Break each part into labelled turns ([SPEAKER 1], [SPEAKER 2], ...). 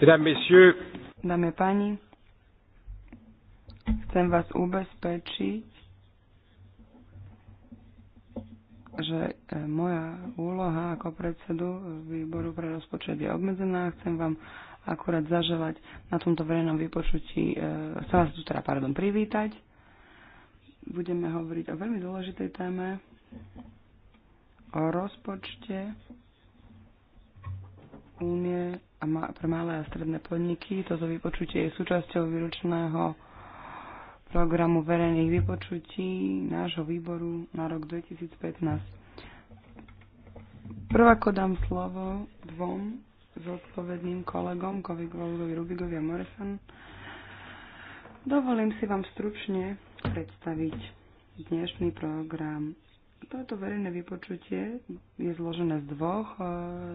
[SPEAKER 1] Dámy a páni, chcem vás ubezpečiť, že e, moja úloha ako predsedu výboru pre rozpočet je obmedzená. Chcem vám akurát zaželať na tomto verejnom vypočutí, e, chcem vás tu teda, pardon, privítať. Budeme hovoriť o veľmi dôležitej téme, o rozpočte únie a pre malé a stredné podniky. Toto vypočutie je súčasťou výročného programu verejných vypočutí nášho výboru na rok 2015. Prvako dám slovo dvom zodpovedným kolegom, kolegovi Rubigovi a Morrison. Dovolím si vám stručne predstaviť dnešný program toto verejné vypočutie je zložené z dvoch eh,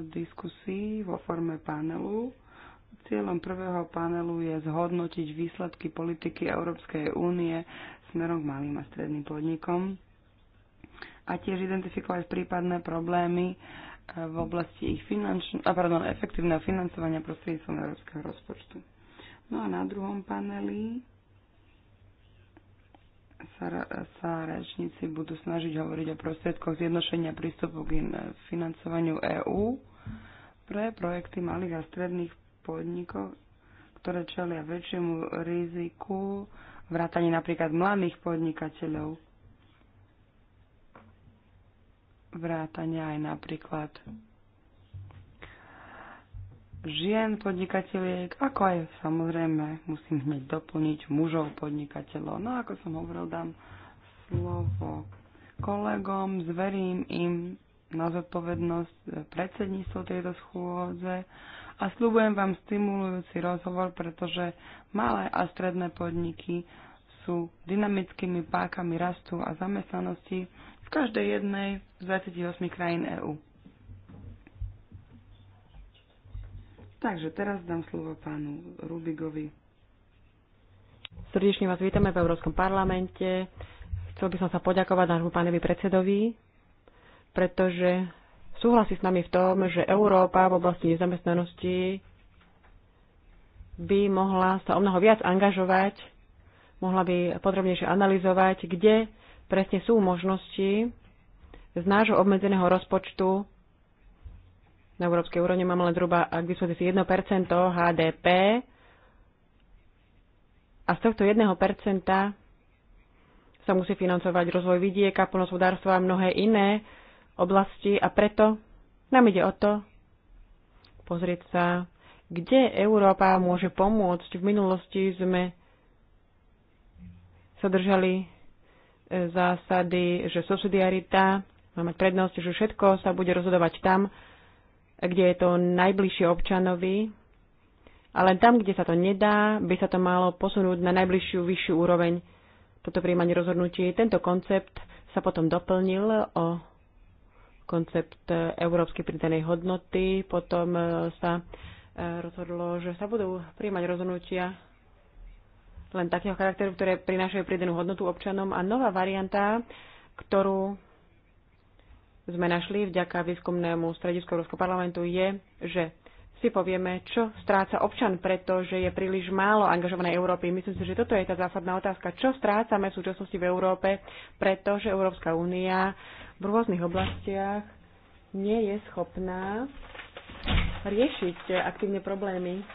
[SPEAKER 1] diskusí vo forme panelu. Cieľom prvého panelu je zhodnotiť výsledky politiky Európskej únie smerom k malým a stredným podnikom a tiež identifikovať prípadné problémy eh, v oblasti ich finančn- a pardon, efektívneho financovania prostredníctvom európskeho rozpočtu. No a na druhom paneli sa, sa rečníci budú snažiť hovoriť o prostriedkoch zjednošenia prístupu k financovaniu EÚ pre projekty malých a stredných podnikov, ktoré čelia väčšiemu riziku vrátanie napríklad mladých podnikateľov, vrátane aj napríklad žien podnikateľiek, ako aj samozrejme, musím hneď doplniť, mužov podnikateľov. No ako som hovoril, dám slovo kolegom, zverím im na zodpovednosť predsedníctvo tejto schôdze a slúbujem vám stimulujúci rozhovor, pretože malé a stredné podniky sú dynamickými pákami rastu a zamestnanosti v každej jednej z 28 krajín EÚ. Takže teraz dám slovo pánu Rubigovi.
[SPEAKER 2] Srdečne vás vítame v Európskom parlamente. Chcel by som sa poďakovať nášmu pánovi predsedovi, pretože súhlasí s nami v tom, že Európa v oblasti nezamestnanosti by mohla sa o mnoho viac angažovať, mohla by podrobnejšie analyzovať, kde presne sú možnosti z nášho obmedzeného rozpočtu na európskej úrovni máme len zhruba k dispozícii 1% HDP a z tohto 1% sa musí financovať rozvoj vidieka, plnospodárstva a mnohé iné oblasti a preto nám ide o to pozrieť sa, kde Európa môže pomôcť. V minulosti sme sa držali e, zásady, že subsidiarita má mať prednosť, že všetko sa bude rozhodovať tam, kde je to najbližšie občanovi. ale len tam, kde sa to nedá, by sa to malo posunúť na najbližšiu vyššiu úroveň. Toto príjmanie rozhodnutí. Tento koncept sa potom doplnil o koncept e, európskej pridanej hodnoty. Potom e, sa e, rozhodlo, že sa budú príjmať rozhodnutia len takého charakteru, ktoré prinášajú pridanú hodnotu občanom. A nová varianta, ktorú sme našli vďaka výskumnému stredisku Európskeho parlamentu je, že si povieme, čo stráca občan, pretože je príliš málo angažovanej Európy. Myslím si, že toto je tá zásadná otázka. Čo strácame v súčasnosti v Európe, pretože Európska únia v rôznych oblastiach nie je schopná riešiť aktívne problémy.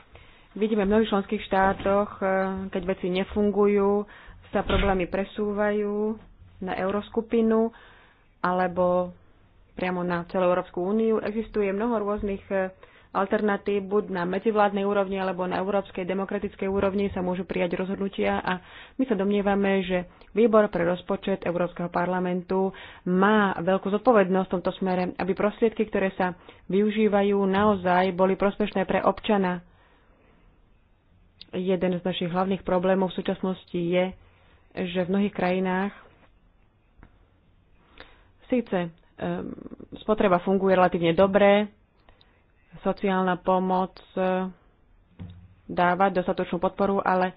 [SPEAKER 2] Vidíme v mnohých členských štátoch, eh, keď veci nefungujú, sa problémy presúvajú na euroskupinu alebo priamo na celú Európsku úniu. Existuje mnoho rôznych e, alternatív, buď na medzivládnej úrovni alebo na európskej demokratickej úrovni sa môžu prijať rozhodnutia a my sa domnievame, že výbor pre rozpočet Európskeho parlamentu má veľkú zodpovednosť v tomto smere, aby prostriedky, ktoré sa využívajú, naozaj boli prospešné pre občana. Jeden z našich hlavných problémov v súčasnosti je, že v mnohých krajinách síce Ehm, spotreba funguje relatívne dobre, sociálna pomoc e, dáva dostatočnú podporu, ale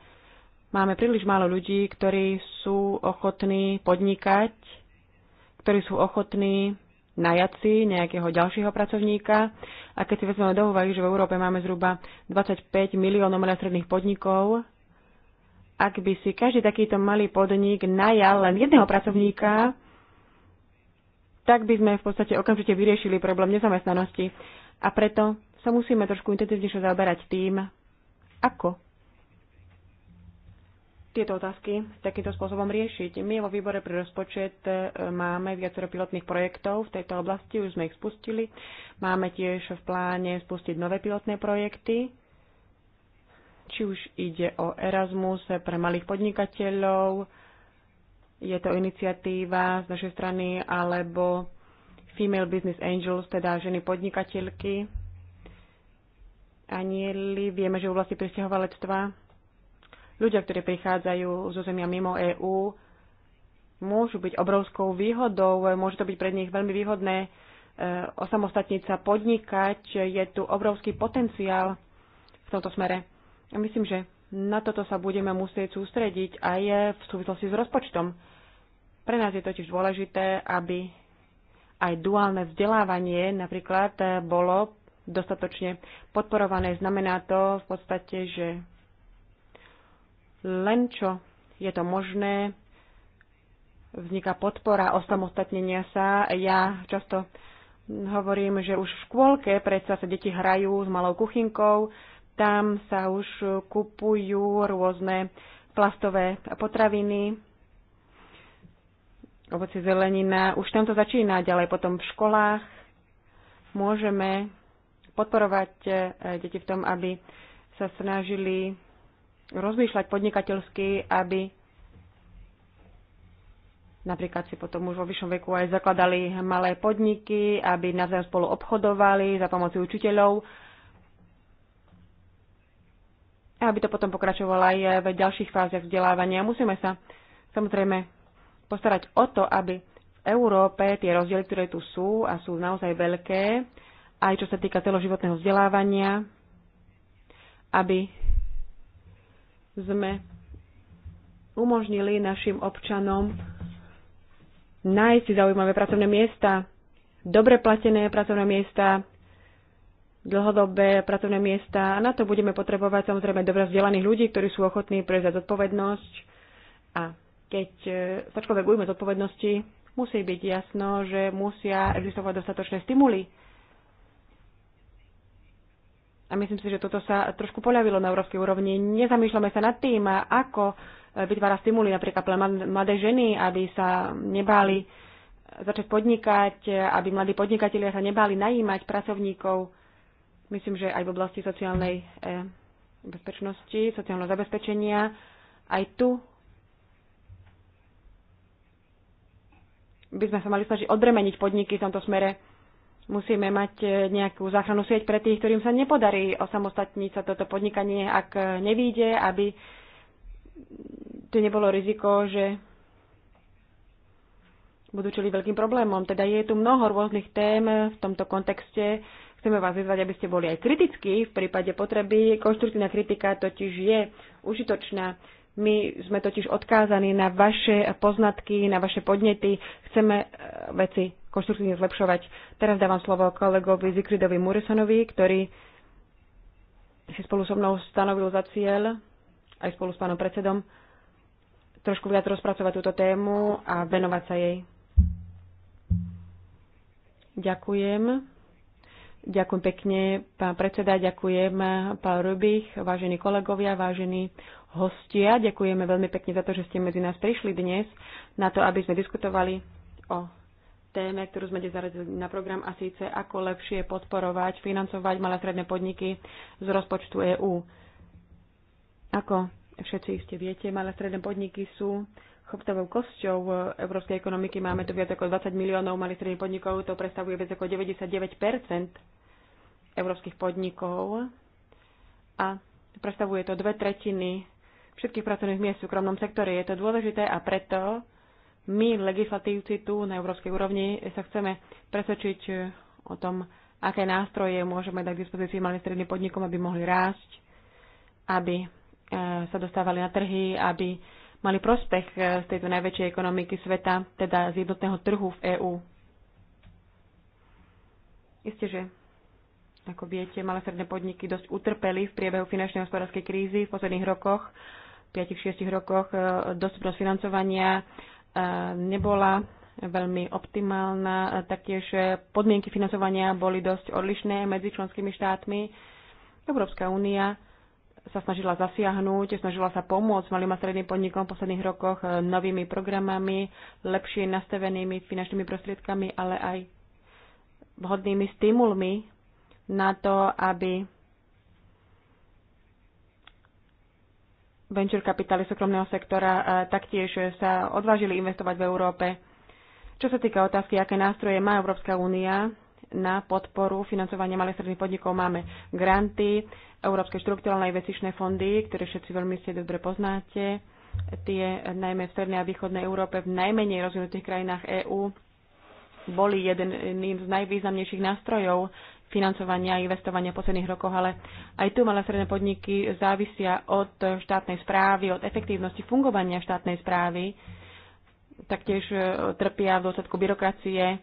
[SPEAKER 2] máme príliš málo ľudí, ktorí sú ochotní podnikať, ktorí sú ochotní najať si nejakého ďalšieho pracovníka. A keď si vezmeme do úvahy, že v Európe máme zhruba 25 miliónov malých podnikov, ak by si každý takýto malý podnik najal len jedného pracovníka, tak by sme v podstate okamžite vyriešili problém nezamestnanosti. A preto sa musíme trošku intenzívnejšie zaoberať tým, ako tieto otázky takýmto spôsobom riešiť. My vo výbore pre rozpočet e, máme viacero pilotných projektov v tejto oblasti, už sme ich spustili. Máme tiež v pláne spustiť nové pilotné projekty, či už ide o Erasmus pre malých podnikateľov, je to iniciatíva z našej strany, alebo Female Business Angels, teda ženy podnikateľky. Anieli, vieme, že v oblasti pristahovalectva ľudia, ktorí prichádzajú zo zemia mimo EÚ, môžu byť obrovskou výhodou, môže to byť pre nich veľmi výhodné e, osamostatniť sa, podnikať. Je tu obrovský potenciál v tomto smere. Ja myslím, že na toto sa budeme musieť sústrediť aj v súvislosti s rozpočtom pre nás je totiž dôležité, aby aj duálne vzdelávanie napríklad eh, bolo dostatočne podporované. Znamená to v podstate, že len čo je to možné, vzniká podpora osamostatnenia sa. Ja často hovorím, že už v škôlke predsa sa deti hrajú s malou kuchynkou, tam sa už kupujú rôzne plastové potraviny, ovoce zelenina. Už tam to začína ďalej potom v školách. Môžeme podporovať e, deti v tom, aby sa snažili rozmýšľať podnikateľsky, aby napríklad si potom už vo vyššom veku aj zakladali malé podniky, aby navzájom spolu obchodovali za pomoci učiteľov a aby to potom pokračovalo aj v ďalších fázach vzdelávania. Musíme sa samozrejme postarať o to, aby v Európe tie rozdiely, ktoré tu sú a sú naozaj veľké, aj čo sa týka celoživotného vzdelávania, aby sme umožnili našim občanom nájsť si zaujímavé pracovné miesta, dobre platené pracovné miesta, dlhodobé pracovné miesta a na to budeme potrebovať samozrejme dobre vzdelaných ľudí, ktorí sú ochotní prevziať zodpovednosť a keď sa e, človek ujme zodpovednosti, musí byť jasno, že musia existovať dostatočné stimuly. A myslím si, že toto sa trošku poľavilo na európskej úrovni. Nezamýšľame sa nad tým, ako e, vytvára stimuly napríklad pre mladé ženy, aby sa nebáli začať podnikať, e, aby mladí podnikatelia sa nebáli najímať pracovníkov. Myslím, že aj v oblasti sociálnej bezpečnosti, sociálneho zabezpečenia, aj tu by sme sa mali snažiť odremeniť podniky v tomto smere. Musíme mať e, nejakú záchranu sieť pre tých, ktorým sa nepodarí osamostatniť sa toto podnikanie, ak e, nevíde, aby tu nebolo riziko, že budú čili veľkým problémom. Teda je tu mnoho rôznych tém v tomto kontexte. Chceme vás vyzvať, aby ste boli aj kritickí v prípade potreby. Konštruktívna kritika totiž je užitočná. My sme totiž odkázaní na vaše poznatky, na vaše podnety. Chceme e, veci konštruktívne zlepšovať. Teraz dávam slovo kolegovi Zikridovi Muresonovi, ktorý si spolu so mnou stanovil za cieľ, aj spolu s pánom predsedom, trošku viac rozpracovať túto tému a venovať sa jej. Ďakujem. Ďakujem pekne, pán predseda, ďakujem, pán Rubich, vážení kolegovia, vážení hostia. Ďakujeme veľmi pekne za to, že ste medzi nás prišli dnes na to, aby sme diskutovali o téme, ktorú sme dnes zaradili na program a síce ako lepšie podporovať, financovať malé stredné podniky z rozpočtu EÚ. Ako všetci ste viete, malé stredné podniky sú chrbtovou kosťou európskej ekonomiky. Máme tu viac ako 20 miliónov malých stredných podnikov, to predstavuje viac ako 99 európskych podnikov a predstavuje to dve tretiny všetkých pracovných miest v súkromnom sektore. Je to dôležité a preto my, legislatívci tu na európskej úrovni, sa chceme presvedčiť eh, o tom, aké nástroje môžeme dať k dispozícii malým stredným podnikom, aby mohli rásť, aby eh, sa dostávali na trhy, aby mali prospech eh, z tejto najväčšej ekonomiky sveta, teda z jednotného trhu v EÚ. Isté, že ako viete, malé stredné podniky dosť utrpeli v priebehu finančnej a hospodárskej krízy v posledných rokoch 5-6 rokoch e, dostupnosť financovania e, nebola veľmi optimálna. E, taktiež podmienky financovania boli dosť odlišné medzi členskými štátmi. Európska únia sa snažila zasiahnuť, snažila sa pomôcť malým a stredným podnikom v posledných rokoch novými programami, lepšie nastavenými finančnými prostriedkami, ale aj vhodnými stimulmi na to, aby venture kapitály súkromného sektora taktiež sa odvážili investovať v Európe. Čo sa týka otázky, aké nástroje má Európska únia na podporu financovania malých stredných podnikov, máme granty, Európske štruktúralne investičné fondy, ktoré všetci veľmi ste dobre poznáte, tie najmä v strednej a východnej Európe, v najmenej rozvinutých krajinách EÚ, boli jedným z najvýznamnejších nástrojov financovania a investovania v posledných rokoch, ale aj tu malé stredné podniky závisia od štátnej správy, od efektívnosti fungovania štátnej správy. Taktiež e, trpia v dôsledku byrokracie.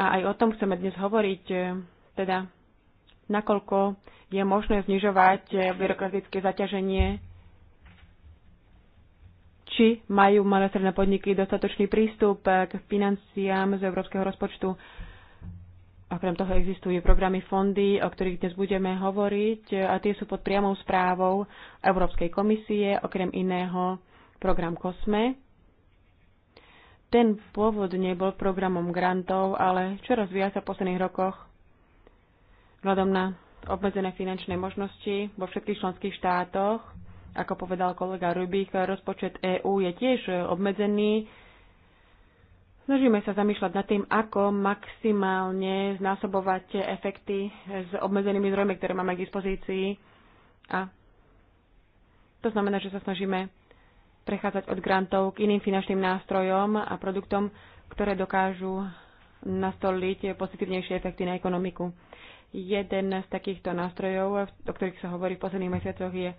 [SPEAKER 2] A aj o tom chceme dnes hovoriť, e, teda nakoľko je možné znižovať e, byrokratické zaťaženie, či majú malé stredné podniky dostatočný prístup k financiám z európskeho rozpočtu Okrem toho existujú programy fondy, o ktorých dnes budeme hovoriť a tie sú pod priamou správou Európskej komisie, okrem iného program COSME. Ten pôvodne bol programom grantov, ale čoraz viac sa v posledných rokoch vzhľadom na obmedzené finančné možnosti vo všetkých členských štátoch, ako povedal kolega Rubik, rozpočet EÚ je tiež obmedzený Snažíme sa zamýšľať nad tým, ako maximálne znásobovať efekty s obmedzenými zdrojmi, ktoré máme k dispozícii. A to znamená, že sa snažíme prechádzať od grantov k iným finančným nástrojom a produktom, ktoré dokážu nastoliť pozitívnejšie efekty na ekonomiku. Jeden z takýchto nástrojov, o ktorých sa hovorí v posledných mesiacoch, je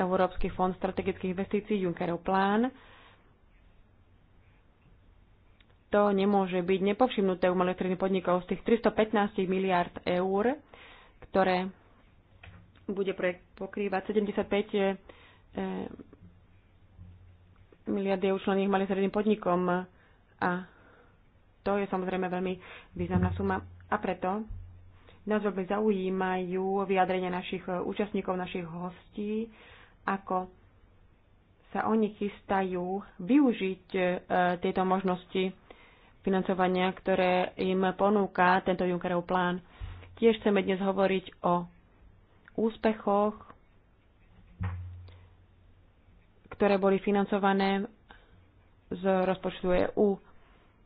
[SPEAKER 2] Európsky fond strategických investícií, Junckerov plán, to nemôže byť nepovšimnuté u elektriny podnikov z tých 315 miliard eur, ktoré bude projekt pokrývať 75 eh, miliardy eur člených malých stredným podnikom a to je samozrejme veľmi významná suma a preto nás veľmi zaujímajú vyjadrenia našich eh, účastníkov, našich hostí, ako sa oni chystajú využiť eh, tieto možnosti financovania, ktoré im ponúka tento Junckerov plán. Tiež chceme dnes hovoriť o úspechoch, ktoré boli financované z rozpočtu EÚ.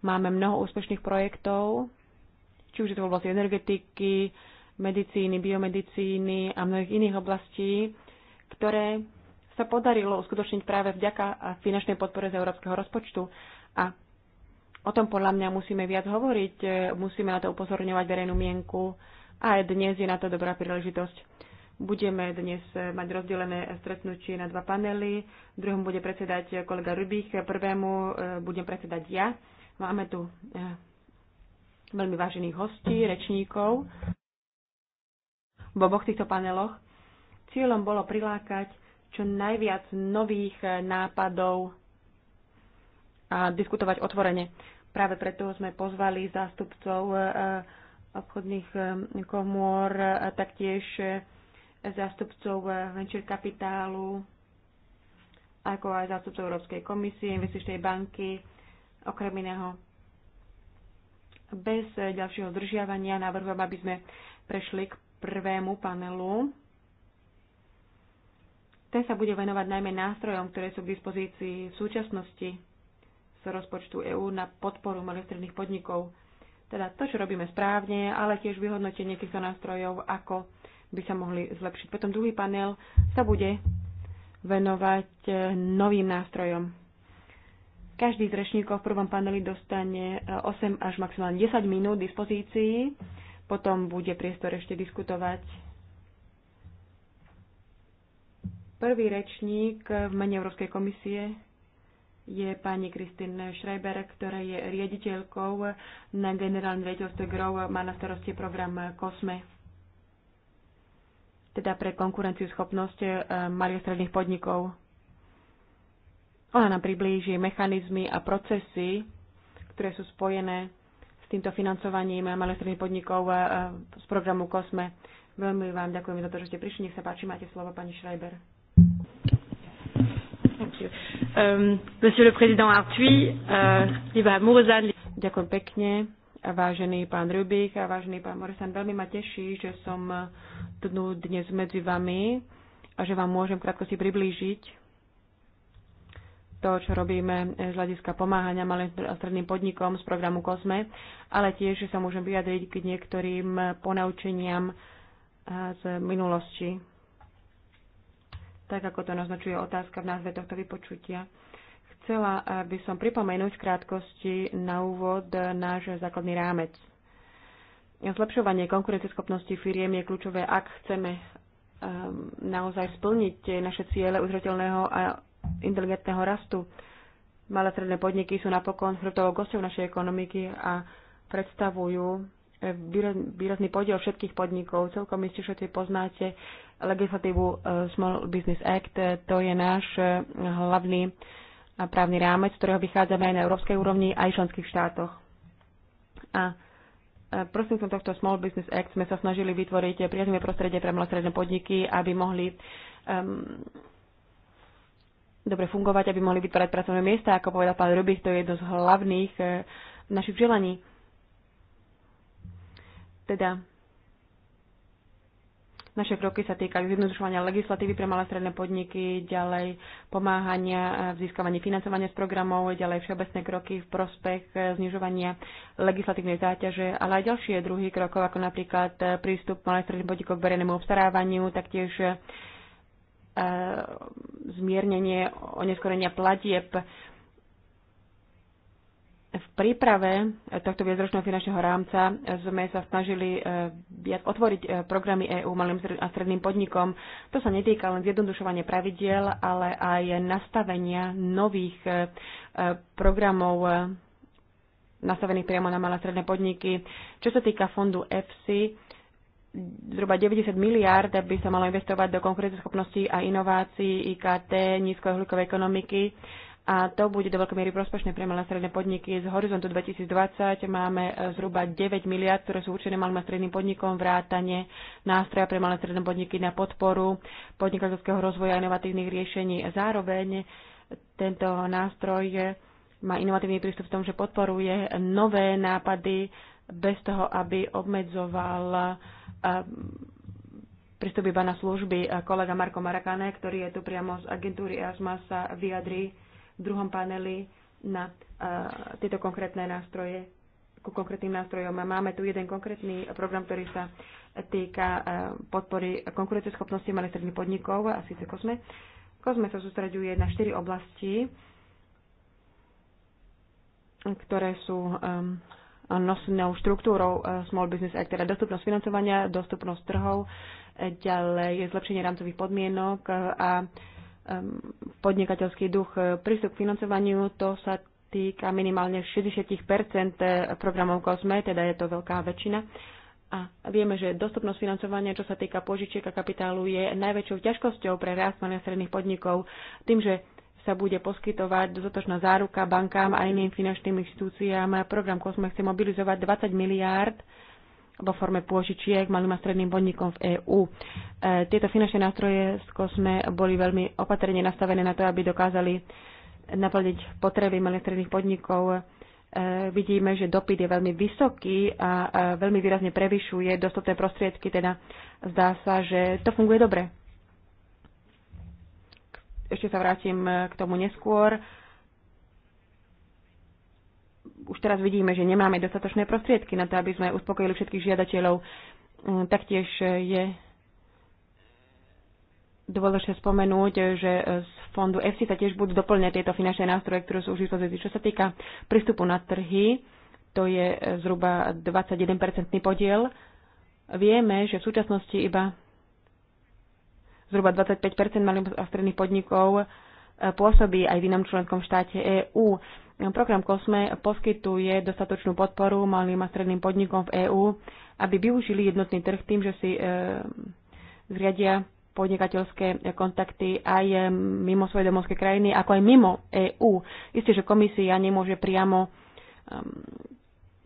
[SPEAKER 2] Máme mnoho úspešných projektov, či už je to v oblasti energetiky, medicíny, biomedicíny a mnohých iných oblastí, ktoré sa podarilo uskutočniť práve vďaka finančnej podpore z európskeho rozpočtu. A O tom podľa mňa musíme viac hovoriť, e, musíme na to upozorňovať verejnú mienku a aj dnes je na to dobrá príležitosť. Budeme dnes e, mať rozdelené stretnutie na dva panely. V druhom bude predsedať kolega Rubich, prvému e, budem predsedať ja. Máme tu veľmi vážených hostí, rečníkov v oboch týchto paneloch. Cieľom bolo prilákať čo najviac nových nápadov a diskutovať otvorene. Práve preto sme pozvali zástupcov e, e, obchodných e, komôr, taktiež zástupcov venture kapitálu, ako aj zástupcov Európskej komisie, investičnej banky, okrem iného. Bez ďalšieho zdržiavania navrhujem, aby sme prešli k prvému panelu. Ten sa bude venovať najmä nástrojom, ktoré sú k dispozícii v súčasnosti z rozpočtu EÚ na podporu malých podnikov. Teda to, čo robíme správne, ale tiež vyhodnotenie týchto nástrojov, ako by sa mohli zlepšiť. Potom druhý panel sa bude venovať e, novým nástrojom. Každý z rečníkov v prvom paneli dostane 8 e, až maximálne 10 minút dispozícií, potom bude priestor ešte diskutovať. Prvý rečník v mene Európskej komisie je pani Kristin Schreiber, ktorá je riaditeľkou na generálne riaditeľstve GROW, má na starosti program COSME, teda pre konkurenciu schopnosť eh, malých stredných podnikov. Ona nám priblíži mechanizmy a procesy, ktoré sú spojené s týmto financovaním malých stredných podnikov eh, z programu COSME. Veľmi vám ďakujem za to, že ste prišli. Nech sa páči, máte slovo, pani Schreiber. Um, monsieur le Président uh, Murzan. Ďakujem pekne, vážený pán Rubik a vážený pán Morrison, Veľmi ma teší, že som uh, tu dnes medzi vami a že vám môžem krátko si priblížiť to, čo robíme z hľadiska pomáhania malým a stredným podnikom z programu COSME, ale tiež, že sa môžem vyjadriť k niektorým ponaučeniam uh, z minulosti tak ako to naznačuje otázka v názve tohto vypočutia. Chcela eh, by som pripomenúť v krátkosti na úvod náš základný rámec. Zlepšovanie konkurenceschopnosti firiem je kľúčové, ak chceme ehm, naozaj splniť naše ciele udržateľného a inteligentného rastu. Malé stredné podniky sú napokon hrtovou kosťou našej ekonomiky a predstavujú výrazný podiel všetkých podnikov. Celkom iste všetci poznáte legislatívu e, Small Business Act. To je náš e, hlavný e, právny rámec, z ktorého vychádzame aj na európskej úrovni, aj v členských štátoch. A prostredníctvom tohto Small Business Act sme sa snažili vytvoriť priaznivé prostredie pre malostredné podniky, aby mohli um, dobre fungovať, aby mohli vytvárať pracovné miesta. Ako povedal pán Rubik, to je jedno z hlavných našich želaní. Teda naše kroky sa týkajú zjednodušovania legislatívy pre malé stredné podniky, ďalej pomáhania v získavaní financovania z programov, ďalej všeobecné kroky v prospech e, znižovania legislatívnej záťaže, ale aj ďalšie druhy krokov, ako napríklad e, prístup malé stredných podnikov k verejnému obstarávaniu, taktiež e, zmiernenie oneskorenia platieb. V príprave tohto viacročného finančného rámca sme sa snažili e, viac otvoriť e, programy EÚ malým a stredným podnikom. To sa netýka len zjednodušovania pravidiel, ale aj nastavenia nových e, programov nastavených priamo na malé a stredné podniky. Čo sa týka fondu EFSI, zhruba 90 miliárd by sa malo investovať do konkurenceschopnosti a inovácií IKT, nízkohľukovej ekonomiky a to bude do veľkej miery prospešné pre malé a stredné podniky. Z horizontu 2020 máme e, zhruba 9 miliard, ktoré sú určené malým a stredným podnikom, vrátane nástroja pre malé a stredné podniky na podporu podnikateľského rozvoja a inovatívnych riešení. Zároveň tento nástroj má inovatívny prístup v tom, že podporuje nové nápady bez toho, aby obmedzoval e, prístup iba na služby. Kolega Marko Marakane, ktorý je tu priamo z agentúry EASMA, sa vyjadrí druhom paneli na e, tieto konkrétne nástroje, ku konkrétnym nástrojom. A máme tu jeden konkrétny program, ktorý sa týka e, podpory konkurenceschopnosti malých stredných podnikov, a síce COSME. COSME sa sústreďuje na štyri oblasti, ktoré sú nosnou štruktúrou e, Small Business Act, teda dostupnosť financovania, dostupnosť trhov, ďalej je zlepšenie rámcových podmienok a podnikateľský duch. E, prístup k financovaniu to sa týka minimálne 60 e, programov COSME, teda je to veľká väčšina. A vieme, že dostupnosť financovania, čo sa týka požičiek a kapitálu, je najväčšou ťažkosťou pre rast malých stredných podnikov tým, že sa bude poskytovať dostatočná záruka bankám a iným finančným inštitúciám. Program COSME chce mobilizovať 20 miliárd vo forme pôžičiek malým a stredným podnikom v EÚ. E, tieto finančné nástroje z COSME boli veľmi opatrne nastavené na to, aby dokázali naplniť potreby malých a stredných podnikov. E, vidíme, že dopyt je veľmi vysoký a veľmi výrazne prevyšuje dostupné prostriedky, teda zdá sa, že to funguje dobre. Ešte sa vrátim e, k tomu neskôr už teraz vidíme, že nemáme dostatočné prostriedky na to, aby sme uspokojili všetkých žiadateľov. Mm, taktiež e, je dôležité spomenúť, že e, z fondu EFSI sa tiež budú doplňať tieto finančné nástroje, ktoré sú už dispozícii. Čo sa týka prístupu na trhy, to je e, zhruba 21-percentný podiel. Vieme, že v súčasnosti iba zhruba 25 malých a stredných podnikov pôsobí aj v inom členskom štáte EÚ. Program COSME poskytuje dostatočnú podporu malým a stredným podnikom v EÚ, aby využili jednotný trh tým, že si e, zriadia podnikateľské kontakty aj e, mimo svojej domovské krajiny, ako aj mimo EÚ. Isté, že komisia nemôže priamo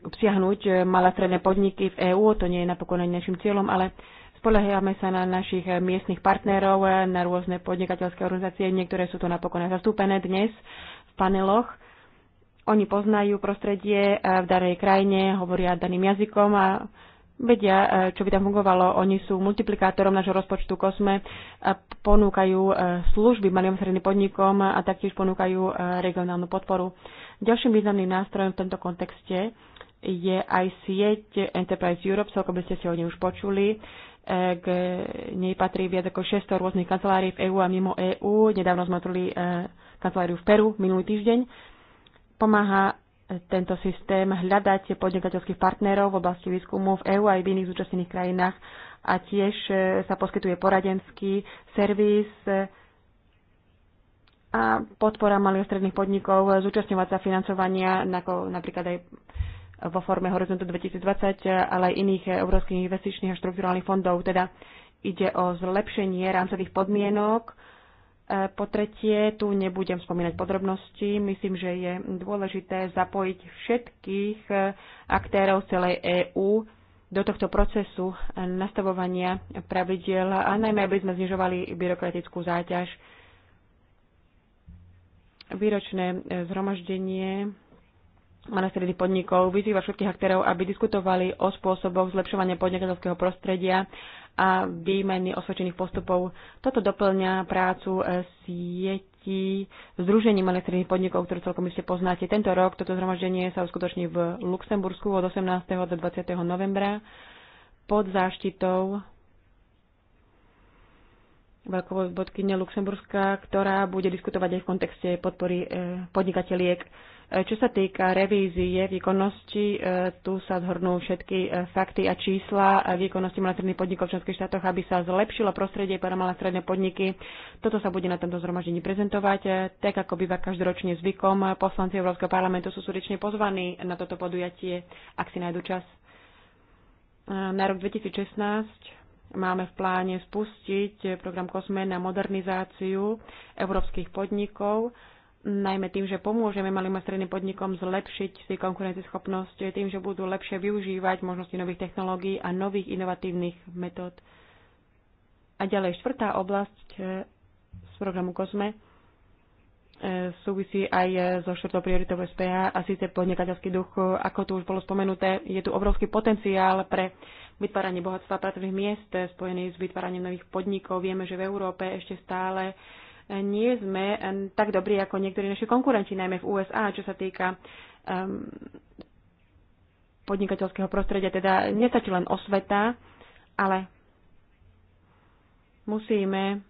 [SPEAKER 2] obsiahnuť e, malé stredné podniky v EÚ, to nie je napokon aj našim cieľom, ale Spoliehame sa na našich miestnych partnerov, na rôzne podnikateľské organizácie, niektoré sú tu napokon aj zastúpené dnes v paneloch. Oni poznajú prostredie e, v danej krajine, hovoria daným jazykom a vedia, e, čo by tam fungovalo. Oni sú multiplikátorom nášho rozpočtu Kosme, ponúkajú e, služby malým stredným podnikom a taktiež ponúkajú regionálnu podporu. Ďalším významným nástrojom v tomto kontexte je aj sieť Enterprise Europe, celkom by ste si o nej už počuli. K nej patrí viac ako 600 rôznych kancelárií v EÚ a mimo EÚ. Nedávno sme otvorili kanceláriu v Peru minulý týždeň Pomáha e, tento systém hľadať podnikateľských partnerov v oblasti výskumu v EÚ aj v iných zúčastnených krajinách a tiež e, sa poskytuje poradenský servis e, a podpora malých a stredných podnikov zúčastňovať sa financovania napríklad aj vo forme Horizontu 2020, ale aj iných európskych investičných a štrukturálnych fondov. Teda ide o zlepšenie rámcových podmienok E, po tretie, tu nebudem spomínať podrobnosti. Myslím, že je dôležité zapojiť všetkých e, aktérov z celej EÚ do tohto procesu nastavovania pravidiel a najmä, aby sme znižovali byrokratickú záťaž. Výročné e, zhromaždenie manastyrných podnikov vyzýva všetkých aktérov, aby diskutovali o spôsoboch zlepšovania podnikateľského prostredia a výmeny osvedčených postupov. Toto doplňa prácu e, sieti Združením elektrických podnikov, ktorú celkom iste poznáte. Tento rok toto zhromaždenie sa uskutoční v Luxembursku od 18. do 20. novembra pod záštitou bodkyne Luxemburska, ktorá bude diskutovať aj v kontexte podpory e, podnikateliek čo sa týka revízie výkonnosti, e, tu sa zhrnú všetky e, fakty a čísla výkonnosti malostredných podnikov v členských štátoch, aby sa zlepšilo prostredie pre malostredné podniky. Toto sa bude na tomto zhromaždení prezentovať. E, tak ako býva každoročne zvykom, poslanci Európskeho parlamentu sú srdečne pozvaní na toto podujatie, ak si nájdu čas. Na rok 2016 máme v pláne spustiť program COSME na modernizáciu európskych podnikov najmä tým, že pomôžeme malým a stredným podnikom zlepšiť si konkurencieschopnosť, eh, tým, že budú lepšie využívať možnosti nových technológií a nových inovatívnych metód. A ďalej štvrtá oblasť eh, z programu COSME eh, súvisí aj so štvrtou prioritou SPH a síce podnikateľský duch. Ako tu už bolo spomenuté, je tu obrovský potenciál pre vytváranie bohatstva pracovných miest spojený s vytváraním nových podnikov. Vieme, že v Európe ešte stále nie sme tak dobrí ako niektorí naši konkurenti, najmä v USA, čo sa týka um, podnikateľského prostredia. Teda nestačí len osveta, ale musíme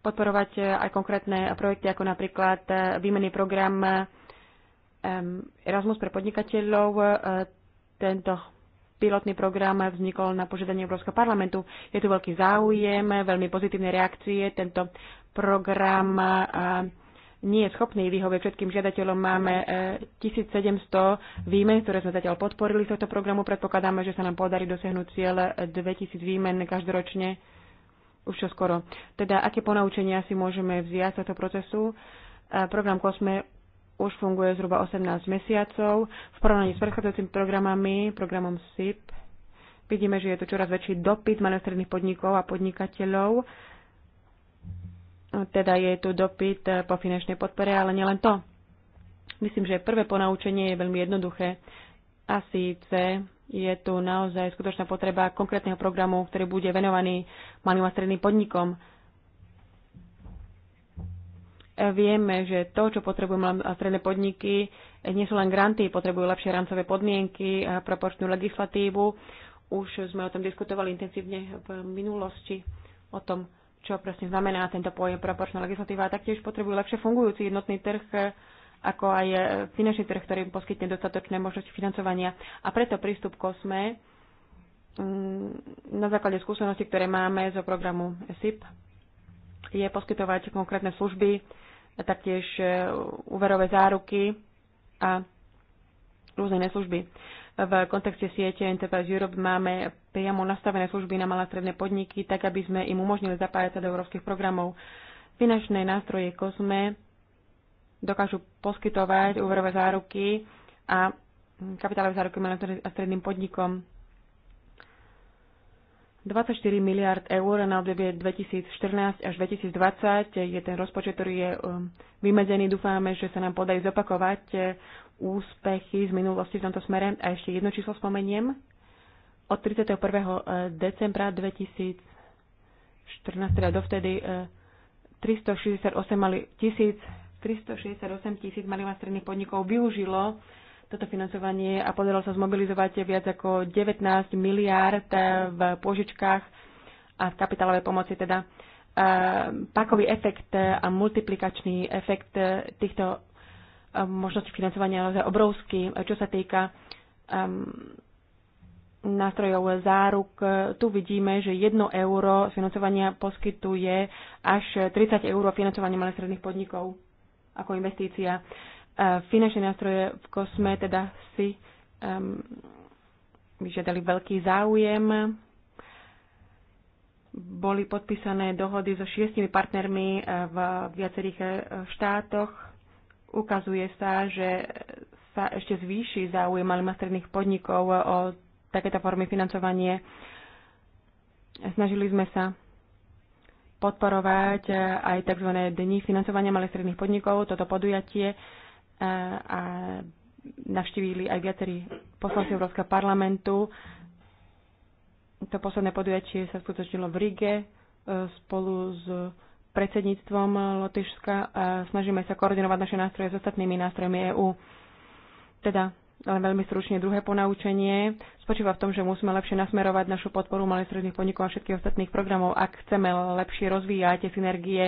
[SPEAKER 2] podporovať eh, aj konkrétne projekty, ako napríklad eh, výmenný program Erasmus pre podnikateľov. Eh, tento pilotný program vznikol na požiadanie Európskeho parlamentu. Je tu veľký záujem, veľmi pozitívne reakcie. Tento program nie je schopný vyhovieť všetkým žiadateľom. Máme 1700 e, výmen, ktoré sme zatiaľ podporili z tohto programu. Predpokladáme, že sa nám podarí dosiahnuť cieľ 2000 e, výmen každoročne už čo skoro. Teda aké ponaučenia si môžeme vziať z tohto procesu? E, program COSME už funguje zhruba 18 mesiacov. V porovnaní s predchádzajúcimi programami, programom SIP, vidíme, že je to čoraz väčší dopyt malých podnikov a podnikateľov. Teda je tu dopyt eh, po finančnej podpore, ale nielen to. Myslím, že prvé ponaučenie je veľmi jednoduché. A síce je tu naozaj skutočná potreba konkrétneho programu, ktorý bude venovaný malým a stredným podnikom Vieme, že to, čo potrebujú malé a stredné podniky, nie sú len granty, potrebujú lepšie rámcové podmienky, a proporčnú legislatívu. Už sme o tom diskutovali intenzívne v minulosti, o tom, čo presne znamená tento pojem proporčná legislatíva. A taktiež potrebujú lepšie fungujúci jednotný trh, ako aj finančný trh, ktorý im poskytne dostatočné možnosti financovania. A preto prístup COSME mm, na základe skúseností, ktoré máme zo programu SIP, je poskytovať konkrétne služby a taktiež e, úverové záruky a rôzne služby. V kontexte siete Enterprise Europe máme priamo nastavené služby na malé stredné podniky, tak aby sme im umožnili zapájať sa do európskych programov. Finančné nástroje COSME dokážu poskytovať úverové záruky a kapitálové záruky malým a stredným podnikom 24 miliard eur na obdobie 2014 až 2020 je ten rozpočet, ktorý je um, vymedzený. Dúfame, že sa nám podarí zopakovať eh, úspechy z minulosti v tomto smere. A ešte jedno číslo spomeniem. Od 31. Eh, decembra 2014, teda dovtedy 368 eh, tisíc, 368 tisíc malých a stredných podnikov využilo toto financovanie a podarilo sa zmobilizovať viac ako 19 miliárd eh, v požičkách a v kapitálovej pomoci teda. Eh, pakový efekt eh, a multiplikačný efekt týchto možností financovania je naozaj obrovský. Čo sa týka ehm, nástrojov záruk. Tu vidíme, že 1 euro financovania poskytuje až 30 eur financovania malých stredných podnikov ako investícia. Finančné nástroje v kosme teda si um, vyžiadali veľký záujem. Boli podpísané dohody so šiestimi partnermi uh, v viacerých uh, štátoch. Ukazuje sa, že sa ešte zvýši záujem malých a stredných podnikov uh, o takéto formy financovanie. Snažili sme sa podporovať aj tzv. dni financovania malých stredných podnikov, toto podujatie a navštívili aj viacerí poslanci Európskeho parlamentu. To posledné podujatie sa skutočnilo v Rige e, spolu s predsedníctvom Lotyšska a snažíme sa koordinovať naše nástroje s ostatnými nástrojmi EÚ. Teda len veľmi stručne druhé ponaučenie spočíva v tom, že musíme lepšie nasmerovať našu podporu malých stredných podnikov a všetkých ostatných programov, ak chceme lepšie rozvíjať tie synergie.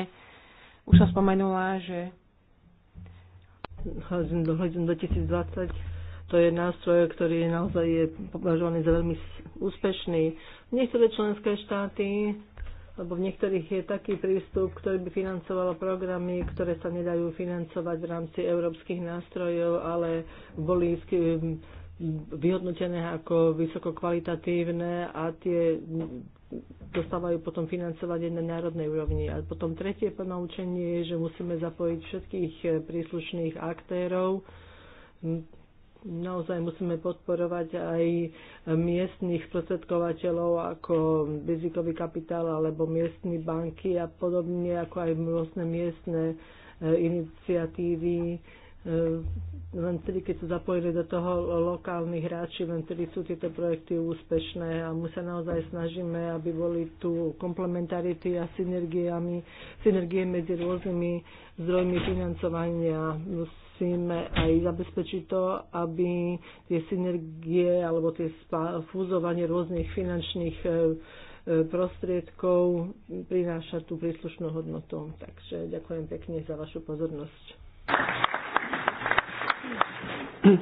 [SPEAKER 2] Už som spomenula, že
[SPEAKER 3] Horizon 2020. To je nástroj, ktorý je naozaj je považovaný za veľmi úspešný. Niektoré členské štáty lebo v niektorých je taký prístup, ktorý by financovalo programy, ktoré sa nedajú financovať v rámci európskych nástrojov, ale boli vyhodnotené ako vysokokvalitatívne a tie dostávajú potom aj na národnej úrovni. A potom tretie ponaučenie je, že musíme zapojiť všetkých eh, príslušných aktérov. Naozaj musíme podporovať aj eh, miestných sprostredkovateľov ako rizikový kapitál alebo miestne banky a podobne, ako aj rôzne miestne eh, iniciatívy len tedy, keď sa zapojili do toho lokálni hráči, len tedy sú tieto projekty úspešné a my sa naozaj snažíme, aby boli tu komplementarity a synergiami, synergie medzi rôznymi zdrojmi financovania musíme aj zabezpečiť to, aby tie synergie alebo tie fúzovanie rôznych finančných e, e, prostriedkov prináša tú príslušnú hodnotu. Takže ďakujem pekne za vašu pozornosť.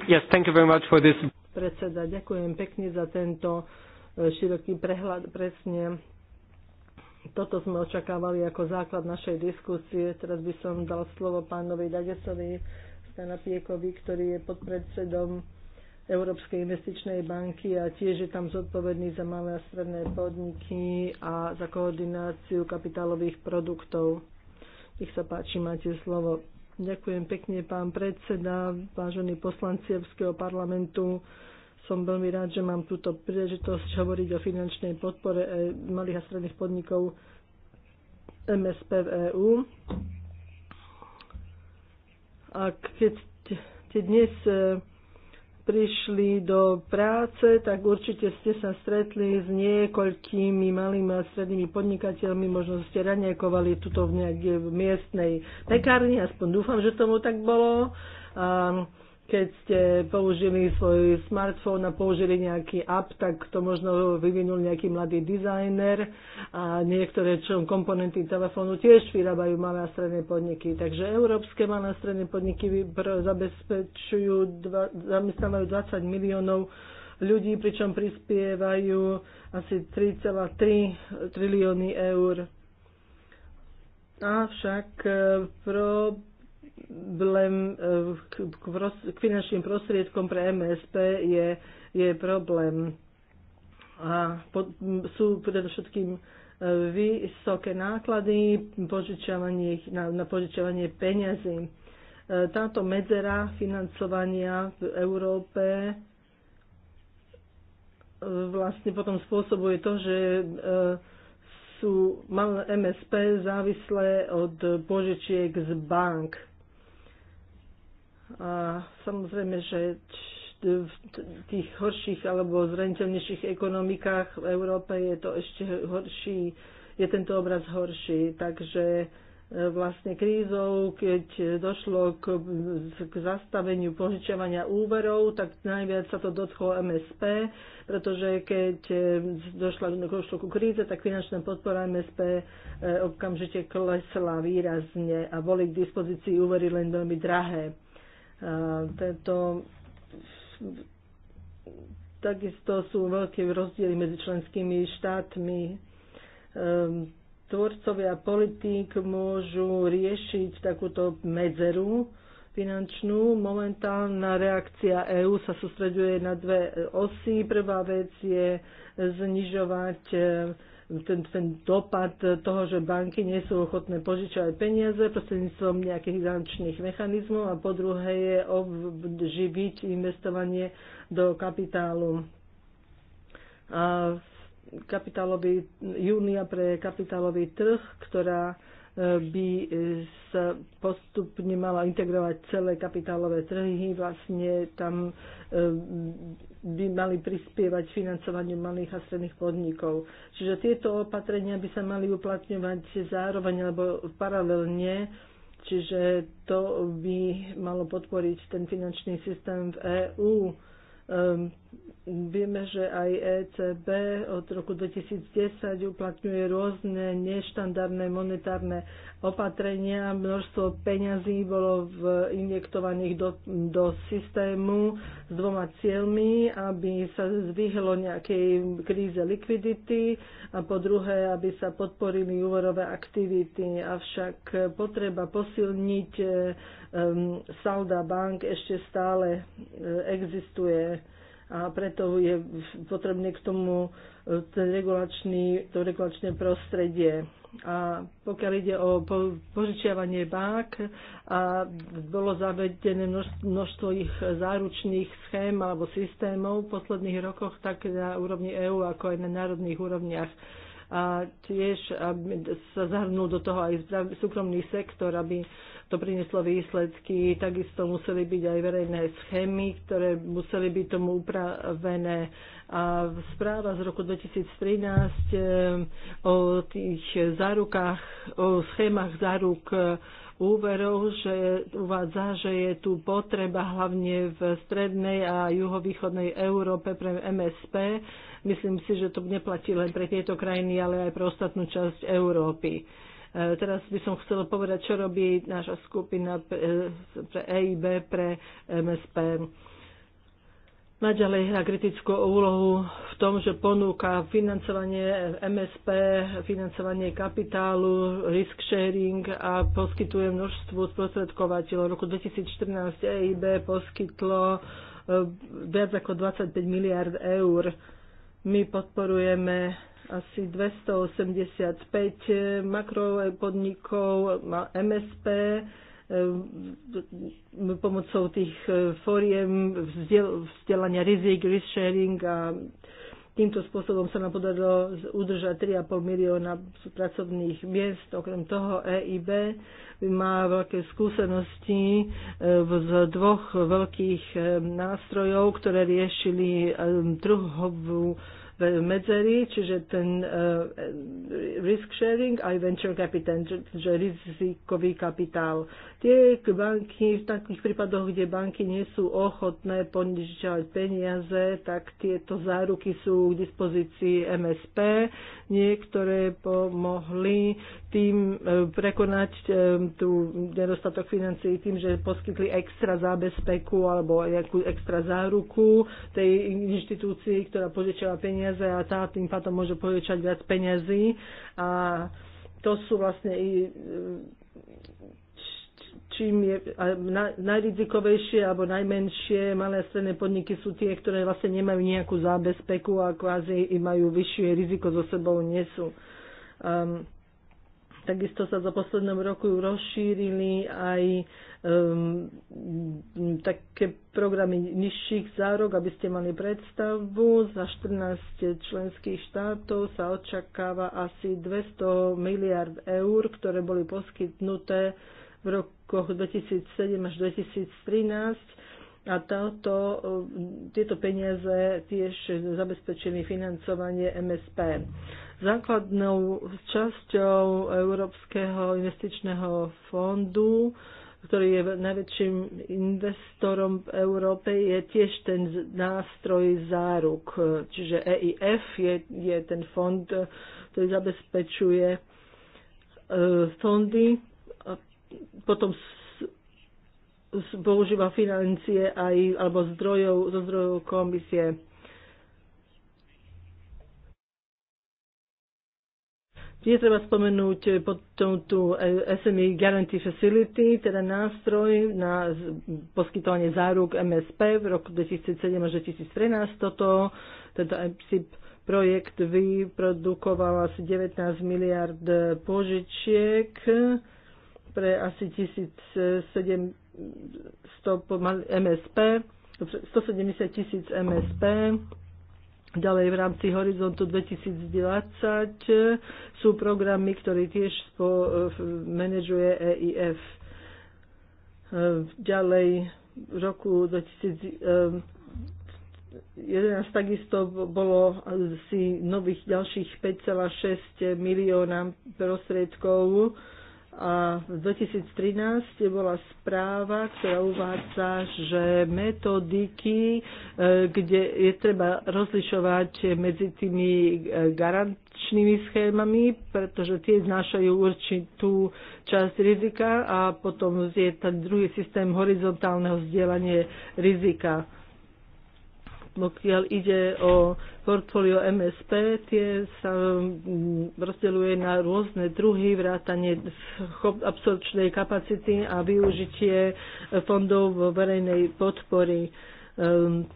[SPEAKER 4] Yes, thank you very much for this.
[SPEAKER 3] Predseda, ďakujem pekne za tento e, široký prehľad. Presne toto sme očakávali ako základ našej diskusie. Teraz by som dal slovo pánovi Dagesovi Stanapiekovi, ktorý je podpredsedom Európskej investičnej banky a tiež je tam zodpovedný za malé a stredné podniky a za koordináciu kapitálových produktov. Nech sa páči, máte slovo. Ďakujem pekne, pán predseda, vážení poslanci Európskeho parlamentu. Som veľmi rád, že mám túto príležitosť hovoriť o finančnej podpore eh, malých a stredných podnikov MSP v EÚ. A keď, keď dnes eh, prišli do práce, tak určite ste sa stretli s niekoľkými malými a strednými podnikateľmi, možno ste raniekovali tuto v nejakej miestnej pekárni, aspoň dúfam, že tomu tak bolo. Um, keď ste použili svoj smartfón a použili nejaký app, tak to možno vyvinul nejaký mladý dizajner a niektoré čo, komponenty telefónu tiež vyrábajú malé a stredné podniky. Takže európske malé a stredné podniky zabezpečujú, dva, zamestnávajú 20 miliónov ľudí, pričom prispievajú asi 3,3 trilióny eur Avšak eh, pro problém eh, k finančným prostriedkom pre MSP je, je problém. A po, sú predovšetkým eh, vysoké náklady požičiavanie, na, na požičiavanie peňazí. Eh, táto medzera financovania v Európe vlastne potom spôsobuje to, že sú malé MSP závislé od požičiek z bank. A samozrejme, že v tých horších alebo zraniteľnejších ekonomikách v Európe je to ešte horší, je tento obraz horší. Takže e, vlastne krízou, keď došlo k, k zastaveniu požičiavania úverov, tak najviac sa to dotklo MSP, pretože keď e, došlo, došlo ku kríze, tak finančná podpora MSP e, okamžite klesla výrazne a boli k dispozícii úvery len veľmi drahé. Tento Takisto sú veľké rozdiely medzi členskými štátmi. Ehm, tvorcovia politík môžu riešiť takúto medzeru finančnú. Momentálna reakcia EÚ sa sústreďuje na dve osy. Prvá vec je znižovať ten, ten dopad toho, že banky nie sú ochotné požičovať peniaze prostredníctvom nejakých finančných mechanizmov a po druhé je obživiť investovanie do kapitálu. A kapitálový, júnia pre kapitálový trh, ktorá e, by sa postupne mala integrovať celé kapitálové trhy. Vlastne tam e, by mali prispievať financovaniu malých a stredných podnikov. Čiže tieto opatrenia by sa mali uplatňovať zároveň alebo paralelne, čiže to by malo podporiť ten finančný systém v EÚ Ehm, vieme, že aj ECB od roku 2010 uplatňuje rôzne neštandardné monetárne opatrenia. Množstvo peňazí bolo v injektovaných do, do systému s dvoma cieľmi, aby sa zvyhlo nejakej kríze likvidity a po druhé, aby sa podporili úverové aktivity. Avšak potreba posilniť Ehm, salda bank ešte stále e, existuje a preto je potrebné k tomu e, ten regulačný, to regulačné prostredie. A pokiaľ ide o požičiavanie bank a bolo zavedené množstvo ich záručných schém alebo systémov v posledných rokoch, tak na úrovni EÚ, ako aj na národných úrovniach a tiež sa zahrnul do toho aj súkromný sektor, aby to prinieslo výsledky. Takisto museli byť aj verejné schémy, ktoré museli byť tomu upravené. A správa z roku 2013 eh, o tých zárukách, o schémach záruk úverov, že uvádza, že je tu potreba hlavne v strednej a juhovýchodnej Európe pre MSP. Myslím si, že to neplatí len pre tieto krajiny, ale aj pre ostatnú časť Európy. E, teraz by som chcela povedať, čo robí naša skupina e, pre EIB, pre MSP. Naďalej hrá kritickú úlohu v tom, že ponúka financovanie MSP, financovanie kapitálu, risk sharing a poskytuje množstvu sprostredkovateľov. V roku 2014 EIB poskytlo e, viac ako 25 miliard eur. My podporujeme asi 285 makropodnikov MSP, Ehm, pomocou tých e, fóriem vzdelania rizik, risk sharing a Týmto spôsobom sa nám podarilo udržať 3,5 milióna pracovných miest. Okrem toho EIB má veľké skúsenosti e, z dvoch veľkých e, nástrojov, ktoré riešili trhovú medzery, čiže ten risk sharing aj venture capital, čiže rizikový kapitál tie banky, v takých prípadoch, kde banky nie sú ochotné ponižovať peniaze, tak tieto záruky sú k dispozícii MSP. Niektoré pomohli tým e, prekonať e, tú nedostatok financií tým, že poskytli extra zábezpeku alebo nejakú extra záruku tej inštitúcii, ktorá požičala peniaze a tá tým pádom môže požičať viac peniazy. A to sú vlastne i čím je najrizikovejšie alebo najmenšie malé a stredné podniky sú tie, ktoré vlastne nemajú nejakú zábezpeku a kvázi majú vyššie riziko so sebou nesú. Um, Takisto sa za poslednom roku rozšírili aj um, také programy nižších zárok, aby ste mali predstavu. Za 14 členských štátov sa očakáva asi 200 miliard eur, ktoré boli poskytnuté v roku rokoch 2007 až 2013 a táto, e, tieto peniaze tiež zabezpečili financovanie MSP. Základnou časťou Európskeho investičného fondu ktorý je najväčším investorom v Európe, je tiež ten nástroj záruk. Čiže EIF je, je ten fond, ktorý zabezpečuje e, fondy potom používa financie aj, alebo zdrojov, zo zdrojov komisie. Je treba spomenúť potom tú SME Guarantee Facility, teda nástroj na poskytovanie záruk MSP v roku 2007 až 2013. Toto, tento MSIP projekt vyprodukoval asi 19 miliard požičiek pre asi 1700 MSP, 170 tisíc MSP, Ďalej v rámci Horizontu 2020 sú programy, ktoré tiež spo, eh, manažuje EIF. Eh, ďalej v roku 2011 eh, takisto bolo si nových ďalších 5,6 milióna prostriedkov a v 2013 bola správa, ktorá uvádza, že metodiky, e, kde je treba rozlišovať medzi tými e, garančnými schémami, pretože tie znášajú určitú časť rizika a potom je ten druhý systém horizontálneho vzdielania rizika pokiaľ ide o portfólio MSP, tie sa mm, rozdeľuje na rôzne druhy, vrátanie absorčnej kapacity a využitie fondov vo verejnej podpory. Ehm,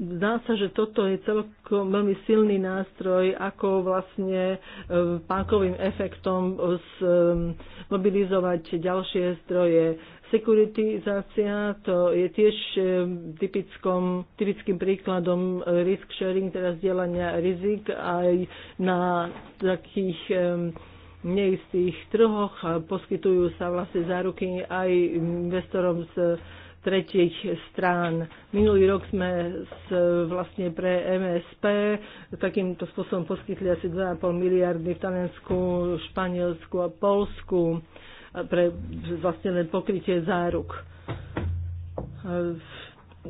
[SPEAKER 3] zdá sa, že toto je celkom veľmi silný nástroj, ako vlastne ehm, pákovým efektom ehm, mobilizovať ďalšie zdroje. Sekuritizácia to je tiež e, typickom, typickým príkladom risk sharing, teda zdieľania rizik aj na takých e, neistých trhoch. Poskytujú sa vlastne záruky aj investorom z tretich strán. Minulý rok sme s, vlastne pre MSP takýmto spôsobom poskytli asi 2,5 miliardy v Taliansku, Španielsku a Polsku pre vlastne len pokrytie záruk. E,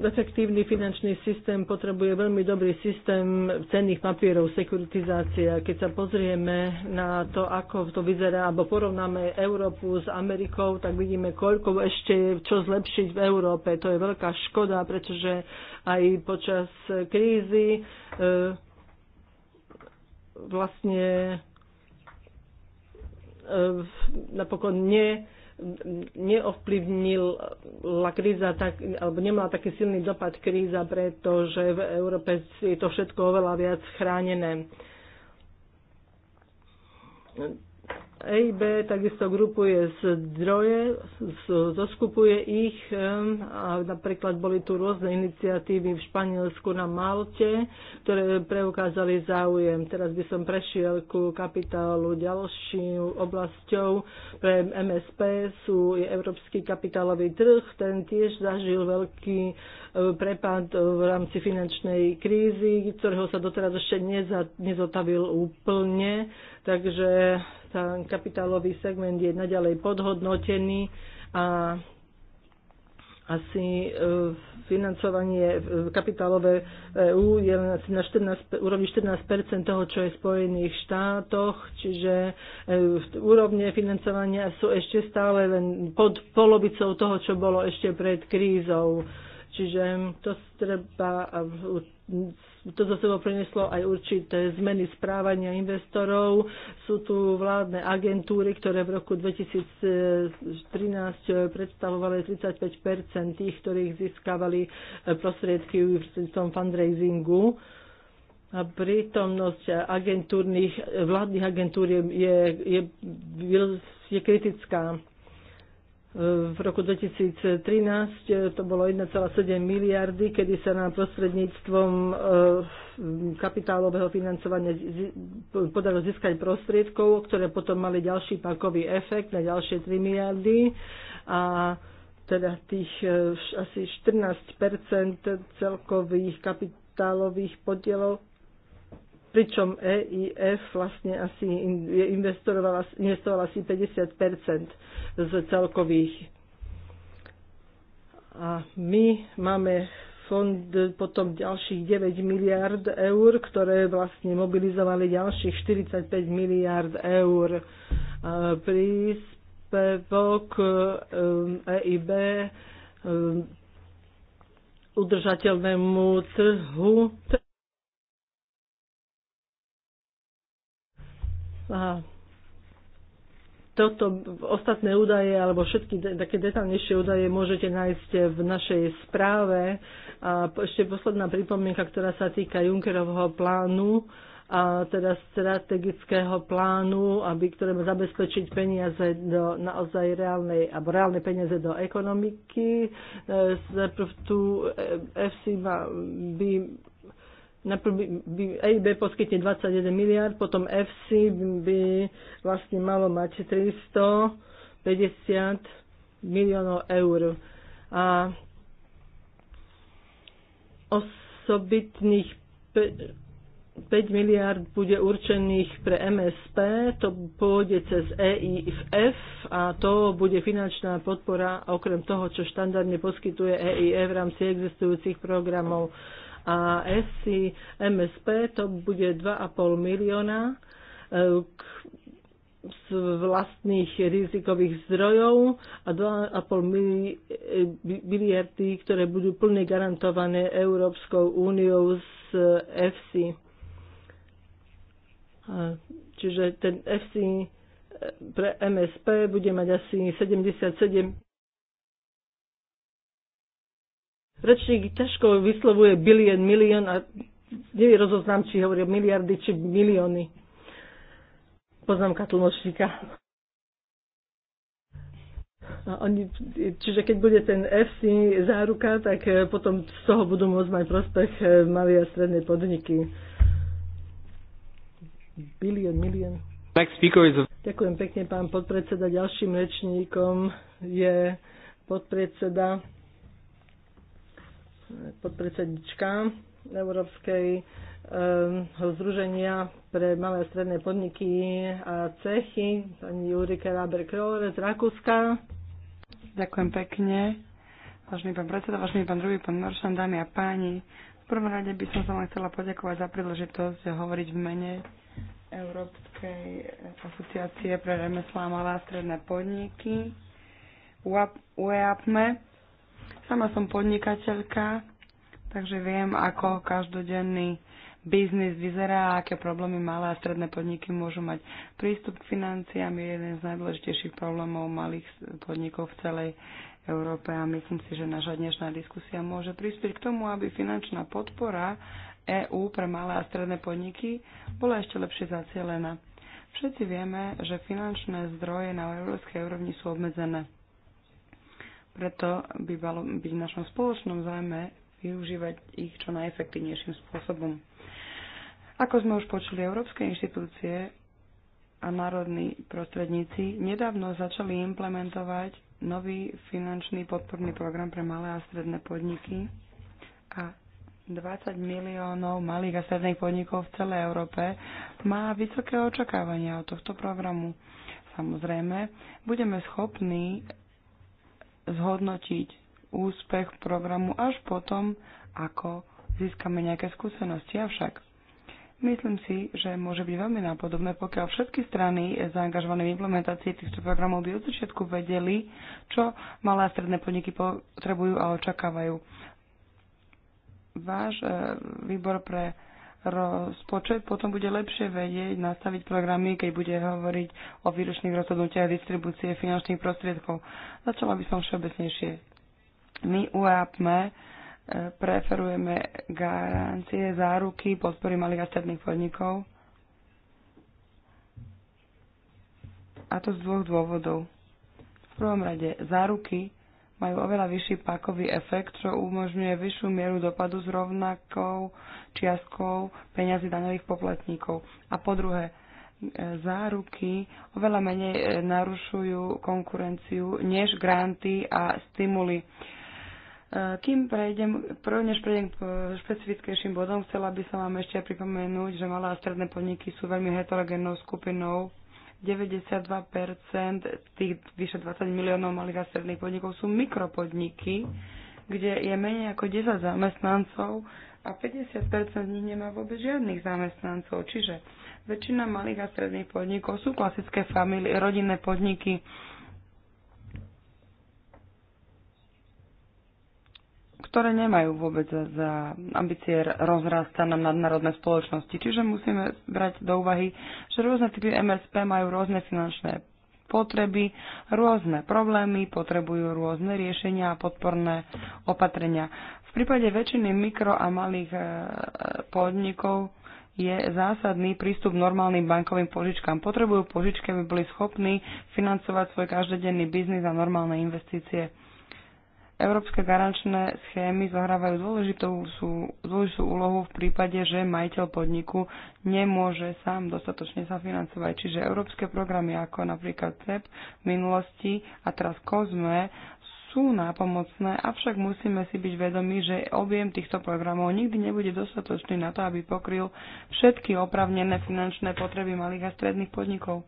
[SPEAKER 3] efektívny finančný systém potrebuje veľmi dobrý systém cenných papierov, sekuritizácia. Keď sa pozrieme na to, ako to vyzerá, alebo porovnáme Európu s Amerikou, tak vidíme, koľko ešte je čo zlepšiť v Európe. To je veľká škoda, pretože aj počas krízy e, vlastne E, napokon ne, neovplyvnila kríza, tak, alebo nemala taký silný dopad kríza, pretože v Európe je to všetko oveľa viac chránené. EIB takisto grupuje zdroje, zoskupuje ich a napríklad boli tu rôzne iniciatívy v Španielsku na Malte, ktoré preukázali záujem. Teraz by som prešiel ku kapitálu ďalším oblasťou pre MSP sú je Európsky kapitálový trh, ten tiež zažil veľký prepad v rámci finančnej krízy, ktorého sa doteraz ešte nezotavil úplne, takže ten kapitálový segment je naďalej podhodnotený a asi e, financovanie kapitálové EU je asi na 14, úrovni 14 toho, čo je v Spojených štátoch, čiže e, úrovne financovania sú ešte stále len pod polovicou toho, čo bolo ešte pred krízou. Čiže to treba, to za sebou prinieslo aj určité zmeny správania investorov. Sú tu vládne agentúry, ktoré v roku 2013 predstavovali 35 tých, ktorých získavali prostriedky v tom fundraisingu. A prítomnosť agentúrnych, vládnych agentúr je, je, je, je kritická v roku 2013 to bolo 1,7 miliardy, kedy sa nám prostredníctvom eh, kapitálového financovania podarilo získať prostriedkov, ktoré potom mali ďalší pakový efekt na ďalšie 3 miliardy. A teda tých eh, asi 14 celkových kapitálových podielov pričom EIF vlastne asi investovala, investovala asi 50 z celkových. A my máme fond potom ďalších 9 miliard eur, ktoré vlastne mobilizovali ďalších 45 miliard eur. Príspevok um, EIB um, udržateľnému trhu A toto ostatné údaje alebo všetky také detálnejšie údaje môžete nájsť v našej správe. A ešte posledná pripomienka, ktorá sa týka Junckerovho plánu a teda strategického plánu, aby, ktoré má zabezpečiť peniaze do naozaj reálnej, alebo reálne peniaze do ekonomiky. Najprv e, tu e, FC by EIB poskytne 21 miliard, potom FC by vlastne malo mať 350 miliónov eur. A osobitných 5 miliard bude určených pre MSP, to pôjde cez EIF a to bude finančná podpora okrem toho, čo štandardne poskytuje EIF v rámci existujúcich programov a SI MSP to bude 2,5 milióna e, z vlastných rizikových zdrojov a 2,5 e, miliardy, ktoré budú plne garantované Európskou úniou z EFSI. Čiže ten EFSI pre MSP bude mať asi 77 Rečník ťažko vyslovuje bilien, milión a nevie rozoznám, či hovorí miliardy, či milióny. Poznámka tlmočníka. Oni, čiže keď bude ten FC záruka, tak eh, potom z toho budú môcť mať prospech eh, malé a stredné podniky. Bilión, milión. Ďakujem pekne, pán podpredseda. Ďalším rečníkom je podpredseda podpredsednička Európskej ehm, Združenia pre malé a stredné podniky a cechy, pani Jurike Raber-Krohr
[SPEAKER 1] z Rakúska. Ďakujem pekne. Vážený pán predseda, vážený pán druhý, pán Noršan, dámy a páni. V prvom rade by som sa len chcela poďakovať za príležitosť hovoriť v mene Európskej asociácie pre remeslá malé a stredné podniky UEAPME. Sama som podnikateľka, takže viem, ako každodenný biznis vyzerá, aké problémy malé a stredné podniky môžu mať. Prístup k financiám je jeden z najdôležitejších problémov malých podnikov v celej Európe a myslím si, že naša dnešná diskusia môže prispieť k tomu, aby finančná podpora EÚ pre malé a stredné podniky bola ešte lepšie zacielená. Všetci vieme, že finančné zdroje na európskej úrovni sú obmedzené. Preto by malo byť v našom spoločnom zájme využívať ich čo najefektívnejším spôsobom. Ako sme už počuli, európske inštitúcie a národní prostredníci nedávno začali implementovať nový finančný podporný program pre malé a stredné podniky a 20 miliónov malých a stredných podnikov v celej Európe má vysoké očakávania od tohto programu. Samozrejme, budeme schopní zhodnotiť úspech programu až potom, ako získame nejaké skúsenosti. Avšak myslím si, že môže byť veľmi nápodobné, pokiaľ všetky strany zaangažované v implementácii týchto programov by od začiatku vedeli, čo malé a stredné podniky potrebujú a očakávajú. Váš eh, výbor pre rozpočet, potom bude lepšie vedieť nastaviť programy, keď bude hovoriť o výročných rozhodnutiach distribúcie finančných prostriedkov. Začala by som všeobecnejšie. My UAPME e, preferujeme garancie, záruky, podpory malých a stredných podnikov. A to z dvoch dôvodov. V prvom rade záruky majú oveľa vyšší pákový efekt, čo umožňuje vyššiu mieru dopadu s rovnakou čiastkou peňazí daňových poplatníkov. A po druhé, e, záruky oveľa menej e, narušujú konkurenciu než granty a stimuly. E, kým prejdem, prv než prejdem k špecifickejším bodom, chcela by som vám ešte pripomenúť, že malé a stredné podniky sú veľmi heterogénnou skupinou. 92% tých vyše 20 miliónov malých a stredných podnikov sú mikropodniky, kde je menej ako 10 zamestnancov a 50% z nich nemá vôbec žiadnych zamestnancov. Čiže väčšina malých a stredných podnikov sú klasické familie, rodinné podniky. ktoré nemajú vôbec za, ambície rozrasta na nadnárodné spoločnosti. Čiže musíme brať do úvahy, že rôzne typy MSP er majú rôzne finančné potreby, rôzne problémy, potrebujú rôzne riešenia a podporné opatrenia prípade väčšiny mikro a malých e, podnikov je zásadný prístup normálnym bankovým požičkám. Potrebujú požičky, aby boli schopní financovať svoj každodenný biznis a normálne investície. Európske garančné schémy zohrávajú dôležitú, sú, dôležitú úlohu v prípade, že majiteľ podniku nemôže sám dostatočne sa financovať. Čiže európske programy ako napríklad CEP v minulosti a teraz COSME sú nápomocné, avšak musíme si byť vedomi, že objem týchto programov nikdy nebude dostatočný na to, aby pokryl všetky opravnené finančné potreby malých a stredných podnikov.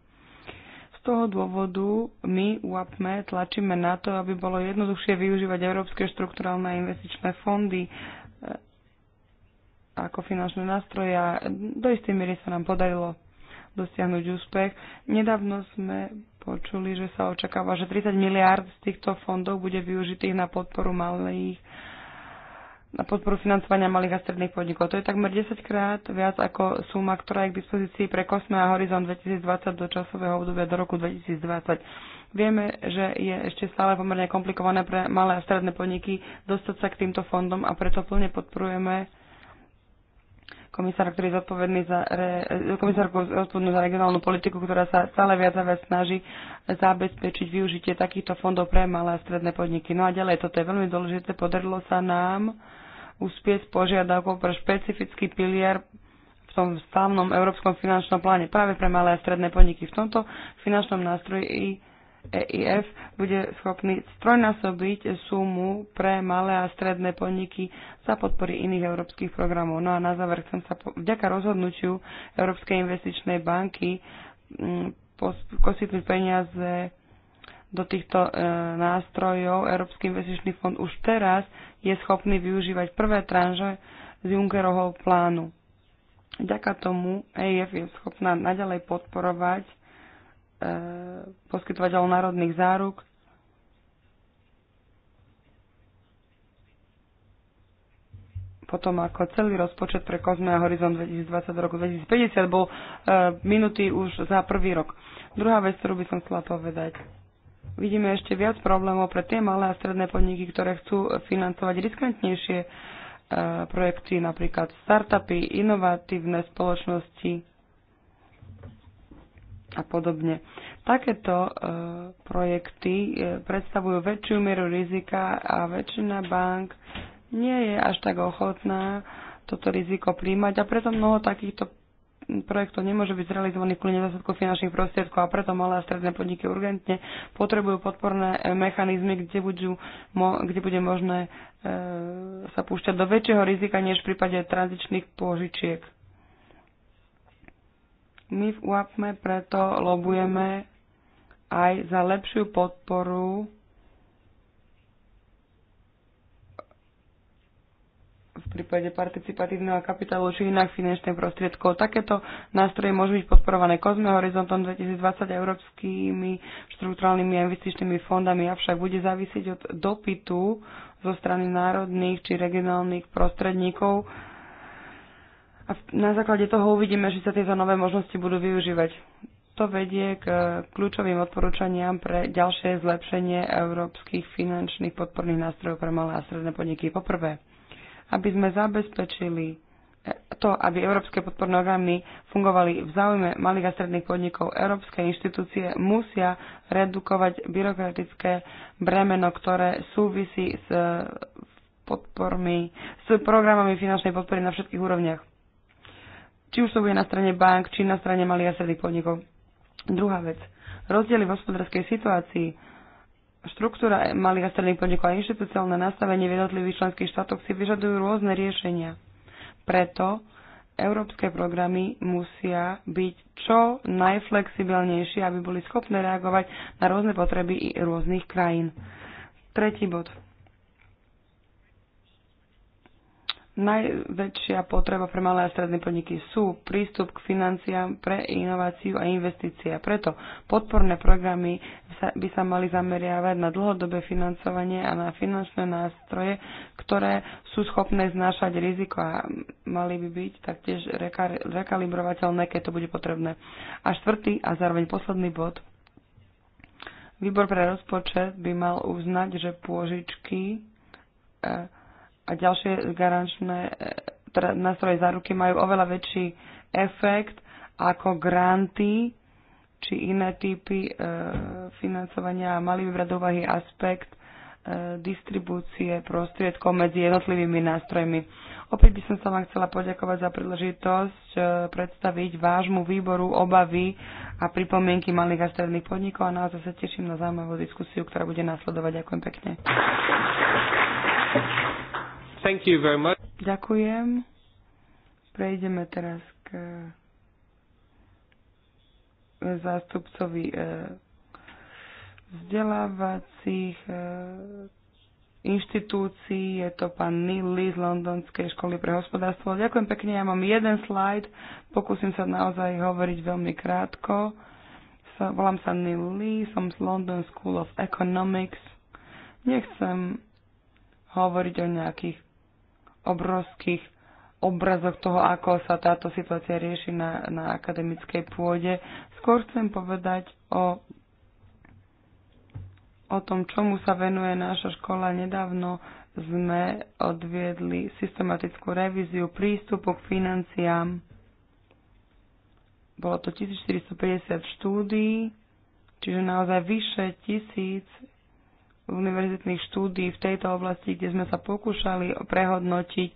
[SPEAKER 1] Z toho dôvodu my UAPME tlačíme na to, aby bolo jednoduchšie využívať európske štrukturálne investičné fondy e, ako finančné nástroje a do istej miery sa nám podarilo dosiahnuť úspech. Nedávno sme počuli, že sa očakáva, že 30 miliárd z týchto fondov bude využitých na podporu malých na podporu financovania malých a stredných podnikov. To je takmer 10 krát viac ako suma, ktorá je k dispozícii pre Kosme a Horizon 2020 do časového obdobia do roku 2020. Vieme, že je ešte stále pomerne komplikované pre malé a stredné podniky dostať sa k týmto fondom a preto plne podporujeme komisára, ktorý je zodpovedný za, re, komisárku zodpovednú za regionálnu politiku, ktorá sa stále viac a viac snaží zabezpečiť využitie takýchto fondov pre malé a stredné podniky. No a ďalej, toto je veľmi dôležité, podarilo sa nám uspieť požiadavkou pre špecifický pilier v tom stávnom európskom finančnom pláne práve pre malé a stredné podniky. V tomto finančnom nástroji EIF bude schopný strojnásobiť sumu pre malé a stredné podniky za podpory iných európskych programov. No a na záver chcem sa po- vďaka rozhodnutiu Európskej investičnej banky mm, poskytnúť peniaze do týchto e, nástrojov. Európsky investičný fond už teraz je schopný využívať prvé tranže z Junckerovho plánu. Vďaka tomu EIF je schopná naďalej podporovať E, poskytovateľ národných záruk. Potom ako celý rozpočet pre Kozme a Horizont 2020 roku 2050 bol e, minutý už za prvý rok. Druhá vec, ktorú by som chcela povedať. Vidíme ešte viac problémov pre tie malé a stredné podniky, ktoré chcú financovať riskantnejšie e, projekty, napríklad startupy, inovatívne spoločnosti a podobne. Takéto e, projekty e, predstavujú väčšiu mieru rizika a väčšina bank nie je až tak ochotná toto riziko príjmať a preto mnoho takýchto projektov nemôže byť zrealizovaný kvôli nedostatku finančných prostriedkov a preto malé a stredné podniky urgentne potrebujú podporné e, mechanizmy, kde, budú, kde bude možné e, sa púšťať do väčšieho rizika než v prípade tranzičných pôžičiek. My v UAPME preto lobujeme aj za lepšiu podporu v prípade participatívneho kapitálu či inak finančných prostriedkov. Takéto nástroje môžu byť podporované Kozme Horizontom 2020 európskymi štruktúralnými a investičnými fondami, avšak bude závisieť od dopytu zo strany národných či regionálnych prostredníkov a na základe toho uvidíme, či sa tieto nové možnosti budú využívať. To vedie k e, kľúčovým odporúčaniam pre ďalšie zlepšenie európskych finančných podporných nástrojov pre malé a stredné podniky. Poprvé, aby sme zabezpečili e, to, aby európske podporné orgány fungovali v záujme malých a stredných podnikov, európske inštitúcie musia redukovať byrokratické bremeno, ktoré súvisí s e, podpormi, s programami finančnej podpory na všetkých úrovniach či už to bude na strane bank, či na strane malých a stredných podnikov. Druhá vec. Rozdiely v hospodárskej situácii, štruktúra malých a stredných podnikov a inštitúciálne nastavenie v jednotlivých členských štátoch si vyžadujú rôzne riešenia. Preto európske programy musia byť čo najflexibilnejšie, aby boli schopné reagovať na rôzne potreby rôznych krajín. Tretí bod Najväčšia potreba pre malé a stredné podniky sú prístup k financiám pre inováciu a investície. Preto podporné programy by sa mali zameriavať na dlhodobé financovanie a na finančné nástroje, ktoré sú schopné znášať riziko a mali by byť taktiež rekalibrovateľné, keď to bude potrebné. A štvrtý a zároveň posledný bod. Výbor pre rozpočet by mal uznať, že pôžičky e, a ďalšie garančné e, teda nástroje záruky majú oveľa väčší efekt ako granty či iné typy e, financovania a mali by brať do úvahy aspekt e, distribúcie prostriedkov medzi jednotlivými nástrojmi. Opäť by som sa vám chcela poďakovať za príležitosť e, predstaviť vášmu výboru obavy a pripomienky malých a stredných podnikov a naozaj sa teším na zaujímavú diskusiu, ktorá bude následovať. Ďakujem pekne.
[SPEAKER 4] Thank you very much.
[SPEAKER 1] Ďakujem. Prejdeme teraz k eh, zástupcovi eh, vzdelávacích eh, inštitúcií. Je to pán Nilly Lee z Londonskej školy pre hospodárstvo. Ďakujem pekne, ja mám jeden slajd. Pokúsim sa naozaj hovoriť veľmi krátko. Volám sa Nilly, Lee, som z London School of Economics. Nechcem hovoriť o nejakých obrovských obrazoch toho, ako sa táto situácia rieši na, na akademickej pôde. Skôr chcem povedať o, o tom, čomu sa venuje naša škola. Nedávno sme odviedli systematickú revíziu prístupu k financiám. Bolo to 1450 štúdií, čiže naozaj vyše tisíc univerzitných štúdí v tejto oblasti, kde sme sa pokúšali prehodnotiť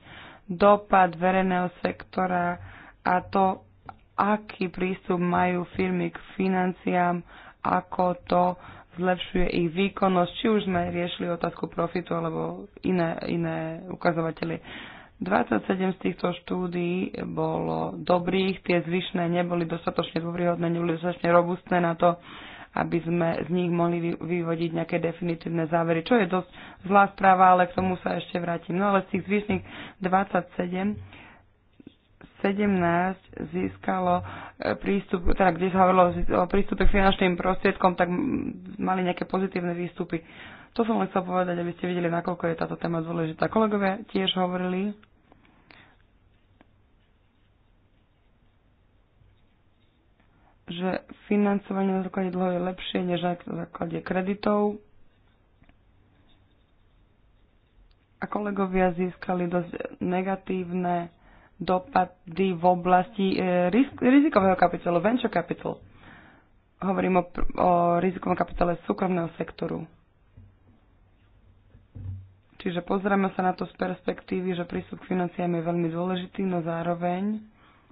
[SPEAKER 1] dopad verejného sektora a to, aký prístup majú firmy k financiám, ako to zlepšuje ich výkonnosť, či už sme riešili otázku profitu alebo iné, iné ukazovatele. 27 z týchto štúdií bolo dobrých, tie zvyšné neboli dostatočne dôvryhodné, neboli dostatočne robustné na to, aby sme z nich mohli vyvodiť nejaké definitívne závery, čo je dosť zlá správa, ale k tomu sa ešte vrátim. No ale z tých zvyšných 27 17 získalo e, prístup, teda kde sa hovorilo o prístupe k finančným prostriedkom, tak mali nejaké pozitívne výstupy. To som len chcel povedať, aby ste videli, nakoľko je táto téma dôležitá. Kolegovia tiež hovorili že financovanie na základe dlho je lepšie než na základe kreditov. A kolegovia získali dosť negatívne dopady v oblasti e, rizikového kapitálu, venture capital. Hovorím o, o rizikovom kapitále súkromného sektoru. Čiže pozrieme sa na to z perspektívy, že prístup k financiám je veľmi dôležitý, no zároveň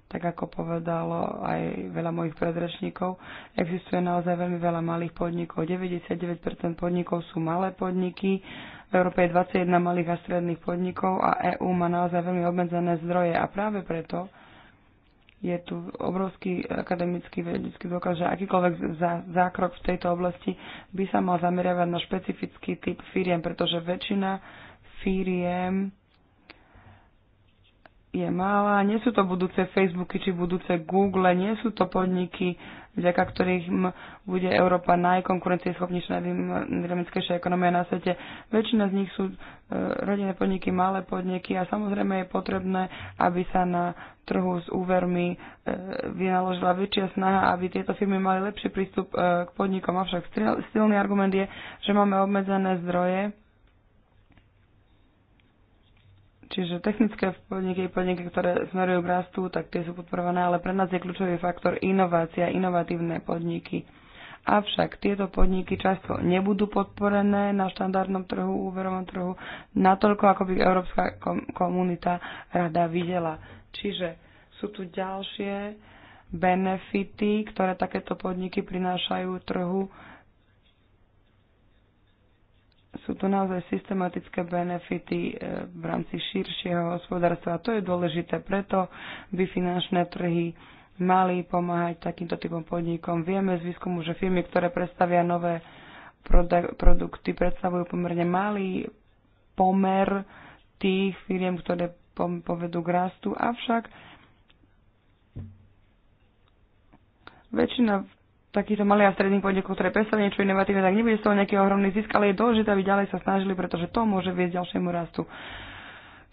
[SPEAKER 1] tak ako povedalo aj veľa mojich predrečníkov, existuje naozaj veľmi veľa malých podnikov. 99% podnikov sú malé podniky, v Európe je 21 malých a stredných podnikov a EÚ má naozaj veľmi obmedzené zdroje a práve preto je tu obrovský akademický vedecký dôkaz, že akýkoľvek zákrok v tejto oblasti by sa mal zameriavať na špecifický typ firiem, pretože väčšina firiem je malá, nie sú to budúce Facebooky či budúce Google, nie sú to podniky, vďaka ktorých bude Európa najkonkurencieschopnejšia, najdynamickejšia ekonomia na svete. Väčšina z nich sú e, rodinné podniky, malé podniky a samozrejme je potrebné, aby sa na trhu s úvermi e, vynaložila väčšia snaha, aby tieto firmy mali lepší prístup e, k podnikom. Avšak silný argument je, že máme obmedzené zdroje Čiže technické podniky, podniky, ktoré smerujú k rastu, tak tie sú podporované, ale pre nás je kľúčový faktor inovácia, inovatívne podniky. Avšak tieto podniky často nebudú podporené na štandardnom trhu, úverovom trhu, natoľko ako by Európska komunita rada videla. Čiže sú tu ďalšie benefity, ktoré takéto podniky prinášajú trhu sú tu naozaj systematické benefity e, v rámci širšieho hospodárstva. A to je dôležité, preto by finančné trhy mali pomáhať takýmto typom podnikom. Vieme z výskumu, že firmy, ktoré predstavia nové produkty, predstavujú pomerne malý pomer tých firiem, ktoré povedú k rastu, avšak väčšina takýchto malých a stredných podnikov, ktoré predstavia niečo inovatívne, tak nebude z toho nejaký ohromný zisk, ale je dôležité, aby ďalej sa snažili, pretože to môže viesť ďalšiemu rastu.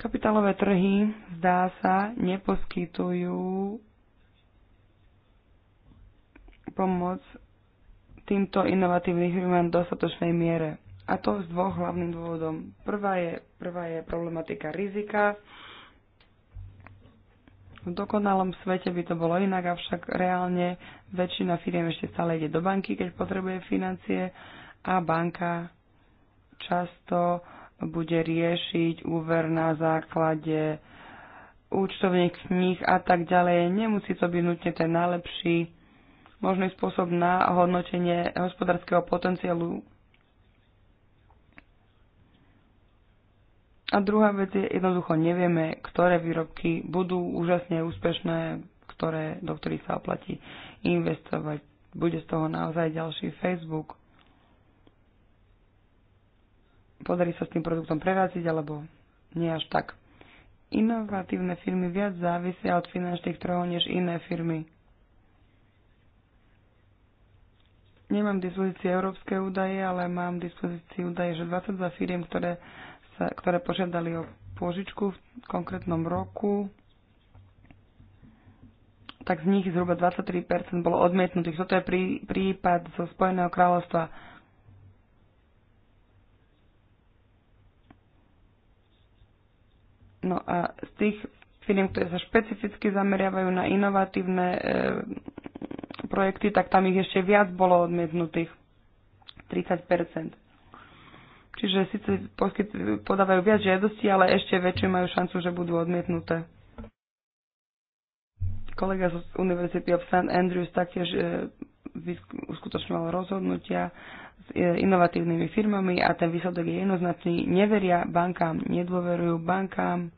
[SPEAKER 1] Kapitálové trhy, zdá sa, neposkytujú pomoc týmto inovatívnym firmám v dostatočnej miere. A to z dvoch hlavných dôvodov. Prvá je, prvá je problematika rizika, v dokonalom svete by to bolo inak, avšak reálne väčšina firiem ešte stále ide do banky, keď potrebuje financie a banka často bude riešiť úver na základe účtovných kníh a tak ďalej. Nemusí to byť nutne ten najlepší možný spôsob na hodnotenie hospodárskeho potenciálu A druhá vec je, jednoducho nevieme, ktoré výrobky budú úžasne úspešné, ktoré, do ktorých sa oplatí investovať. Bude z toho naozaj ďalší Facebook. Podarí sa s tým produktom preráziť, alebo nie až tak. Inovatívne firmy viac závisia od finančných trhov než iné firmy. Nemám dispozície európske údaje, ale mám dispozícii údaje, že 22 firiem, ktoré ktoré požiadali o pôžičku v konkrétnom roku, tak z nich zhruba 23% bolo odmietnutých. Toto je prí, prípad zo Spojeného kráľovstva. No a z tých firiem, ktoré sa špecificky zameriavajú na inovatívne e, projekty, tak tam ich ešte viac bolo odmietnutých. 30 Čiže síce poskyt, podávajú viac žiadosti, ale ešte väčšiu majú šancu, že budú odmietnuté. Kolega z Univerzity of St. Andrews taktiež e, uskutočňoval rozhodnutia s e, inovatívnymi firmami a ten výsledok je jednoznačný. Neveria bankám, nedôverujú bankám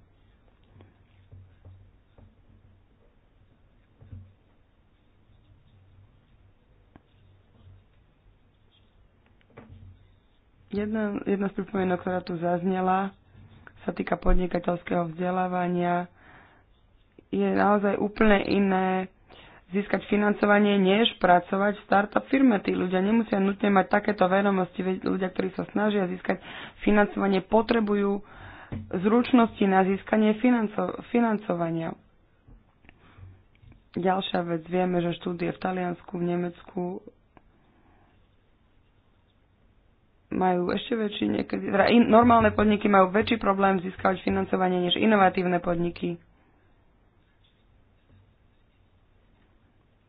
[SPEAKER 1] Jedna, jedna z pripomienok, ktorá tu zaznela, sa týka podnikateľského vzdelávania. Je naozaj úplne iné získať financovanie, než pracovať v startup firme. Tí ľudia nemusia nutne mať takéto vedomosti. Ľudia, ktorí sa snažia získať financovanie, potrebujú zručnosti na získanie financo- financovania. Ďalšia vec, vieme, že štúdie v Taliansku, v Nemecku majú ešte väčší, niekedy, teda in, normálne podniky majú väčší problém získať financovanie než inovatívne podniky.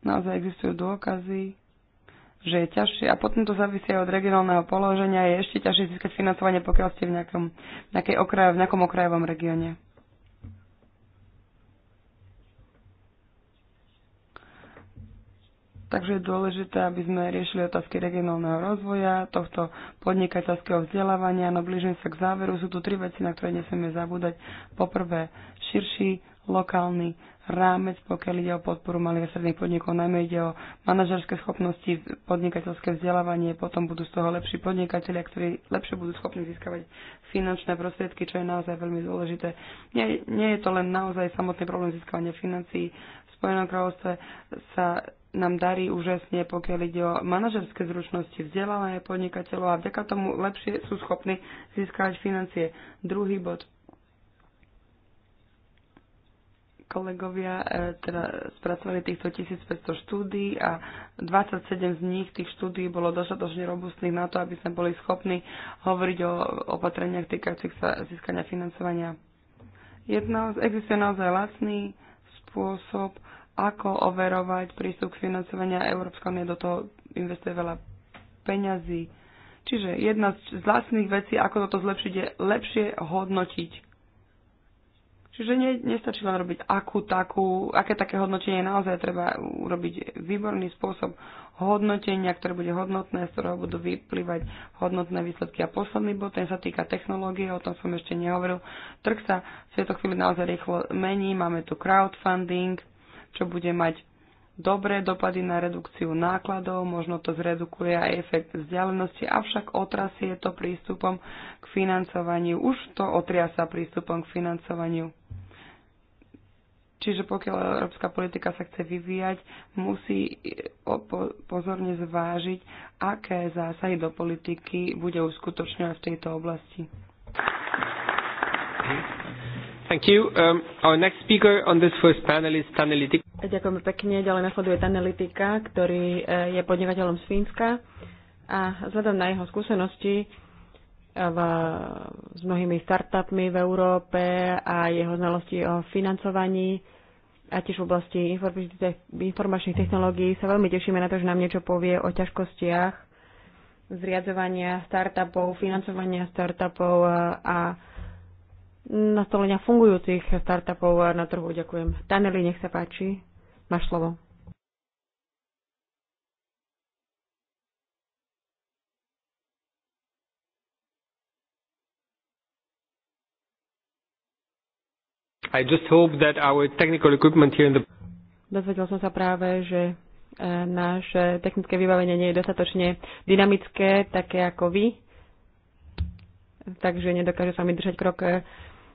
[SPEAKER 1] Naozaj existujú dôkazy, že je ťažšie a potom to závisí aj od regionálneho položenia, je ešte ťažšie získať financovanie, pokiaľ ste v nejakom, okraj, v nejakom okrajovom regióne. Takže je dôležité, aby sme riešili otázky regionálneho rozvoja, tohto podnikateľského vzdelávania. No blížim sa k záveru. Sú tu tri veci, na ktoré nesmieme zabúdať. Poprvé, širší lokálny rámec, pokiaľ ide o podporu malých a stredných podnikov, najmä ide o manažerské schopnosti, podnikateľské vzdelávanie, potom budú z toho lepší podnikatelia, ktorí lepšie budú schopní získavať finančné prostriedky, čo je naozaj veľmi dôležité. Nie, nie je to len naozaj samotný problém získavania financií, Spojenom kráľovstve sa nám darí úžasne, pokiaľ ide o manažerské zručnosti, vzdelávanie podnikateľov a vďaka tomu lepšie sú schopní získať financie. Druhý bod. Kolegovia e, teda spracovali týchto 1500 štúdí a 27 z nich, tých štúdí, bolo dostatočne robustných na to, aby sme boli schopní hovoriť o opatreniach týkajúcich sa získania financovania. Jedno, existuje naozaj lacný spôsob, ako overovať prístup k financovania. Európska unia do toho investuje veľa peňazí. Čiže jedna z vlastných vecí, ako toto zlepšiť, je lepšie hodnotiť. Čiže ne, nestačí len robiť akú takú, aké také hodnotenie naozaj treba urobiť výborný spôsob hodnotenia, ktoré bude hodnotné, z ktorého budú vyplývať hodnotné výsledky. A posledný bod, ten sa týka technológie, o tom som ešte nehovoril. Trh sa v tejto chvíli naozaj rýchlo mení, máme tu crowdfunding, čo bude mať dobré dopady na redukciu nákladov, možno to zredukuje aj efekt vzdialenosti, avšak otrasie to prístupom k financovaniu. Už to otriasa prístupom k financovaniu. Čiže pokiaľ európska politika sa chce vyvíjať, musí pozorne zvážiť, aké zásahy do politiky
[SPEAKER 2] bude uskutočňovať v tejto oblasti.
[SPEAKER 4] Thank hm? you. Thank you. Um, our next speaker on this first panel is Tanelitik.
[SPEAKER 2] Ďakujem pekne. Ďalej nasleduje Tanelitika, ktorý e, je podnikateľom z Fínska a vzhľadom na jeho skúsenosti e, v, s mnohými startupmi v Európe a jeho znalosti o financovaní a tiež v oblasti informačných technológií sa veľmi tešíme na to, že nám niečo povie o ťažkostiach zriadovania startupov, financovania startupov e, a, a nastolenia fungujúcich startupov na trhu. Ďakujem. Taneli, nech sa páči. Máš slovo.
[SPEAKER 4] I just hope that our technical equipment here in the...
[SPEAKER 2] Dozvedel som sa práve, že e, naše technické vybavenie nie je dostatočne dynamické, také ako vy. Takže nedokáže sa mi držať krok e,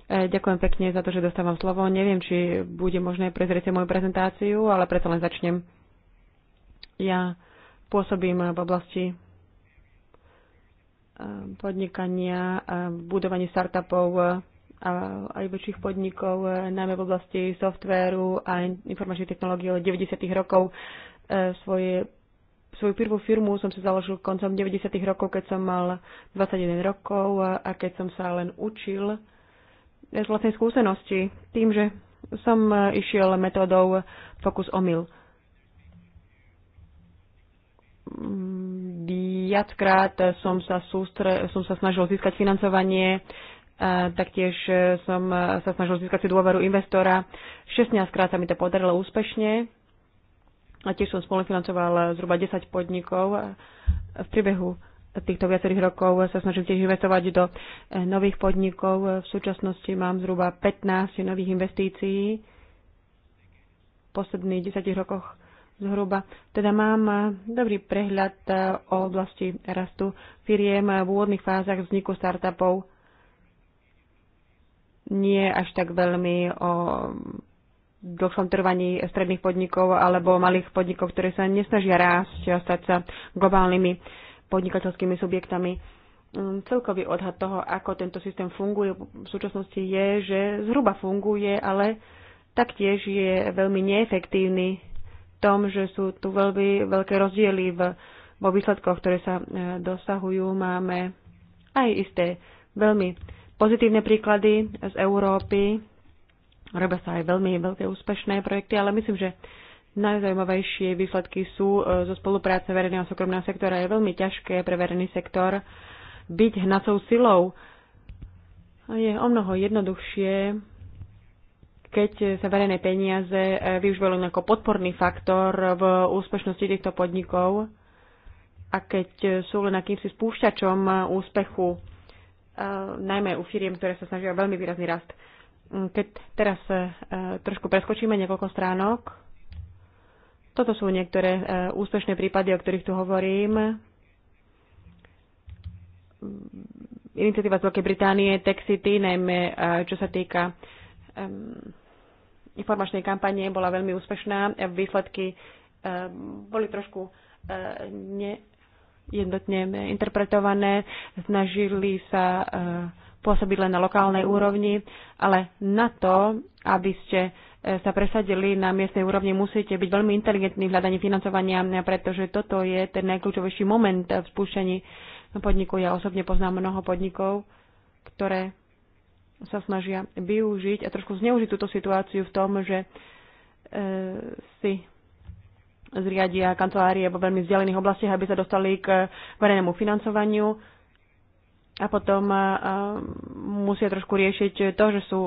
[SPEAKER 2] E, ďakujem pekne za to, že dostávam slovo. Neviem, či bude možné prezrieť moju prezentáciu, ale preto len začnem. Ja pôsobím v oblasti e, podnikania, e, budovanie startupov a aj väčších podnikov, najmä v oblasti softvéru a informačnej technológie od 90. rokov. Svoje, svoju prvú firmu som si založil koncom 90. rokov, keď som mal 21 rokov a keď som sa len učil z vlastnej skúsenosti, tým, že som išiel metódou fokus omyl. Viackrát som sa, sústre, som sa snažil získať financovanie, taktiež som sa snažil získať si dôveru investora. 16 krát sa mi to podarilo úspešne. A tiež som spolufinancoval zhruba 10 podnikov v priebehu týchto viacerých rokov sa snažím tiež investovať do eh, nových podnikov. V súčasnosti mám zhruba 15 nových investícií v posledných 10 rokoch zhruba. Teda mám eh, dobrý prehľad eh, o oblasti rastu firiem v úvodných fázach vzniku startupov. Nie až tak veľmi o dlhšom trvaní stredných podnikov alebo malých podnikov, ktoré sa nesnažia rásť a stať sa globálnymi podnikateľskými subjektami. Mm, celkový odhad toho, ako tento systém funguje v súčasnosti je, že zhruba funguje, ale taktiež je veľmi neefektívny v tom, že sú tu veľmi veľké rozdiely v, vo výsledkoch, ktoré sa e, dosahujú. Máme aj isté veľmi pozitívne príklady z Európy. Robia sa aj veľmi veľké úspešné projekty, ale myslím, že Najzaujímavejšie výsledky sú e, zo spolupráce verejného a súkromného sektora. Je veľmi ťažké pre verejný sektor byť hnacou silou. Je o mnoho jednoduchšie, keď sa verejné peniaze e, využívajú ako podporný faktor v úspešnosti týchto podnikov a keď e, sú len akýmsi spúšťačom úspechu, najmä u firiem, ktoré sa snažia veľmi výrazný rast. Keď teraz trošku preskočíme niekoľko stránok, toto sú niektoré e, úspešné prípady, o ktorých tu hovorím. Iniciatíva z Veľkej Británie, Tech City, najmä e, čo sa týka informačnej kampanie, bola veľmi úspešná. E, výsledky boli trošku nejednotne interpretované. Snažili sa pôsobiť len na lokálnej úrovni, ale na to, aby ste sa presadili na miestnej úrovni, musíte byť veľmi inteligentní v hľadaní financovania, pretože toto je ten najkľúčovejší moment v spúšťaní podniku. Ja osobne poznám mnoho podnikov, ktoré sa snažia využiť a trošku zneužiť túto situáciu v tom, že e, si zriadia kancelárie vo veľmi vzdialených oblastiach, aby sa dostali k verejnému financovaniu a potom musia trošku riešiť to, že sú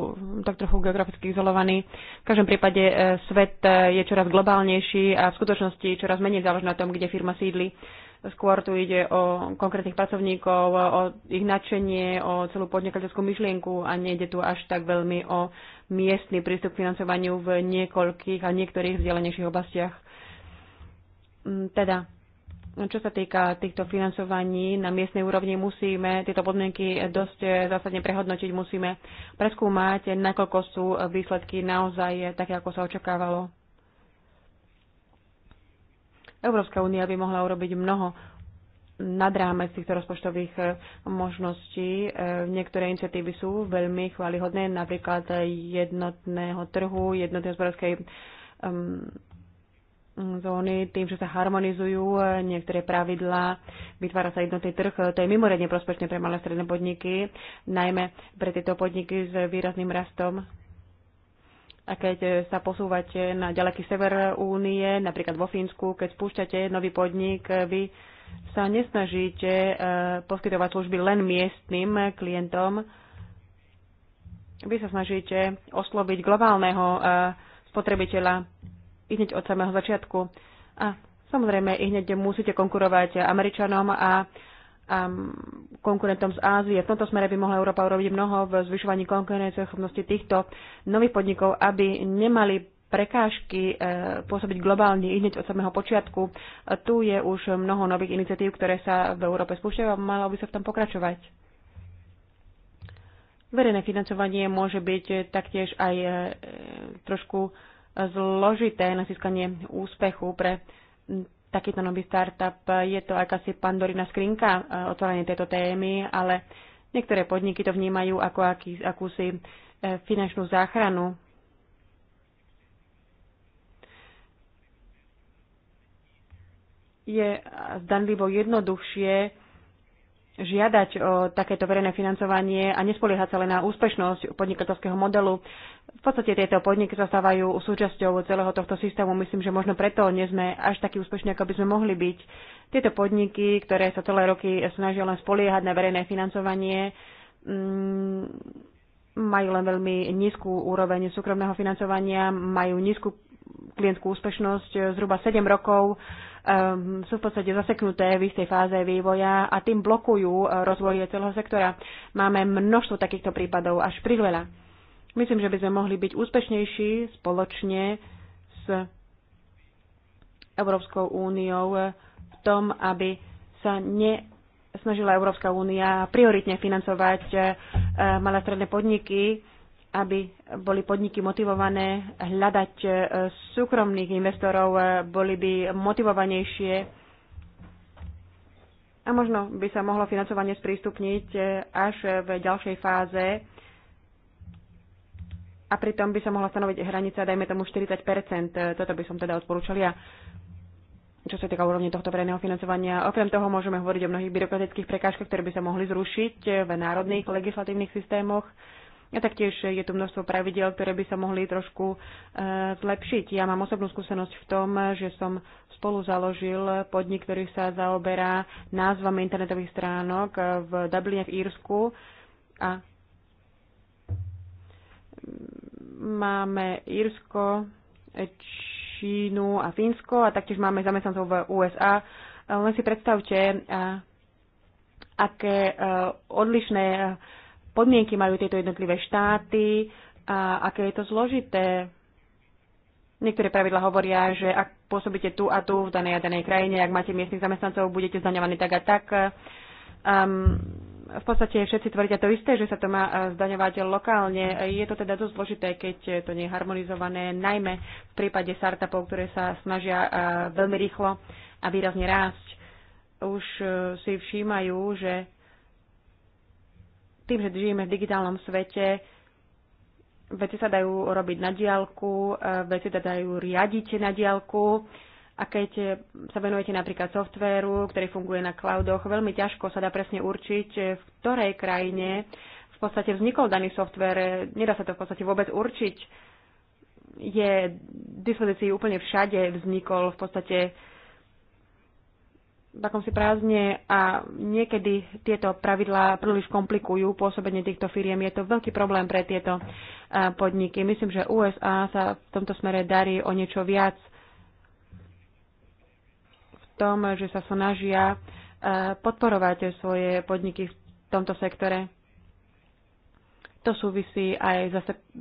[SPEAKER 2] tak trochu geograficky izolovaní. V každom prípade e, svet e, je čoraz globálnejší a v skutočnosti čoraz menej záleží na tom, kde firma sídli. Skôr tu ide o konkrétnych pracovníkov, o ich nadšenie, o celú podnikateľskú myšlienku a nejde tu až tak veľmi o miestny prístup k financovaniu v niekoľkých a niektorých vzdialenejších oblastiach. Mm, teda No, čo sa týka týchto financovaní na miestnej úrovni, musíme tieto podmienky dosť zásadne prehodnotiť, musíme preskúmať, nakoľko sú výsledky naozaj také, ako sa očakávalo. Európska únia by mohla urobiť mnoho nad rámec týchto rozpočtových možností. Niektoré iniciatívy sú veľmi chválihodné, napríklad jednotného trhu, jednotnej hospodárskej um, zóny tým, že sa harmonizujú e, niektoré pravidlá, vytvára sa jednotný trh. E, to je mimoriadne prospešné pre malé stredné podniky, najmä pre tieto podniky s výrazným rastom. A keď e, sa posúvate na ďaleký sever únie, napríklad vo Fínsku, keď spúšťate nový podnik, vy sa nesnažíte poskytovať služby len miestnym klientom. Vy sa snažíte osloviť globálneho spotrebiteľa i hneď od samého začiatku. A samozrejme, i hneď musíte konkurovať Američanom a, a konkurentom z Ázie. V tomto smere by mohla Európa urobiť mnoho v zvyšovaní schopnosti týchto nových podnikov, aby nemali prekážky e, pôsobiť globálne hneď od samého počiatku. Tu je už mnoho nových iniciatív, ktoré sa v Európe spúšťajú a malo by sa v tom pokračovať. Verejné financovanie môže byť taktiež aj e, trošku zložité na získanie úspechu pre takýto nový startup. Je to akási pandorina skrinka e, otvorenie tejto témy, ale niektoré podniky to vnímajú ako aký, akúsi e, finančnú záchranu. Je zdanlivo jednoduchšie žiadať o takéto verejné financovanie a nespoliehať sa len na úspešnosť podnikateľského modelu. V podstate tieto podniky sa stávajú súčasťou celého tohto systému. Myslím, že možno preto nie sme až takí úspešní, ako by sme mohli byť. Tieto podniky, ktoré sa celé roky snažia len spoliehať na verejné financovanie, mm, majú len veľmi nízku úroveň súkromného financovania, majú nízku klientskú úspešnosť, zhruba 7 rokov um, sú v podstate zaseknuté v istej fáze vývoja a tým blokujú e, rozvoj celého sektora. Máme množstvo takýchto prípadov, až priveľa. Myslím, že by sme mohli byť úspešnejší spoločne s Európskou úniou v tom, aby sa ne snažila Európska únia prioritne financovať e, e, malé stredné podniky, aby boli podniky motivované hľadať e, súkromných investorov, e, boli by motivovanejšie a možno by sa mohlo financovanie sprístupniť e, až v ďalšej fáze a pritom by sa mohla stanoviť hranica, dajme tomu 40 Toto by som teda odporúčal ja čo sa týka úrovne tohto verejného financovania. Okrem toho môžeme hovoriť o mnohých byrokratických prekážkach, ktoré by sa mohli zrušiť v národných legislatívnych systémoch a taktiež je tu množstvo pravidel, ktoré by sa mohli trošku e, zlepšiť. Ja mám osobnú skúsenosť v tom, že som spolu založil podnik, ktorý sa zaoberá názvami internetových stránok e, v Dubline v Írsku a máme Írsko, Čínu a Fínsko a taktiež máme zamestnancov v USA. E, len si predstavte, aké odlišné podmienky majú tieto jednotlivé štáty a aké je to zložité. Niektoré pravidla hovoria, že ak pôsobíte tu a tu v danej a danej krajine, ak máte miestnych zamestnancov, budete zdaňovaní tak a tak. Um, v podstate všetci tvrdia to isté, že sa to má eh, zdaňovať lokálne. Je to teda dosť zložité, keď eh, to nie je harmonizované, najmä v prípade startupov, ktoré sa snažia eh, veľmi rýchlo a výrazne rásť. Už si všímajú, že tým, že žijeme v digitálnom svete, veci sa dajú robiť na diálku, e, veci sa dajú riadiť na diálku a keď e, sa venujete napríklad softvéru, ktorý funguje na cloudoch, veľmi ťažko sa dá presne určiť, e, v ktorej krajine v podstate vznikol daný softvér. Nedá sa to v podstate vôbec určiť. Je v dispozícii úplne všade, vznikol v podstate v si prázdne a niekedy tieto pravidlá príliš komplikujú pôsobenie týchto firiem. Je to veľký problém pre tieto podniky. Myslím, že USA sa v tomto smere darí o niečo viac v tom, že sa snažia podporovať svoje podniky v tomto sektore. To súvisí aj s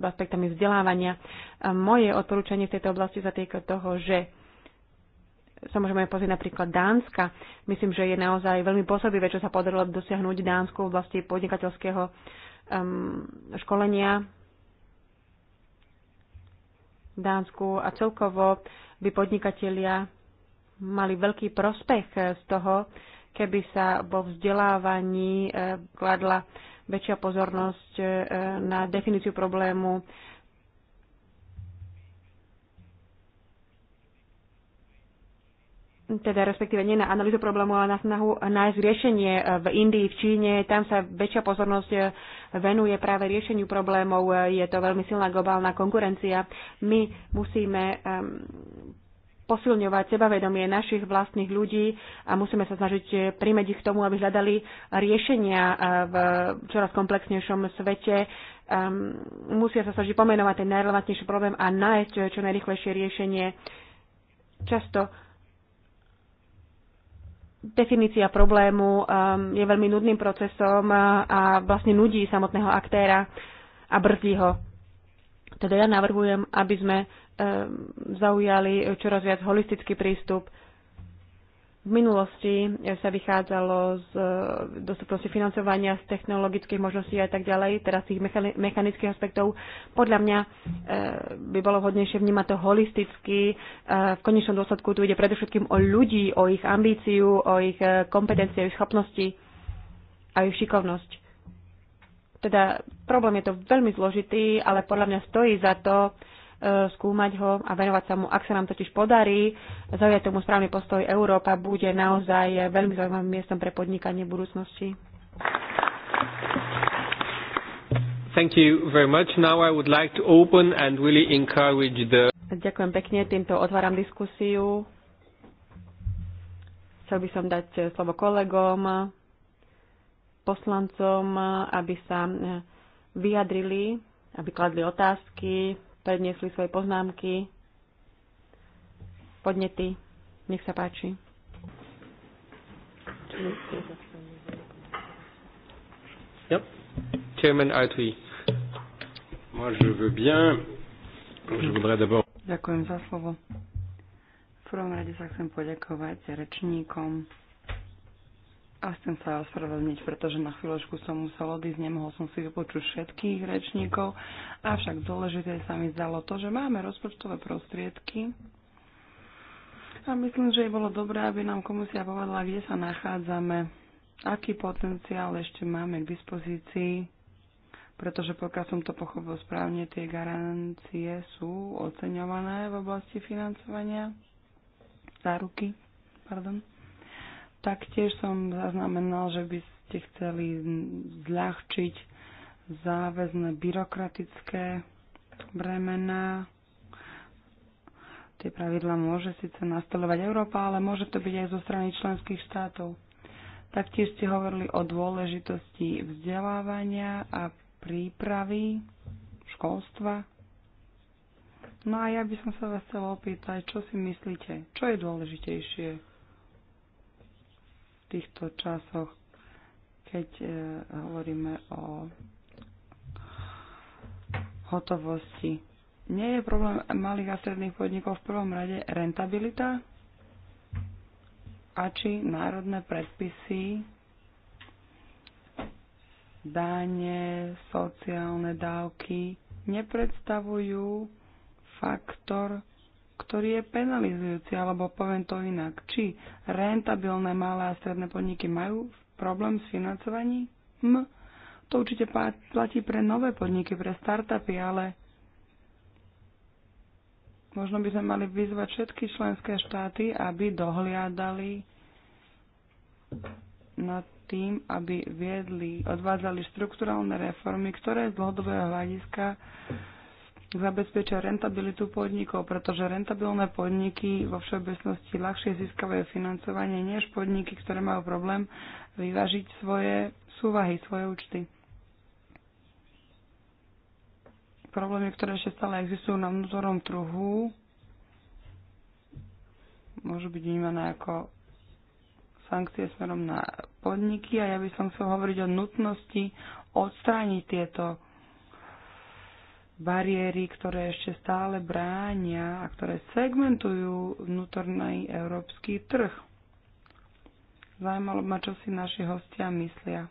[SPEAKER 2] aspektami vzdelávania. Moje odporúčanie v tejto oblasti sa týka toho, že sa môžeme pozrieť napríklad Dánska. Myslím, že je naozaj veľmi pôsobivé, čo sa podarilo dosiahnuť Dánsku v oblasti podnikateľského um, školenia v Dánsku a celkovo by podnikatelia mali veľký prospech z toho, keby sa vo vzdelávaní eh, kladla väčšia pozornosť eh, na definíciu problému, teda respektíve nie na analýzu problému, ale na snahu nájsť riešenie e, v Indii, v Číne. Tam sa väčšia pozornosť e, venuje práve riešeniu problémov. E, je to veľmi silná globálna konkurencia. My musíme posilňovať sebavedomie našich vlastných ľudí a musíme sa snažiť primeť ich k tomu, aby hľadali riešenia v čoraz komplexnejšom svete. Musia sa snažiť pomenovať ten najrelevantnejší problém a nájsť čo najrychlejšie riešenie. Často definícia problému um, je veľmi nudným procesom a vlastne nudí samotného aktéra a brzdí ho. Teda ja navrhujem, aby sme um, zaujali čoraz viac holistický prístup v minulosti sa vychádzalo z e, dostupnosti financovania, z technologických možností a tak ďalej, teraz tých mechanických aspektov. Podľa mňa e, by bolo vhodnejšie vnímať to holisticky. E, v konečnom dôsledku tu ide predovšetkým o ľudí, o ich ambíciu, o ich kompetencie, o ich schopnosti a ich šikovnosť. Teda problém je to veľmi zložitý, ale podľa mňa stojí za to E, skúmať ho a venovať sa mu. Ak sa nám totiž podarí zaujať tomu správny postoj, Európa bude naozaj veľmi zaujímavým miestom pre podnikanie v budúcnosti.
[SPEAKER 4] Thank you very much. Now I would like to open and really encourage the...
[SPEAKER 2] Ďakujem pekne, týmto otváram diskusiu. Chcel by som dať e, slovo kolegom, poslancom, aby sa e, vyjadrili, aby kladli otázky, predniesli svoje poznámky, podnety. Nech sa páči.
[SPEAKER 4] Yep. Chairman Artui. Moi, je veux bien. Je voudrais d'abord.
[SPEAKER 1] Ďakujem za slovo. V prvom rade sa chcem poďakovať rečníkom a chcem sa ospravedlniť, pretože na chvíľočku som musel odísť, nemohol som si vypočuť všetkých rečníkov, avšak dôležité sa mi zdalo to, že máme rozpočtové prostriedky a myslím, že bolo dobré, aby nám komisia povedala, kde sa nachádzame, aký potenciál ešte máme k dispozícii, pretože pokiaľ som to pochopil správne, tie garancie sú oceňované v oblasti financovania záruky. Pardon. Taktiež som zaznamenal, že by ste chceli zľahčiť záväzne byrokratické bremená. Tie pravidla môže síce nastolovať Európa, ale môže to byť aj zo strany členských štátov. Taktiež ste hovorili o dôležitosti vzdelávania a prípravy školstva. No a ja by som sa vás chcela opýtať, čo si myslíte, čo je dôležitejšie? týchto časoch, keď e, hovoríme o hotovosti. Nie je problém malých a stredných podnikov v prvom rade rentabilita a či národné predpisy, dáne, sociálne dávky nepredstavujú faktor ktorý je penalizujúci, alebo poviem to inak. Či rentabilné malé a stredné podniky majú problém s financovaním? To určite platí pre nové podniky, pre startupy, ale možno by sme mali vyzvať všetky členské štáty, aby dohliadali nad tým, aby viedli, odvádzali štrukturálne reformy, ktoré z dlhodobého hľadiska zabezpečia rentabilitu podnikov, pretože rentabilné podniky vo všeobecnosti ľahšie získavajú financovanie než podniky, ktoré majú problém vyvážiť svoje súvahy, svoje účty. Problémy, ktoré ešte stále existujú na vnútornom trhu, môžu byť vnímané ako sankcie smerom na podniky a ja by som chcel hovoriť o nutnosti odstrániť tieto bariéry, ktoré ešte stále bránia a ktoré segmentujú vnútorný európsky trh. Zajímalo ma, čo si naši hostia myslia.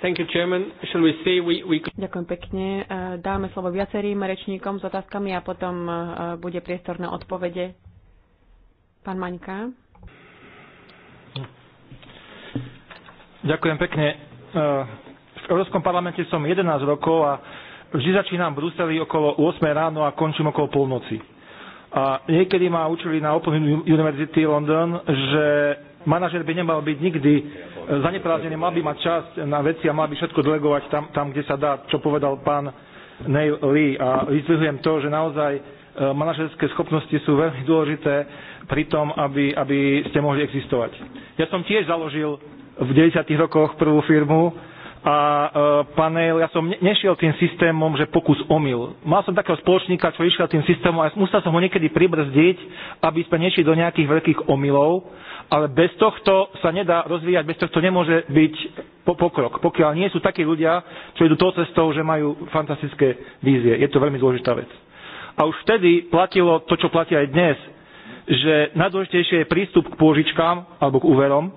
[SPEAKER 4] Thank you, Chairman. Shall we say we, we...
[SPEAKER 2] Ďakujem pekne. E, dáme slovo viacerým rečníkom s otázkami a potom e, bude priestor na odpovede. Pán Maňka. Hm.
[SPEAKER 5] Ďakujem pekne e, Európskom parlamente som 11 rokov a vždy začínam v Bruseli okolo 8 ráno a končím okolo polnoci. A niekedy ma učili na Open University London, že manažer by nemal byť nikdy zaneprázdnený, mal by mať čas na veci a mal by všetko delegovať tam, tam kde sa dá, čo povedal pán Neil Lee. A vyzvihujem to, že naozaj e, manažerské schopnosti sú veľmi dôležité pri tom, aby, aby ste mohli existovať. Ja som tiež založil v 90. rokoch prvú firmu, a e, panel, ja som nešiel tým systémom, že pokus omyl. Mal som takého spoločníka, čo išiel tým systémom a musel som ho niekedy pribrzdiť, aby sme nešli do nejakých veľkých omylov, ale bez tohto sa nedá rozvíjať, bez tohto nemôže byť po- pokrok, pokiaľ nie sú takí ľudia, čo idú tou cestou, že majú fantastické vízie. Je to veľmi dôležitá vec. A už vtedy platilo to, čo platí aj dnes, že najdôležitejšie je prístup k pôžičkám alebo k úverom,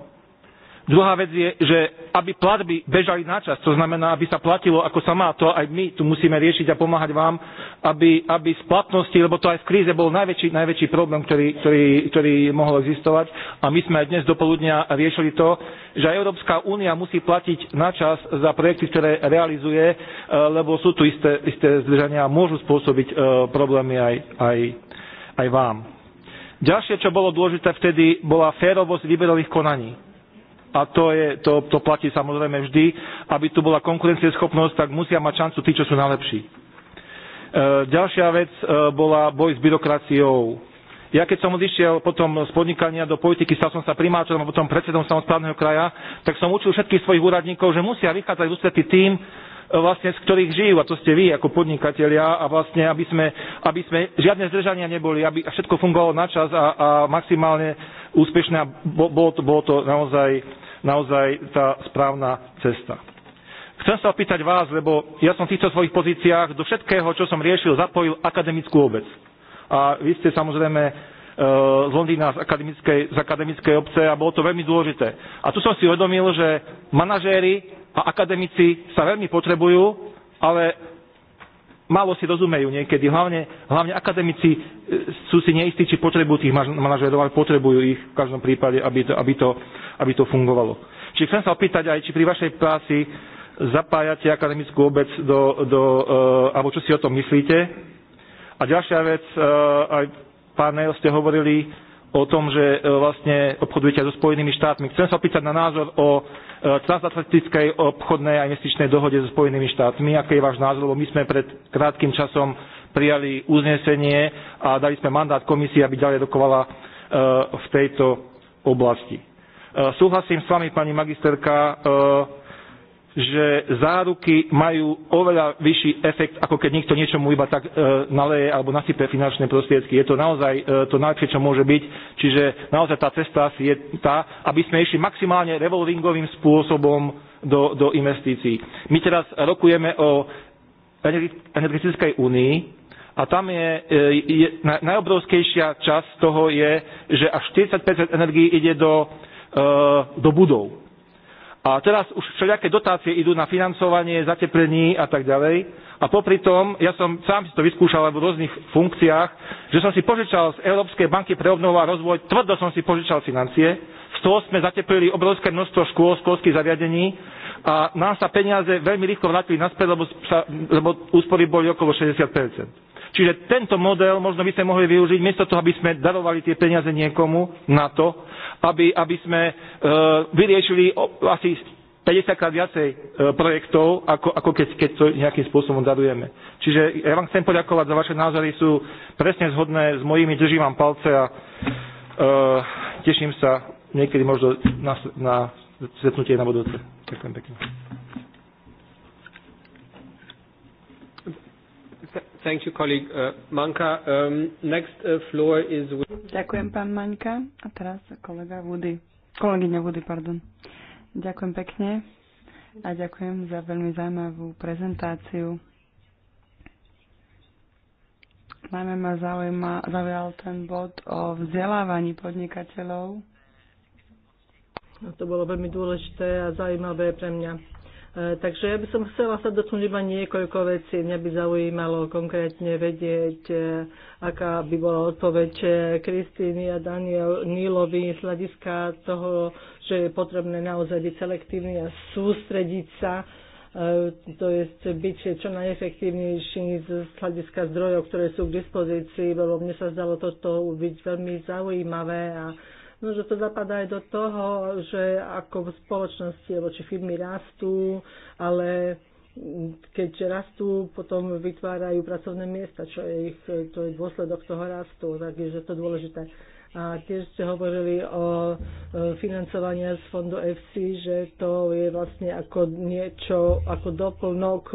[SPEAKER 5] Druhá vec je, že aby platby bežali na čas, to znamená, aby sa platilo ako sa má, to aj my tu musíme riešiť a pomáhať vám, aby, aby z platnosti, lebo to aj v kríze bol najväčší, najväčší problém, ktorý, ktorý, ktorý mohol existovať a my sme aj dnes dopoludnia riešili to, že Európska únia musí platiť na čas za projekty, ktoré realizuje, e, lebo sú tu isté, isté zdržania a môžu spôsobiť e, problémy aj, aj, aj vám. Ďalšie, čo bolo dôležité vtedy, bola férovosť výberových konaní a to, je, to, to platí samozrejme vždy, aby tu bola konkurencieschopnosť, tak musia mať šancu tí, čo sú najlepší. E, ďalšia vec e, bola boj s byrokraciou. Ja keď som odišiel potom z podnikania do politiky, stal som sa primáčom a potom predsedom samozprávneho kraja, tak som učil všetkých svojich úradníkov, že musia vychádzať v ústretí tým, e, vlastne, z ktorých žijú, a to ste vy ako podnikatelia, a vlastne, aby sme, aby sme žiadne zdržania neboli, aby všetko fungovalo na čas a, a maximálne úspešné, a bolo to, bolo to naozaj naozaj tá správna cesta. Chcem sa opýtať vás, lebo ja som v týchto svojich pozíciách do všetkého, čo som riešil, zapojil akademickú obec. A vy ste samozrejme e, z Londýna z akademickej, z akademickej obce a bolo to veľmi dôležité. A tu som si uvedomil, že manažéri a akademici sa veľmi potrebujú, ale málo si rozumejú niekedy, hlavne, hlavne akademici e, sú si neistí, či potrebujú tých manažerov, ale potrebujú ich v každom prípade, aby to, aby to, aby to fungovalo. Čiže chcem sa opýtať aj, či pri vašej práci zapájate akademickú obec do, do uh, alebo čo si o tom myslíte. A ďalšia vec, uh, aj pán Neil ste hovorili o tom, že uh, vlastne obchodujete aj so Spojenými štátmi. Chcem sa opýtať na názor o transatlantickej e, obchodnej a investičnej dohode so Spojenými štátmi. Aký je váš názor? Lebo my sme pred krátkým časom prijali uznesenie a dali sme mandát komisii, aby ďalej rokovala e, v tejto oblasti. E, súhlasím s vami, pani magisterka, že záruky majú oveľa vyšší efekt, ako keď niekto niečomu iba tak e, naleje alebo nasype finančné prostriedky. Je to naozaj e, to najlepšie, čo môže byť. Čiže naozaj tá cesta je tá, aby sme išli maximálne revolvingovým spôsobom do, do investícií. My teraz rokujeme o energetickej únii a tam je, e, je, najobrovskejšia časť toho je, že až 40 energií ide do, e, do budov a teraz už všelijaké dotácie idú na financovanie, zateplení a tak ďalej. A popri tom, ja som sám si to vyskúšal v rôznych funkciách, že som si požičal z Európskej banky pre obnovu a rozvoj, tvrdo som si požičal financie, z toho sme zateplili obrovské množstvo škôl, školských zariadení a nám sa peniaze veľmi rýchlo vrátili naspäť, lebo, sa, lebo úspory boli okolo 60 Čiže tento model možno by sme mohli využiť, miesto toho, aby sme darovali tie peniaze niekomu na to, aby, aby sme e, vyriešili asi 50 krát viacej e, projektov, ako, ako keď, keď to nejakým spôsobom darujeme. Čiže ja vám chcem poďakovať za vaše názory, sú presne zhodné s mojimi, držím vám palce a e, teším sa niekedy možno na, na stretnutie na budúce. Ďakujem pekne.
[SPEAKER 4] Thank you, colleague uh, Manka. Um, next uh, floor is... with... Ďakujem,
[SPEAKER 1] pán Manka. A teraz kolega Woody. Kolegyňa Woody, pardon. Ďakujem pekne a ďakujem za veľmi zaujímavú prezentáciu. Najmä ma zaujíma, zaujal ten bod o vzdelávaní podnikateľov. A to bolo veľmi dôležité
[SPEAKER 3] a zaujímavé pre mňa. E, takže ja by som chcela sa dotknúť iba niekoľko vecí. Mňa by zaujímalo konkrétne vedieť, e, aká by bola odpoveď e, Kristýny a Daniel Nílovi z hľadiska toho, že je potrebné naozaj byť selektívny a sústrediť sa to je byť čo najefektívnejší z hľadiska zdrojov, ktoré sú k dispozícii, lebo mne sa zdalo toto byť veľmi zaujímavé a No, že to zapadá aj do toho, že ako v spoločnosti alebo či firmy rastú, ale keď rastú, potom vytvárajú pracovné miesta, čo je ich, to je dôsledok toho rastu, takže to je to dôležité. A tiež ste hovorili o e, financovania z fondu FC, že to je vlastne ako niečo, ako doplnok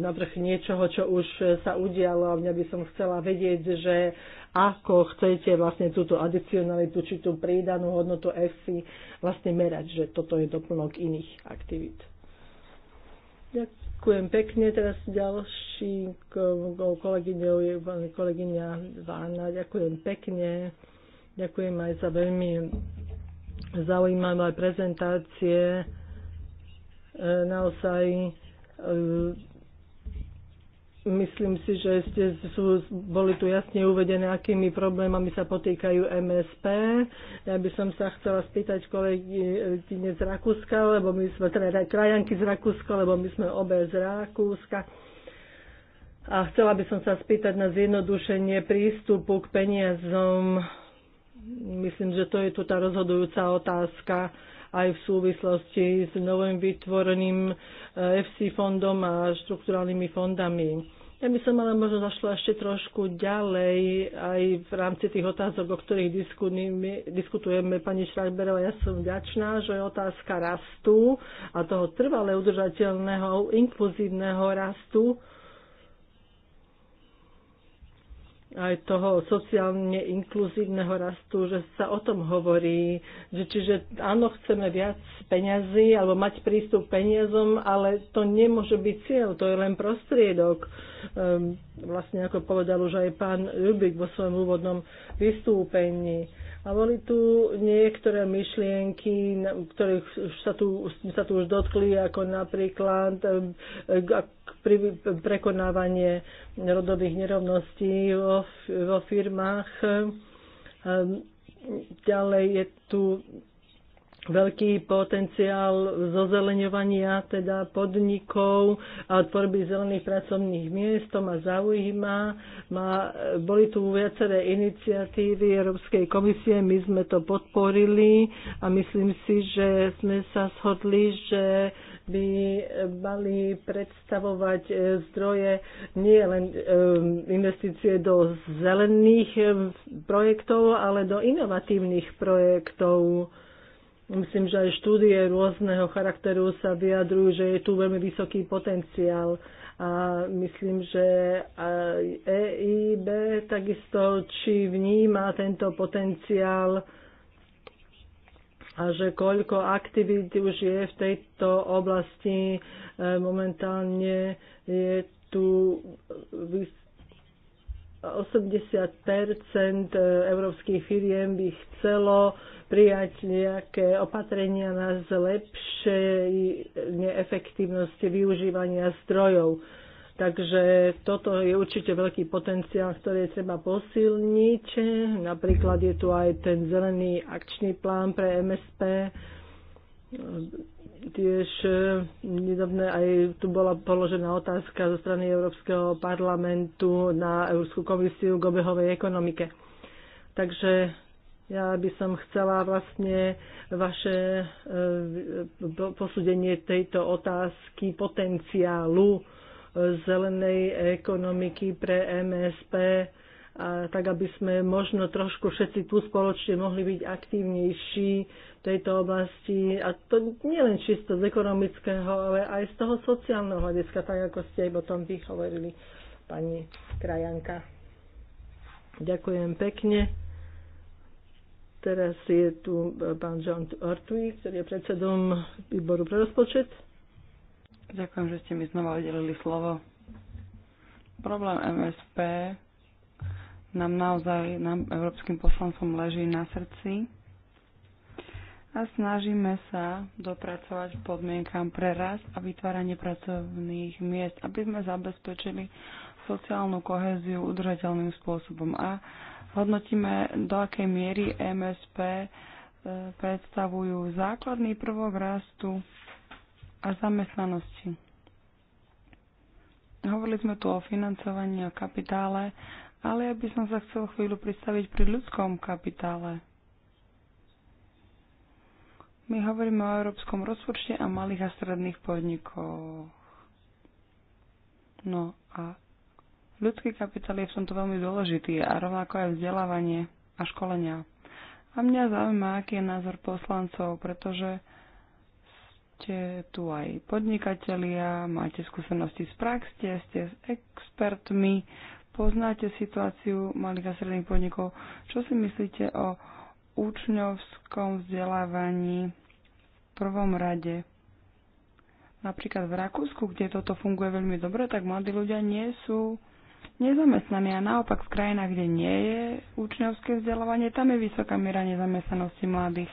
[SPEAKER 3] navrh niečoho, čo už sa udialo a mňa by som chcela vedieť, že ako chcete vlastne túto adicionalitu či tú prídanú hodnotu FC vlastne merať, že toto je doplnok iných aktivít. Ďakujem pekne. Teraz ďalší kolegyňou je kolegyňa Vána. Ďakujem pekne. Ďakujem aj za veľmi zaujímavé prezentácie. E, naozaj e, myslím si, že ste, sú, boli tu jasne uvedené, akými problémami sa potýkajú MSP. Ja by som sa chcela spýtať kolegyne z Rakúska, lebo my sme, teda krajanky z Rakúska, lebo my sme obe z Rakúska. A chcela by som sa spýtať na zjednodušenie prístupu k peniazom Myslím, že to je tu tá rozhodujúca otázka aj v súvislosti s novým vytvoreným e, FC fondom a štrukturálnymi fondami. Ja by som ale možno zašla ešte trošku ďalej aj v rámci tých otázok, o ktorých diskutujeme. Pani Šrajberová, ja som vďačná, že je otázka rastu a toho trvale udržateľného, inkluzívneho rastu aj toho sociálne inkluzívneho rastu, že sa o tom hovorí, že čiže áno, chceme viac peňazí alebo mať prístup k peniazom, ale to nemôže byť cieľ, to je len prostriedok. Ehm, vlastne ako povedal už aj pán Rubik vo svojom úvodnom vystúpení a boli tu niektoré myšlienky, ktorých sa tu, sa tu už dotkli, ako napríklad e, e, prekonávanie rodových nerovností vo, vo firmách. Ehm, ďalej je tu veľký potenciál zozeleňovania teda podnikov a tvorby zelených pracovných miest. To ma zaujíma. Má, boli tu viaceré iniciatívy Európskej komisie, my sme to podporili a myslím si, že sme sa shodli, že by mali predstavovať e, zdroje nie len e, investície do zelených e, projektov, ale do inovatívnych projektov Myslím, že aj štúdie rôzneho charakteru sa vyjadrujú, že je tu veľmi vysoký potenciál. A myslím, že EIB takisto či vníma tento potenciál a že koľko aktivít už je v tejto oblasti e, momentálne je tu 80 e, európskych firiem by chcelo prijať nejaké opatrenia na zlepšenie efektívnosti využívania zdrojov. Takže toto je určite veľký potenciál, ktorý je treba posilniť. Napríklad je tu aj ten zelený akčný plán pre MSP, tiež e, nedávne aj tu bola položená otázka zo strany Európskeho parlamentu na Európsku komisiu k obehovej ekonomike. Takže ja by som chcela vlastne vaše e, posúdenie tejto otázky potenciálu e, zelenej ekonomiky pre MSP tak aby sme možno trošku všetci tu spoločne mohli byť aktívnejší v tejto oblasti. A to nielen čisto z ekonomického, ale aj z toho sociálneho hľadiska, tak ako ste aj potom vy hovorili, pani Krajanka. Ďakujem pekne. Teraz je tu e, pán John Ortui, ktorý je predsedom
[SPEAKER 1] výboru pre rozpočet. Ďakujem, že ste mi znova udelili slovo. Problém MSP nám naozaj, nám, európskym poslancom, leží na srdci a snažíme sa dopracovať podmienkam pre rast a vytváranie pracovných miest, aby sme zabezpečili sociálnu kohéziu udržateľným spôsobom. A hodnotíme, do akej miery MSP e, predstavujú základný prvok rastu a zamestnanosti. Hovorili sme tu o financovaní, o kapitále ale ja by som sa chcel chvíľu pristaviť pri ľudskom kapitále. My hovoríme o európskom rozpočte a malých a stredných podnikoch. No a ľudský kapitál je v tomto veľmi dôležitý a rovnako aj vzdelávanie a školenia. A mňa zaujíma, aký je názor poslancov, pretože ste tu aj podnikatelia, máte skúsenosti z praxe, ste s expertmi Poznáte situáciu malých a stredných podnikov. Čo si myslíte o učňovskom vzdelávaní v prvom rade? Napríklad v Rakúsku, kde toto funguje veľmi dobre, tak mladí ľudia nie sú nezamestnaní a naopak v krajinách, kde nie je učňovské vzdelávanie, tam je vysoká miera nezamestnanosti mladých.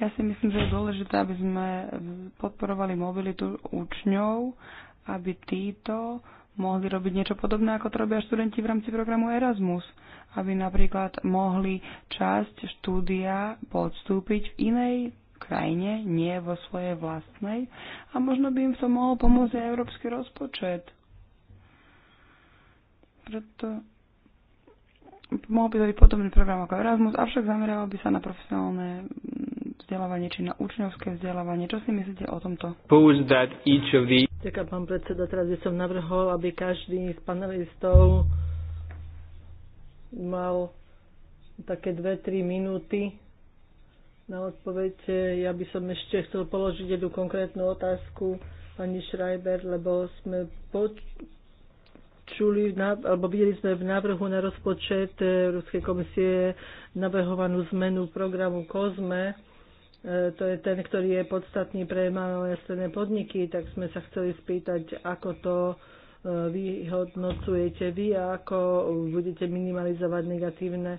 [SPEAKER 1] Ja si myslím, že je dôležité, aby sme podporovali mobilitu učňov, aby títo mohli robiť niečo podobné, ako to robia študenti v rámci programu Erasmus, aby napríklad mohli časť štúdia podstúpiť v inej krajine, nie vo svojej vlastnej a možno by im to mohol pomôcť aj európsky rozpočet. Preto mohol by to byť podobný program ako Erasmus, avšak zameral by sa na profesionálne vzdelávanie či na učňovské vzdelávanie. Čo si myslíte o tomto?
[SPEAKER 4] Ďakujem,
[SPEAKER 3] pán
[SPEAKER 1] predseda. Teraz by
[SPEAKER 3] som navrhol, aby každý z panelistov mal také 2-3 minúty na odpoveď. Ja by som ešte chcel položiť jednu konkrétnu otázku pani Schreiber, lebo sme počuli čuli, alebo videli sme v návrhu na rozpočet Ruskej komisie navrhovanú zmenu programu COSME E, to je ten, ktorý je podstatný pre malé stredné podniky, tak sme sa chceli spýtať, ako to e, vyhodnocujete vy a ako budete minimalizovať negatívne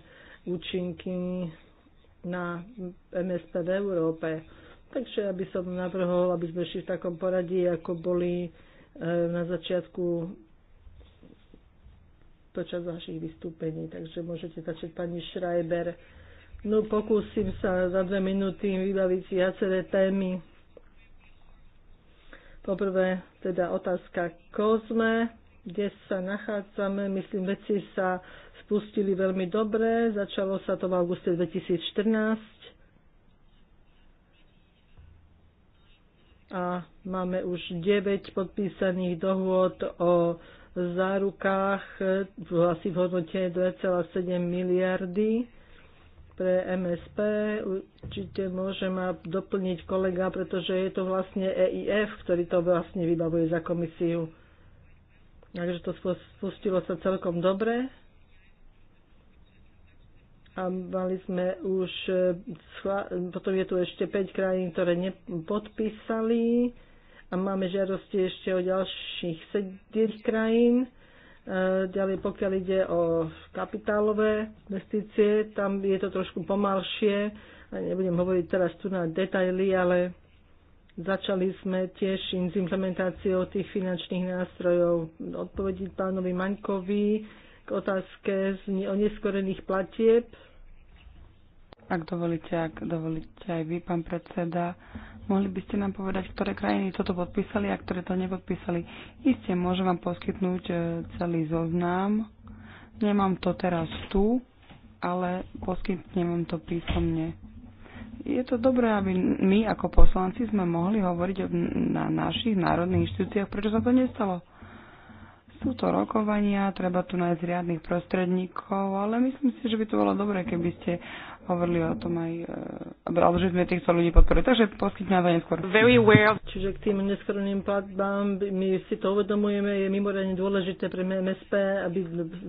[SPEAKER 3] účinky na MSP v Európe. Takže aby som navrhol, aby sme šli v takom poradí, ako boli e, na začiatku počas vašich vystúpení. Takže môžete začať pani Schreiber. No pokúsim sa za dve minúty vybaviť viaceré témy. Poprvé teda otázka kozme, kde sa nachádzame. Myslím, veci sa spustili veľmi dobre. Začalo sa to v auguste 2014. a máme už 9 podpísaných dohôd o zárukách asi v hodnote 2,7 miliardy pre MSP. Určite môže ma doplniť kolega, pretože je to vlastne EIF, ktorý to vlastne vybavuje za komisiu. Takže to spustilo sa celkom dobre. A mali sme už, e, potom je tu ešte 5 krajín, ktoré nepodpísali a máme žiadosti ešte o ďalších 7 krajín E, ďalej, pokiaľ ide o kapitálové investície, tam je to trošku pomalšie. nebudem hovoriť teraz tu na detaily, ale začali sme tiež s implementáciou tých finančných nástrojov. odpovediť pánovi Maňkovi k otázke o neskorených
[SPEAKER 1] platieb ak dovolíte, ak dovolíte aj vy, pán predseda, mohli by ste nám povedať, ktoré krajiny toto podpísali a ktoré to nepodpísali. Isté, môžem vám poskytnúť e, celý zoznam. Nemám to teraz tu, ale poskytnem vám to písomne. Je to dobré, aby my ako poslanci sme mohli hovoriť na našich národných inštitúciách, prečo sa to nestalo. Sú to rokovania, treba tu nájsť riadnych prostredníkov, ale myslím si, že by to bolo dobré, keby ste hovorili o tom aj, e, alebo že sme týchto ľudí podporili. Takže poskytňujem to neskôr. Very
[SPEAKER 3] well. Čiže k tým neskorným platbám, my si to uvedomujeme, je mimoriadne dôležité pre MSP, aby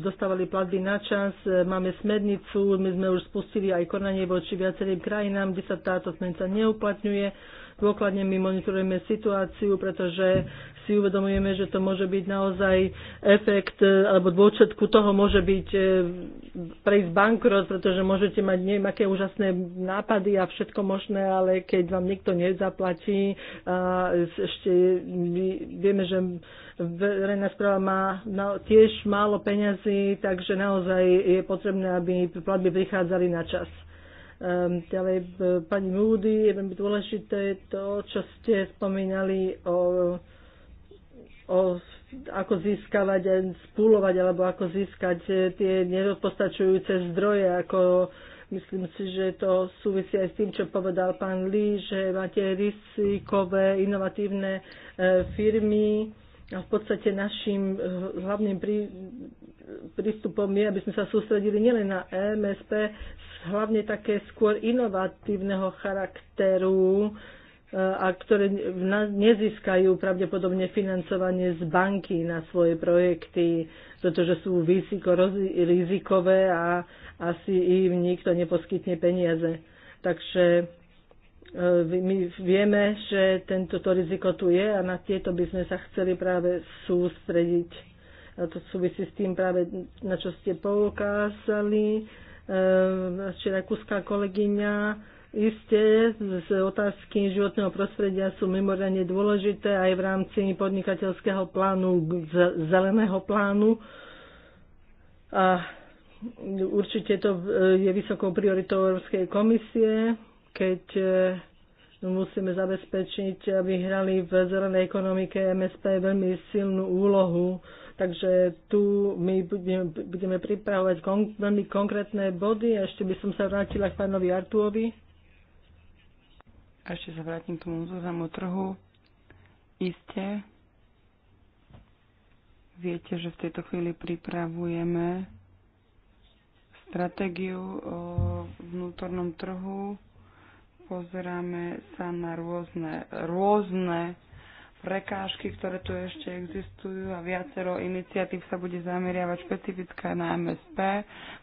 [SPEAKER 3] dostávali platby na čas. E, máme smernicu, my sme už spustili aj konanie voči viacerým krajinám, kde sa táto smernica neuplatňuje dôkladne my monitorujeme situáciu, pretože si uvedomujeme, že to môže byť naozaj efekt e, alebo dôsledku toho môže byť e, prejsť bankrot, pretože môžete mať nejaké úžasné nápady a všetko možné, ale keď vám nikto nezaplatí, a ešte vieme, že verejná správa má tiež málo peňazí, takže naozaj je potrebné, aby platby prichádzali na čas. Ehm, ďalej, e, pani Moody, je veľmi dôležité to, čo ste spomínali o, o ako získavať a spúlovať, alebo ako získať e, tie nedopostačujúce zdroje, ako myslím si, že to súvisí aj s tým, čo povedal pán Lee, že máte rizikové, inovatívne e, firmy, a v podstate našim hlavným prí, prístupom je, aby sme sa sústredili nielen na MSP hlavne také skôr inovatívneho charakteru, eh, a ktoré nezískajú pravdepodobne financovanie z banky na svoje projekty, pretože sú vysoko rizikové a asi im nikto neposkytne peniaze. Takže eh, my vieme, že tento riziko tu je a na tieto by sme sa chceli práve sústrediť. A to súvisí s tým práve, na čo ste poukázali či rakúska kolegyňa. Isté, z otázky životného prostredia sú mimoriadne dôležité aj v rámci podnikateľského plánu, zeleného plánu. A určite to e, je vysokou prioritou Európskej komisie, keď e, musíme zabezpečiť, aby hrali v zelenej ekonomike MSP veľmi silnú úlohu Takže tu my budeme, budeme pripravovať kon, veľmi konkrétne body a ešte by som sa vrátila k pánovi Artuovi. A ešte sa
[SPEAKER 1] vrátim k tomu zozamu trhu. Isté. Viete, že v tejto chvíli pripravujeme stratégiu o vnútornom trhu pozeráme sa na rôzne, rôzne prekážky, ktoré tu ešte existujú a viacero iniciatív sa bude zameriavať špecifické na MSP.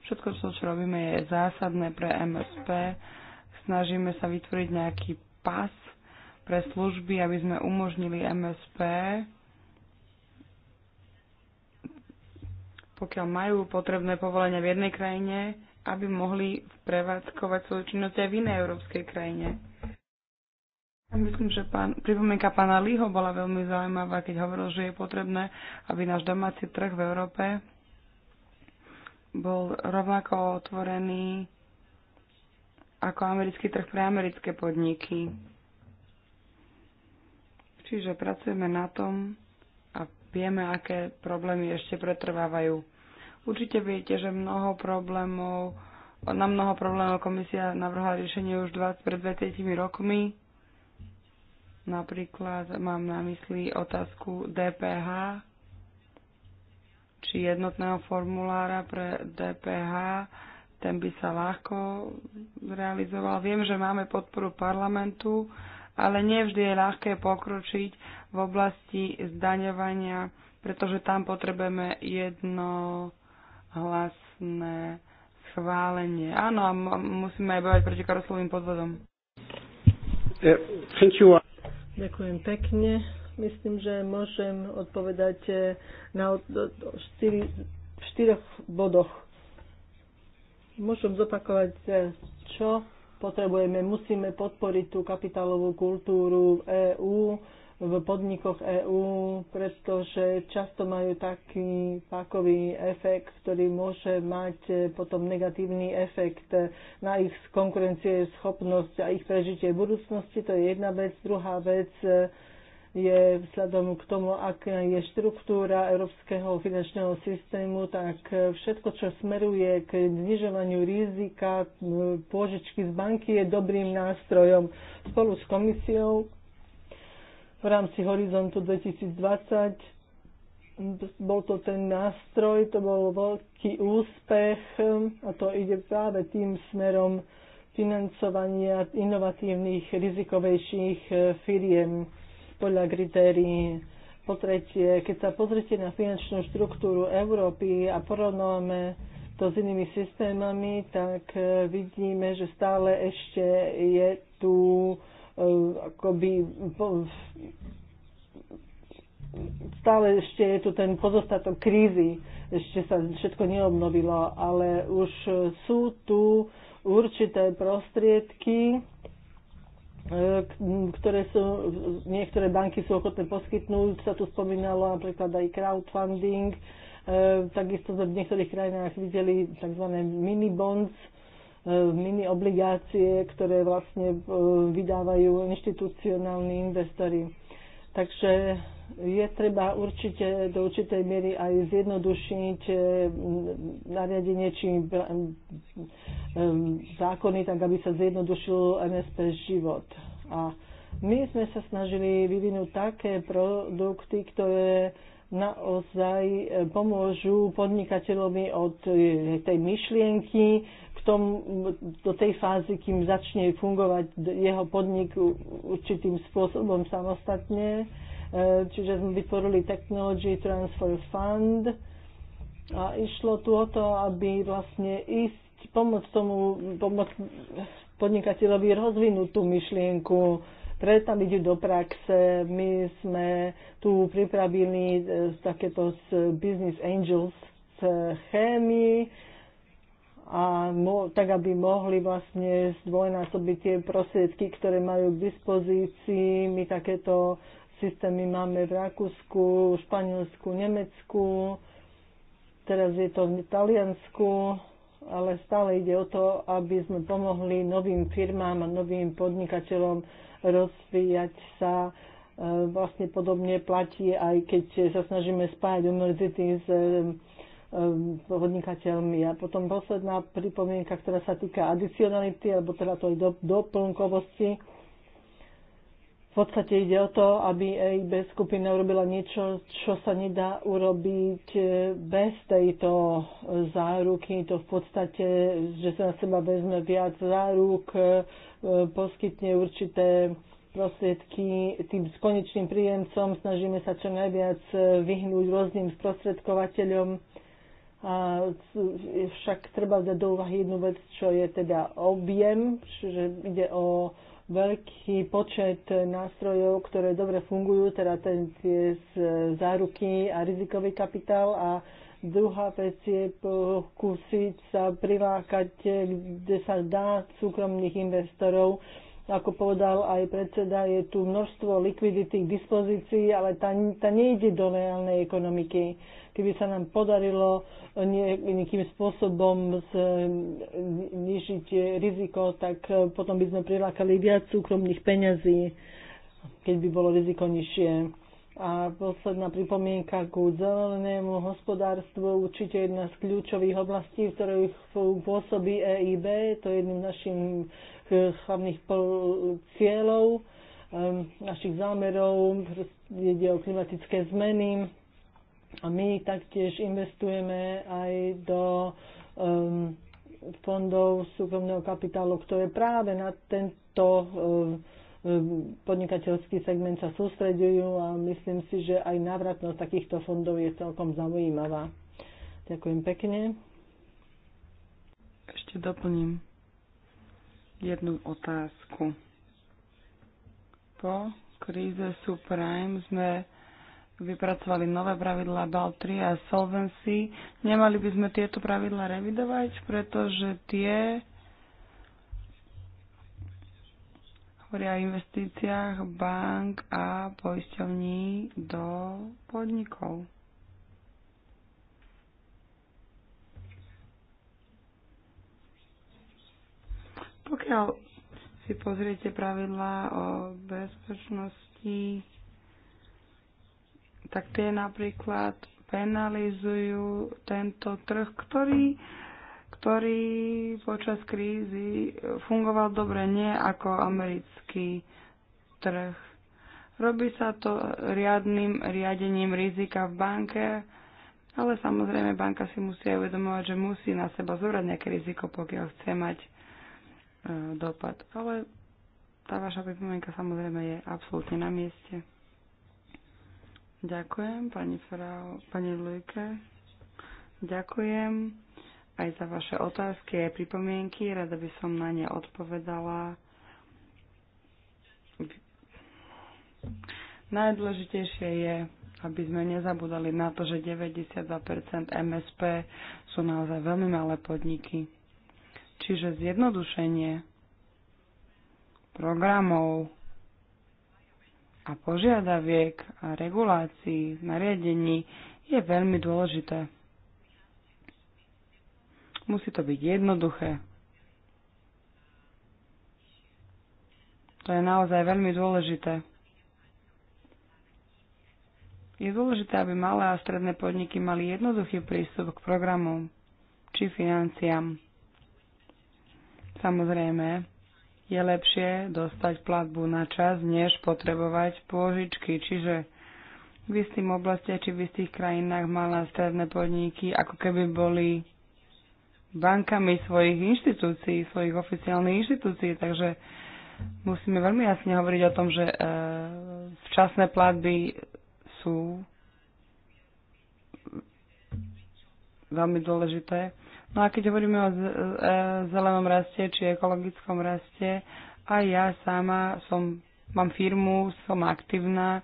[SPEAKER 1] Všetko, čo, čo robíme, je zásadné pre MSP. Snažíme sa vytvoriť nejaký pas pre služby, aby sme umožnili MSP, pokiaľ majú potrebné povolenia v jednej krajine, aby mohli prevádzkovať svoju činnosť aj v inej európskej krajine. Myslím, že pán, pripomienka pána Lího bola veľmi zaujímavá, keď hovoril, že je potrebné, aby náš domáci trh v Európe bol rovnako otvorený ako americký trh pre americké podniky. Čiže pracujeme na tom a vieme, aké problémy ešte pretrvávajú. Určite viete, že mnoho problémov, na mnoho problémov komisia navrhla riešenie už 20, pred 20 rokmi Napríklad mám na mysli otázku DPH, či jednotného formulára pre DPH, ten by sa ľahko realizoval. Viem, že máme podporu parlamentu, ale nevždy je ľahké pokročiť v oblasti zdaňovania, pretože tam potrebujeme jednohlasné schválenie. Áno, a musíme aj bojovať proti karoslovým podvodom.
[SPEAKER 4] Eh, thank you.
[SPEAKER 1] Ďakujem pekne. Myslím, že môžem odpovedať eh,
[SPEAKER 3] na štyri, v štyroch bodoch. Môžem zopakovať, eh, čo potrebujeme. Musíme podporiť tú kapitálovú kultúru EÚ v podnikoch EÚ, pretože často majú taký pákový efekt, ktorý môže mať e, potom negatívny efekt na ich konkurencie, schopnosť a ich prežitie v budúcnosti. To je jedna vec. Druhá vec e, je vzhľadom k tomu, aká je štruktúra európskeho finančného systému, tak e, všetko, čo smeruje k znižovaniu rizika pôžičky z banky, je dobrým nástrojom. Spolu s komisiou v rámci Horizontu 2020 bol to ten nástroj, to bol veľký úspech a to ide práve tým smerom financovania inovatívnych, rizikovejších e, firiem podľa kritérií. Po tretie, keď sa pozrite na finančnú štruktúru Európy a porovnáme to s inými systémami, tak e, vidíme, že stále ešte je tu Eh, akoby stále ešte je tu ten pozostatok krízy, ešte sa všetko neobnovilo, ale už sú tu určité prostriedky, eh, ktoré sú, niektoré banky sú ochotné poskytnúť, sa tu spomínalo napríklad aj crowdfunding, eh, takisto sme v niektorých krajinách videli tzv. mini bonds, mini obligácie, ktoré vlastne e, vydávajú inštitucionálni investori. Takže je treba určite do určitej miery aj zjednodušiť e, nariadenie či e, zákony, tak aby sa zjednodušil NSP život. A my sme sa snažili vyvinúť také produkty, ktoré naozaj pomôžu podnikateľovi od tej myšlienky tom, do tej fázy, kým začne fungovať jeho podnik určitým spôsobom samostatne. E, čiže sme vytvorili Technology Transfer Fund a išlo tu o to, aby vlastne ísť pomoc tomu, pomoc podnikateľovi rozvinúť tú myšlienku, pretaviť ju do praxe. My sme tu pripravili e, takéto z Business Angels z chémii, a mo, tak, aby mohli vlastne zdvojnásobiť tie prostriedky, ktoré majú k dispozícii. My takéto systémy máme v Rakúsku, Španielsku, Nemecku, teraz je to v Taliansku, ale stále ide o to, aby sme pomohli novým firmám a novým podnikateľom rozvíjať sa. E, vlastne podobne platí, aj keď sa snažíme spájať univerzity s e, podnikateľmi. Um, A potom posledná pripomienka, ktorá sa týka adicionality, alebo teda to aj do, doplnkovosti. V podstate ide o to, aby EIB skupina urobila niečo, čo sa nedá urobiť eh, bez tejto záruky. To v podstate, že sa na seba vezme viac záruk, eh, poskytne určité prostriedky tým konečným príjemcom. Snažíme sa čo najviac eh, vyhnúť rôznym sprostredkovateľom a však treba vziať do úvahy jednu vec, čo je teda objem, že ide o veľký počet nástrojov, ktoré dobre fungujú, teda ten, tie záruky a rizikový kapitál a Druhá vec je pokúsiť sa prilákať, kde sa dá súkromných investorov. Ako povedal aj predseda, je tu množstvo likvidity k dispozícii, ale tá, tá nejde do reálnej ekonomiky keby sa nám podarilo eh, nejakým spôsobom eh, znižiť eh, riziko, tak potom by sme prilákali viac súkromných peňazí, keď by bolo riziko nižšie. A posledná pripomienka ku zelenému hospodárstvu, určite jedna z kľúčových oblastí, v ktorých pôsobí EIB, to je jedným z našich hlavných cieľov, našich zámerov, ide o klimatické zmeny, a my taktiež investujeme aj do um, fondov súkromného kapitálu, ktoré práve na tento um, um podnikateľský segment sa sústredujú a myslím si, že aj návratnosť takýchto fondov je celkom zaujímavá. Ďakujem pekne. Ešte
[SPEAKER 1] doplním jednu otázku. Po kríze subprime sme vypracovali nové pravidlá BAL 3 a Solvency. Nemali by sme tieto pravidlá revidovať, pretože tie hovoria o investíciách bank a poisťovní do podnikov. Pokiaľ si pozriete pravidlá o bezpečnosti, tak tie napríklad penalizujú tento trh, ktorý, ktorý počas krízy fungoval dobre, nie ako americký trh. Robí sa to riadným riadením rizika v banke, ale samozrejme banka si musí aj uvedomovať, že musí na seba zobrať nejaké riziko, pokiaľ chce mať e, dopad. Ale tá vaša pripomienka samozrejme je absolútne na mieste. Ďakujem, pani, Frau, pani Lujke. Ďakujem aj za vaše otázky a pripomienky. Rada by som na ne odpovedala. Najdôležitejšie je, aby sme nezabudali na to, že 92% MSP sú naozaj veľmi malé podniky. Čiže zjednodušenie programov a požiadaviek a regulácií, nariadení je veľmi dôležité. Musí to byť jednoduché. To je naozaj veľmi dôležité. Je dôležité, aby malé a stredné podniky mali jednoduchý prístup k programom či financiám. Samozrejme, je lepšie dostať platbu na čas, než potrebovať pôžičky. Čiže v istým oblasti či v istých krajinách malé stredné podniky ako keby boli bankami svojich inštitúcií, svojich oficiálnych inštitúcií, takže musíme veľmi jasne hovoriť o tom, že e, včasné platby sú veľmi dôležité No a keď hovoríme o e, zelenom raste či ekologickom raste, aj ja sama som, mám firmu, som aktívna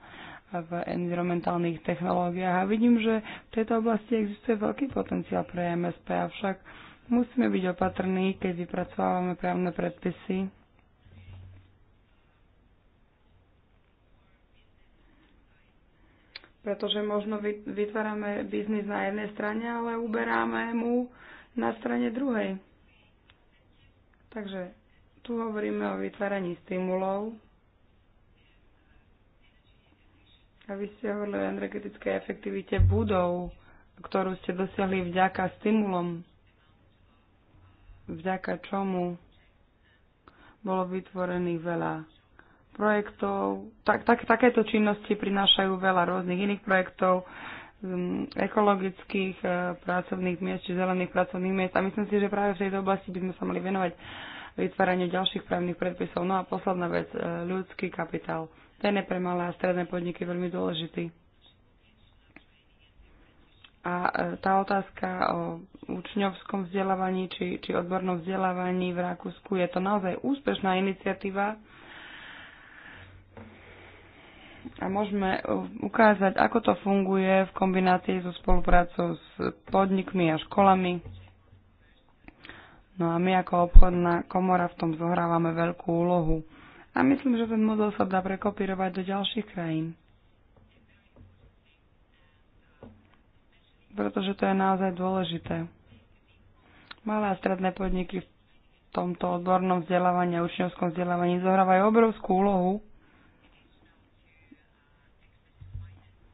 [SPEAKER 1] v environmentálnych technológiách a vidím, že v tejto oblasti existuje veľký potenciál pre MSP, avšak musíme byť opatrní, keď vypracovávame právne predpisy. Pretože možno vytvárame biznis na jednej strane, ale uberáme mu na strane druhej. Takže tu hovoríme o vytváraní stimulov. A vy ste hovorili o energetickej efektivite budov, ktorú ste dosiahli vďaka stimulom, vďaka čomu bolo vytvorených veľa projektov. Tak, tak, takéto činnosti prinášajú veľa rôznych iných projektov, ekologických e, pracovných miest či zelených pracovných miest. A myslím si, že práve v tejto oblasti by sme sa mali venovať vytváraniu ďalších právnych predpisov. No a posledná vec, e, ľudský kapitál. Ten je pre malé a stredné podniky veľmi dôležitý. A e, tá otázka o učňovskom vzdelávaní či, či odbornom vzdelávaní v Rakúsku, je to naozaj úspešná iniciatíva, a môžeme eh, ukázať, ako to funguje v kombinácii so spoluprácou s podnikmi a školami. No a my ako obchodná komora v tom zohrávame veľkú úlohu. A myslím, že ten model sa dá prekopírovať do ďalších krajín. Pretože to je naozaj dôležité. Malé a stredné podniky v tomto odbornom vzdelávaní a učňovskom vzdelávaní zohrávajú obrovskú úlohu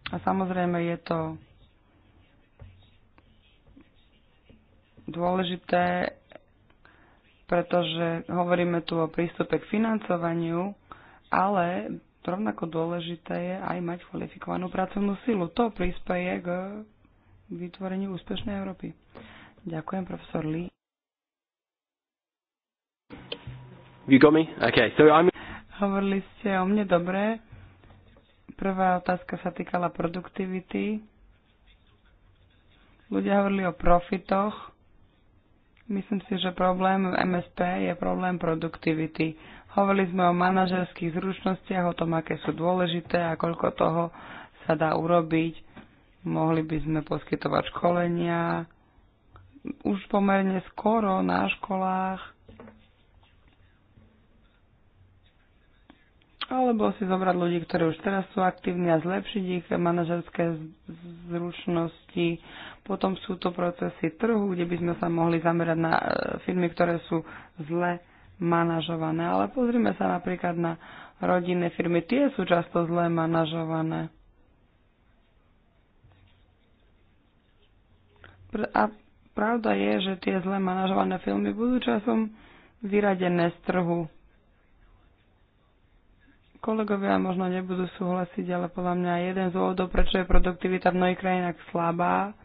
[SPEAKER 1] A samozrejme je to dôležité, pretože hovoríme tu o prístupe k financovaniu, ale rovnako dôležité je aj mať kvalifikovanú pracovnú silu. To prispieje k vytvoreniu úspešnej Európy. Ďakujem, profesor Lee.
[SPEAKER 4] You got me? Okay, so I'm...
[SPEAKER 1] Hovorili ste o mne dobre. Prvá otázka sa týkala produktivity. Ľudia hovorili o profitoch. Myslím si, že problém MSP je problém produktivity. Hovorili sme o manažerských zručnostiach, o tom, aké sú dôležité a koľko toho sa dá urobiť. Mohli by sme poskytovať školenia už pomerne skoro na školách alebo si zobrať ľudí, ktorí už teraz sú aktívni a zlepšiť ich manažerské zručnosti. Potom sú to procesy trhu, kde by sme sa mohli zamerať na e, firmy, ktoré sú zle manažované. Ale pozrime sa napríklad na rodinné firmy. Tie sú často zle manažované. A pravda je, že tie zle manažované filmy budú časom vyradené z trhu Kolegovia možno nebudú súhlasiť, ale podľa mňa jeden z dôvodov, prečo je produktivita v mnohých krajinách slabá,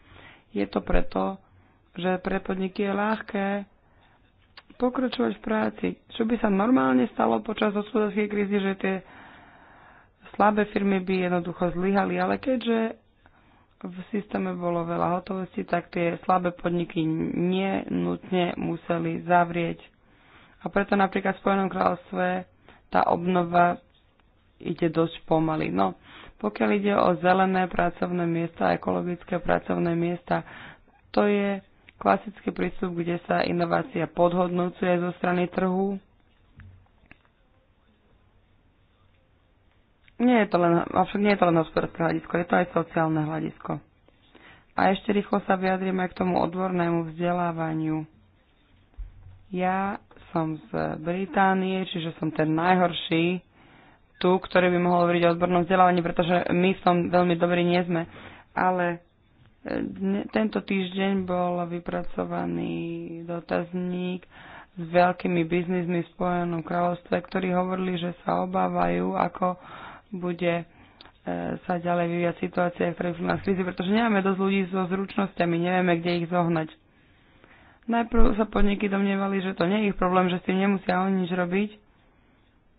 [SPEAKER 1] je to preto, že pre podniky je ľahké pokračovať v práci. Čo by sa normálne stalo počas hospodárskej krízy, že tie slabé firmy by jednoducho zlyhali, ale keďže v systéme bolo veľa hotovosti, tak tie slabé podniky nenutne museli zavrieť. A preto napríklad v Spojenom kráľovstve tá obnova ide dosť pomaly. No, pokiaľ ide o zelené pracovné miesta ekologické pracovné miesta, to je klasický prístup, kde sa inovácia podhodnocuje zo strany trhu. Nie je to len, avšak nie je to len hospodárske hľadisko, je to aj sociálne hľadisko. A ešte rýchlo sa vyjadrime k tomu odbornému vzdelávaniu. Ja som z Británie, čiže som ten najhorší tu, ktorý by mohol hovoriť o odbornom vzdelávaní, pretože my v tom veľmi dobrí nie sme. Ale e, tento týždeň bol vypracovaný dotazník s veľkými biznismi v Spojenom kráľovstve, ktorí hovorili, že sa obávajú, ako bude e, sa ďalej vyvíjať situácia v priemyselnej krízy, pretože nemáme dosť ľudí so zručnosťami, nevieme, kde ich zohnať. Najprv sa podniky domnievali, že to nie je ich problém, že s tým nemusia oni nič robiť,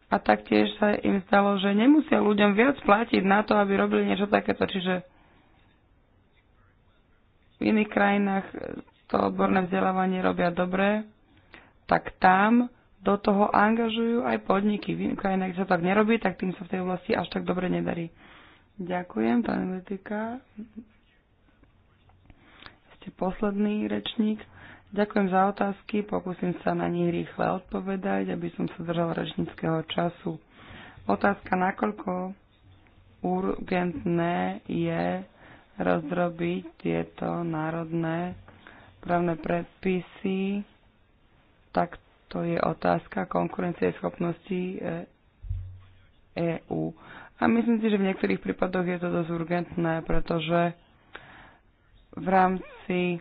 [SPEAKER 1] a taktiež sa im stalo, že nemusia ľuďom viac platiť na to, aby robili niečo takéto. Čiže v iných krajinách to odborné vzdelávanie robia dobre, tak tam do toho angažujú aj podniky. V iných krajinách, kde sa tak nerobí, tak tým sa v tej oblasti až tak dobre nedarí. Ďakujem, pán Letika. Ste posledný rečník. Ďakujem za otázky, pokúsim sa na nich rýchle odpovedať, aby som sa držal rečníckého času. Otázka, nakoľko urgentné je rozrobiť tieto národné právne predpisy, tak to je otázka konkurencie schopnosti EÚ. E A myslím si, že v niektorých prípadoch je to dosť urgentné, pretože v rámci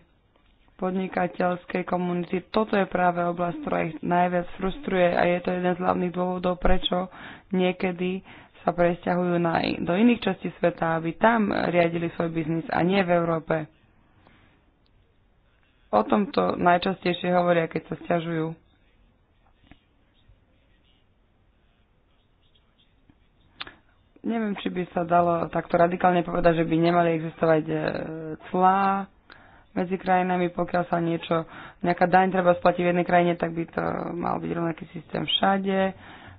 [SPEAKER 1] podnikateľskej komunity. Toto je práve oblasť, ktorá ich najviac frustruje a je to jeden z hlavných dôvodov, prečo niekedy sa presťahujú na, do iných častí sveta, aby tam riadili svoj biznis a nie v Európe. O tomto najčastejšie hovoria, keď sa stiažujú. Neviem, či by sa dalo takto radikálne povedať, že by nemali existovať e, clá, medzi krajinami, pokiaľ sa niečo, nejaká daň treba splatiť v jednej krajine, tak by to mal byť rovnaký systém všade,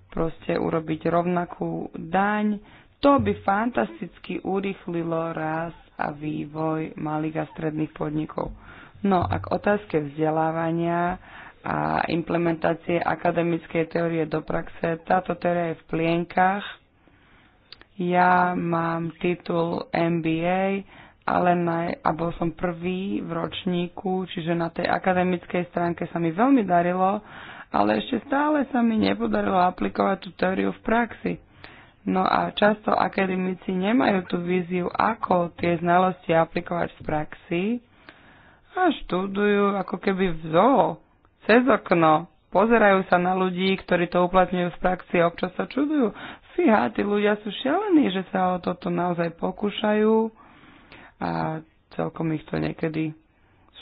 [SPEAKER 1] proste urobiť rovnakú daň. To by fantasticky urýchlilo rast a vývoj malých a stredných podnikov. No a k otázke vzdelávania a implementácie akademickej teórie do praxe, táto teória je v plienkach. Ja mám titul MBA, ale naj, a bol som prvý v ročníku, čiže na tej akademickej stránke sa mi veľmi darilo, ale ešte stále sa mi nepodarilo aplikovať tú teóriu v praxi. No a často akademici nemajú tú víziu, ako tie znalosti aplikovať v praxi a študujú ako keby v zoo, cez okno, pozerajú sa na ľudí, ktorí to uplatňujú v praxi a občas sa čudujú. Fíha, tí ľudia sú šialení, že sa o toto naozaj pokúšajú a celkom ich to niekedy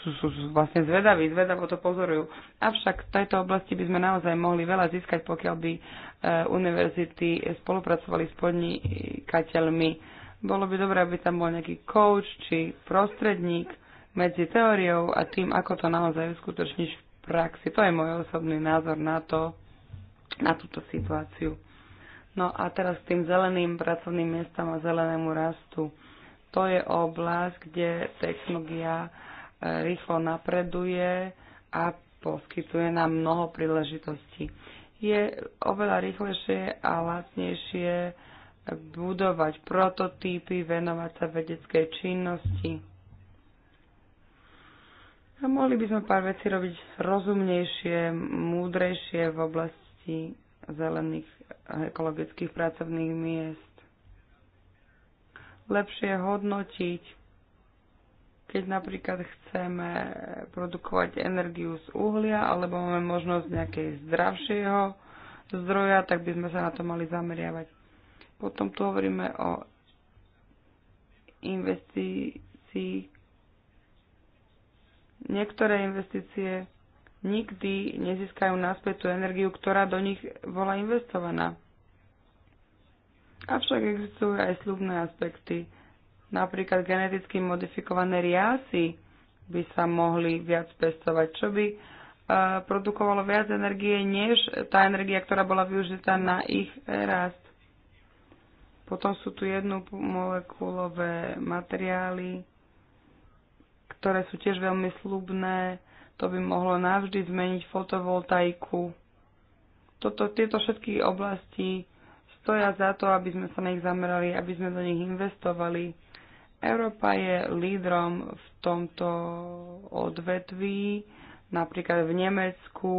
[SPEAKER 1] sú, sú, sú vlastne zvedaví, zvedavo to pozorujú. Avšak v tejto oblasti by sme naozaj mohli veľa získať, pokiaľ by e, univerzity spolupracovali s podnikateľmi. Bolo by dobré, aby tam bol nejaký coach či prostredník medzi teóriou a tým, ako to naozaj uskutočníš v praxi. To je môj osobný názor na to, na túto situáciu. No a teraz k tým zeleným pracovným miestam a zelenému rastu. To je oblasť, kde technológia e, rýchlo napreduje a poskytuje nám mnoho príležitostí. Je oveľa rýchlejšie a lacnejšie budovať prototypy, venovať sa vedeckej činnosti. A mohli by sme pár vecí robiť rozumnejšie, múdrejšie v oblasti zelených ekologických pracovných miest lepšie hodnotiť, keď napríklad chceme produkovať energiu z uhlia alebo máme možnosť nejakej zdravšieho zdroja, tak by sme sa na to mali zameriavať. Potom tu hovoríme o investícii. Niektoré investície nikdy nezískajú naspäť tú energiu, ktorá do nich bola investovaná. Avšak existujú aj slubné aspekty. Napríklad geneticky modifikované riasy by sa mohli viac pestovať, čo by e, produkovalo viac energie, než tá energia, ktorá bola využitá na ich rast. Potom sú tu jednomolekulové materiály, ktoré sú tiež veľmi slubné. To by mohlo navždy zmeniť fotovoltaiku. Toto, tieto všetky oblasti stoja za to, aby sme sa na nich zamerali, aby sme do nich investovali. Európa je lídrom v tomto odvetví, napríklad v Nemecku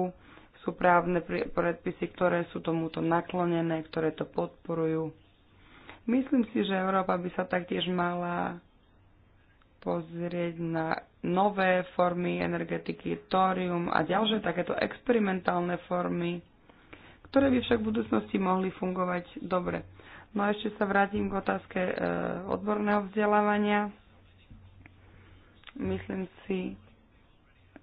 [SPEAKER 1] sú právne predpisy, ktoré sú tomuto naklonené, ktoré to podporujú. Myslím si, že Európa by sa taktiež mala pozrieť na nové formy energetiky, tórium a ďalšie takéto experimentálne formy ktoré by však v budúcnosti mohli fungovať dobre. No a ešte sa vrátim k otázke e, odborného vzdelávania. Myslím si,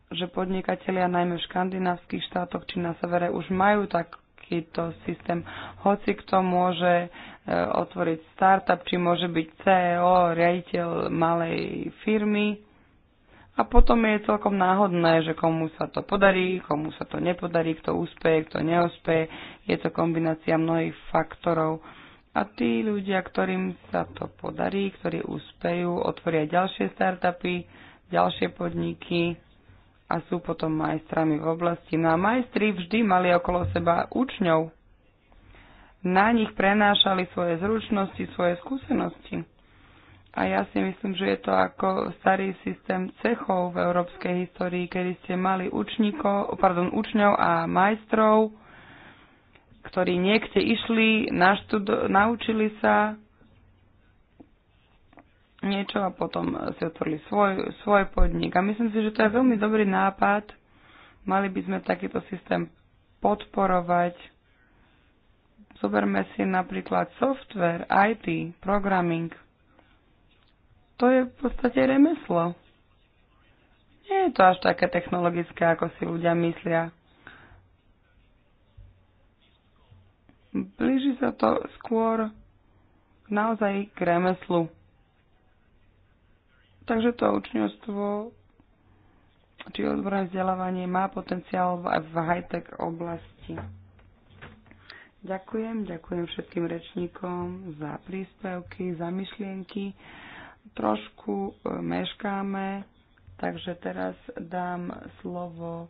[SPEAKER 1] že podnikatelia najmä v škandinávskych štátoch či na severe už majú takýto systém. Hoci kto môže e, otvoriť startup, či môže byť CEO, riaditeľ malej firmy, a potom je celkom náhodné, že komu sa to podarí, komu sa to nepodarí, kto úspeje, kto neúspeje. Je to kombinácia mnohých faktorov. A tí ľudia, ktorým sa to podarí, ktorí úspejú, otvoria ďalšie startupy, ďalšie podniky a sú potom majstrami v oblasti. No a majstri vždy mali okolo seba učňov. Na nich prenášali svoje zručnosti, svoje skúsenosti. A ja si myslím, že je to ako starý systém cechov v európskej histórii, kedy ste mali učníko, pardon, učňov a majstrov, ktorí niekde išli, naštudo, naučili sa niečo a potom si otvorili svoj, svoj podnik. A myslím si, že to je veľmi dobrý nápad. Mali by sme takýto systém podporovať. Zoberme si napríklad software, IT, programming to je v podstate remeslo. Nie je to až také technologické, ako si ľudia myslia. Blíži sa to skôr naozaj k remeslu. Takže to učňovstvo či odborné vzdelávanie má potenciál v high-tech oblasti. Ďakujem, ďakujem všetkým rečníkom za príspevky, za myšlienky trošku e, meškáme, takže teraz dám slovo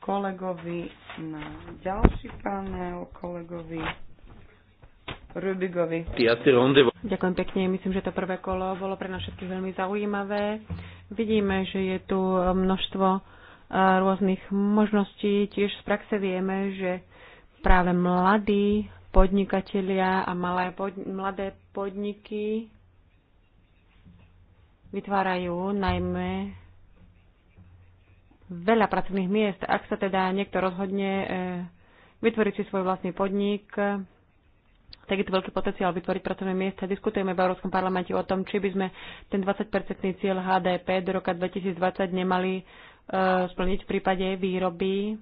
[SPEAKER 1] kolegovi
[SPEAKER 2] na ďalší panel, kolegovi Rubigovi. Ďakujem pekne, myslím, že to prvé kolo bolo pre nás všetkých veľmi zaujímavé. Vidíme, že je tu množstvo e, rôznych možností. Tiež z praxe vieme, že práve mladí podnikatelia a malé pod, mladé podniky vytvárajú najmä veľa pracovných miest. Ak sa teda niekto rozhodne e, vytvoriť si svoj vlastný podnik, tak je to veľký potenciál vytvoriť pracovné miesta. Diskutujeme v Európskom parlamente o tom, či by sme ten 20-percentný cieľ HDP do roka 2020 nemali uh, splniť v prípade výroby.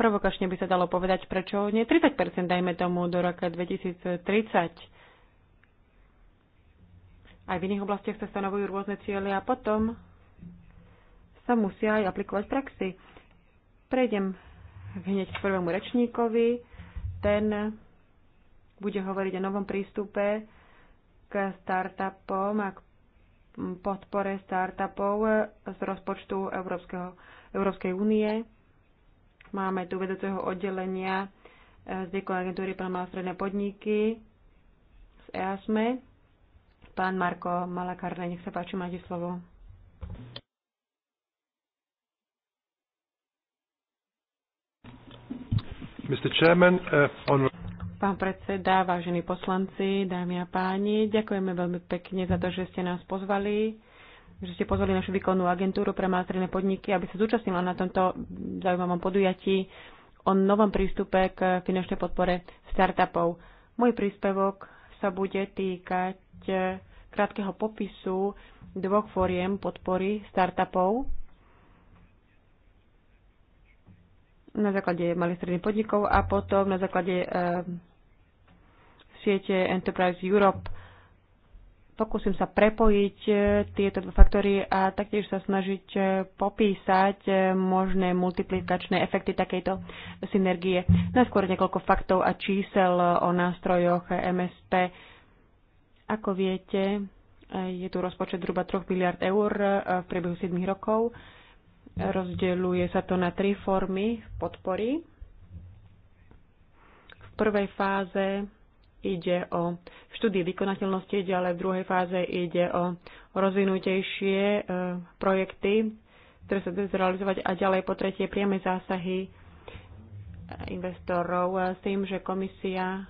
[SPEAKER 2] Provokačne by sa dalo povedať, prečo nie 30 dajme tomu do roka 2030 aj v iných oblastiach sa stanovujú rôzne ciele a potom sa musia aj aplikovať praxi. Prejdem hneď k prvému rečníkovi. Ten bude hovoriť o novom prístupe k startupom a k podpore startupov z rozpočtu Európskeho, Európskej únie. Máme tu vedúceho oddelenia z Dekoj pre malé stredné podniky z EASME. Pán Marko Malakarne, nech sa páči, máte slovo. Mr. Chairman, uh, on... Pán predseda, vážení poslanci, dámy a páni, ďakujeme veľmi pekne za to, že ste nás pozvali, že ste pozvali našu výkonnú agentúru pre malé podniky, aby sa zúčastnila na tomto zaujímavom podujatí o novom prístupe k finančnej podpore startupov. Môj príspevok sa bude týkať E, krátkeho popisu dvoch fóriem podpory startupov na základe malých stredných podnikov a potom na základe e, siete Enterprise Europe. Pokúsim sa prepojiť e, tieto dva faktory a taktiež sa snažiť e, popísať možné multiplikačné efekty takejto synergie. Najskôr niekoľko faktov a čísel o nástrojoch MSP ako viete, eh, je tu rozpočet zhruba 3 miliard eur eh, v priebehu 7 rokov. Rozdeľuje sa to na tri formy podpory. V prvej fáze ide o štúdie vykonateľnosti, ale v druhej fáze ide o rozvinutejšie eh, projekty, ktoré sa dajú zrealizovať a ďalej po tretie priame zásahy investorov s tým, že komisia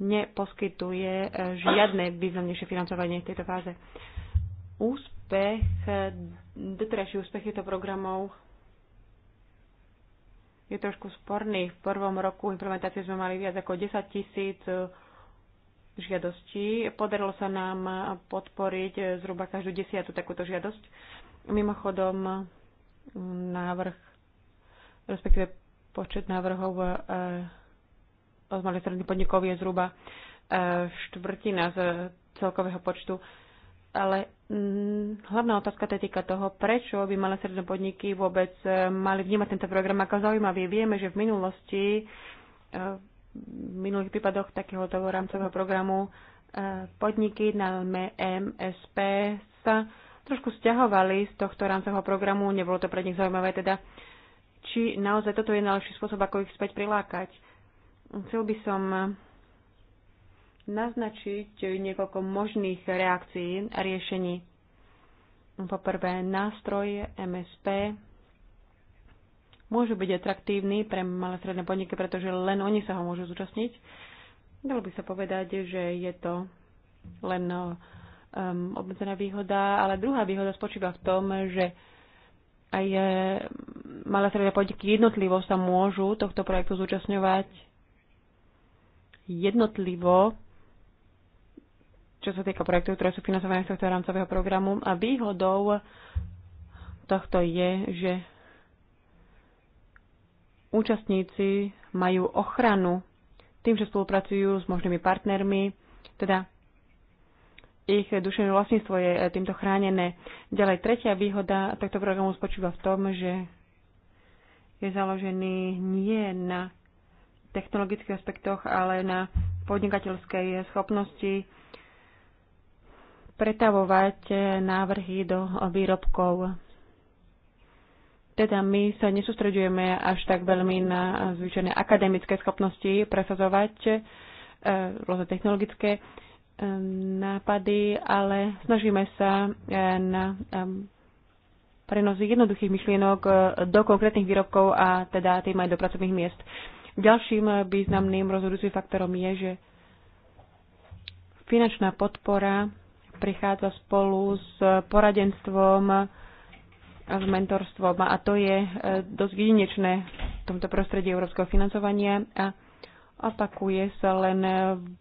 [SPEAKER 2] neposkytuje eh, žiadne významnejšie financovanie v tejto fáze. Úspech, doterajší úspech týchto programov je trošku sporný. V prvom roku implementácie sme mali viac ako 10 tisíc eh, žiadostí. Podarilo sa nám podporiť eh, zhruba každú desiatu takúto žiadosť. Mimochodom, návrh, respektíve počet návrhov z malých stredných podnikov je zhruba e, štvrtina z celkového počtu. Ale mm, hlavná otázka sa týka toho, prečo by malé stredné podniky vôbec e, mali vnímať tento program ako zaujímavý. Vieme, že v minulosti, e, v minulých prípadoch takéhoto rámcového programu podniky, najmä MSP, sa trošku stiahovali z tohto rámcového programu, nebolo to pre nich zaujímavé, teda či naozaj toto je najlepší spôsob, ako ich späť prilákať. Chcel by som naznačiť niekoľko možných reakcií a riešení. Poprvé, nástroje MSP môžu byť atraktívny pre malé stredné podniky, pretože len oni sa ho môžu zúčastniť. Dalo by sa povedať, že je to len um, obmedzená výhoda, ale druhá výhoda spočíva v tom, že aj eh, malé stredné podniky jednotlivo sa môžu tohto projektu zúčastňovať jednotlivo, čo sa týka projektov, ktoré sú financované z tohto rámcového programu. A výhodou tohto je, že účastníci majú ochranu tým, že spolupracujú s možnými partnermi, teda ich duševné vlastníctvo je eh, týmto chránené. Ďalej, tretia výhoda tohto programu spočíva v tom, že je založený nie na technologických aspektoch, ale na podnikateľskej schopnosti pretavovať návrhy do výrobkov. Teda my sa nesústredujeme až tak veľmi na zvyčajné akademické schopnosti presazovať e, rôzne technologické e, nápady, ale snažíme sa e, na prenos jednoduchých myšlienok do konkrétnych výrobkov a teda tým aj do pracovných miest. Ďalším významným rozhodujúcim faktorom je, že finančná podpora prichádza spolu s poradenstvom a s mentorstvom a to je e, dosť jedinečné v tomto prostredí európskeho financovania a opakuje sa len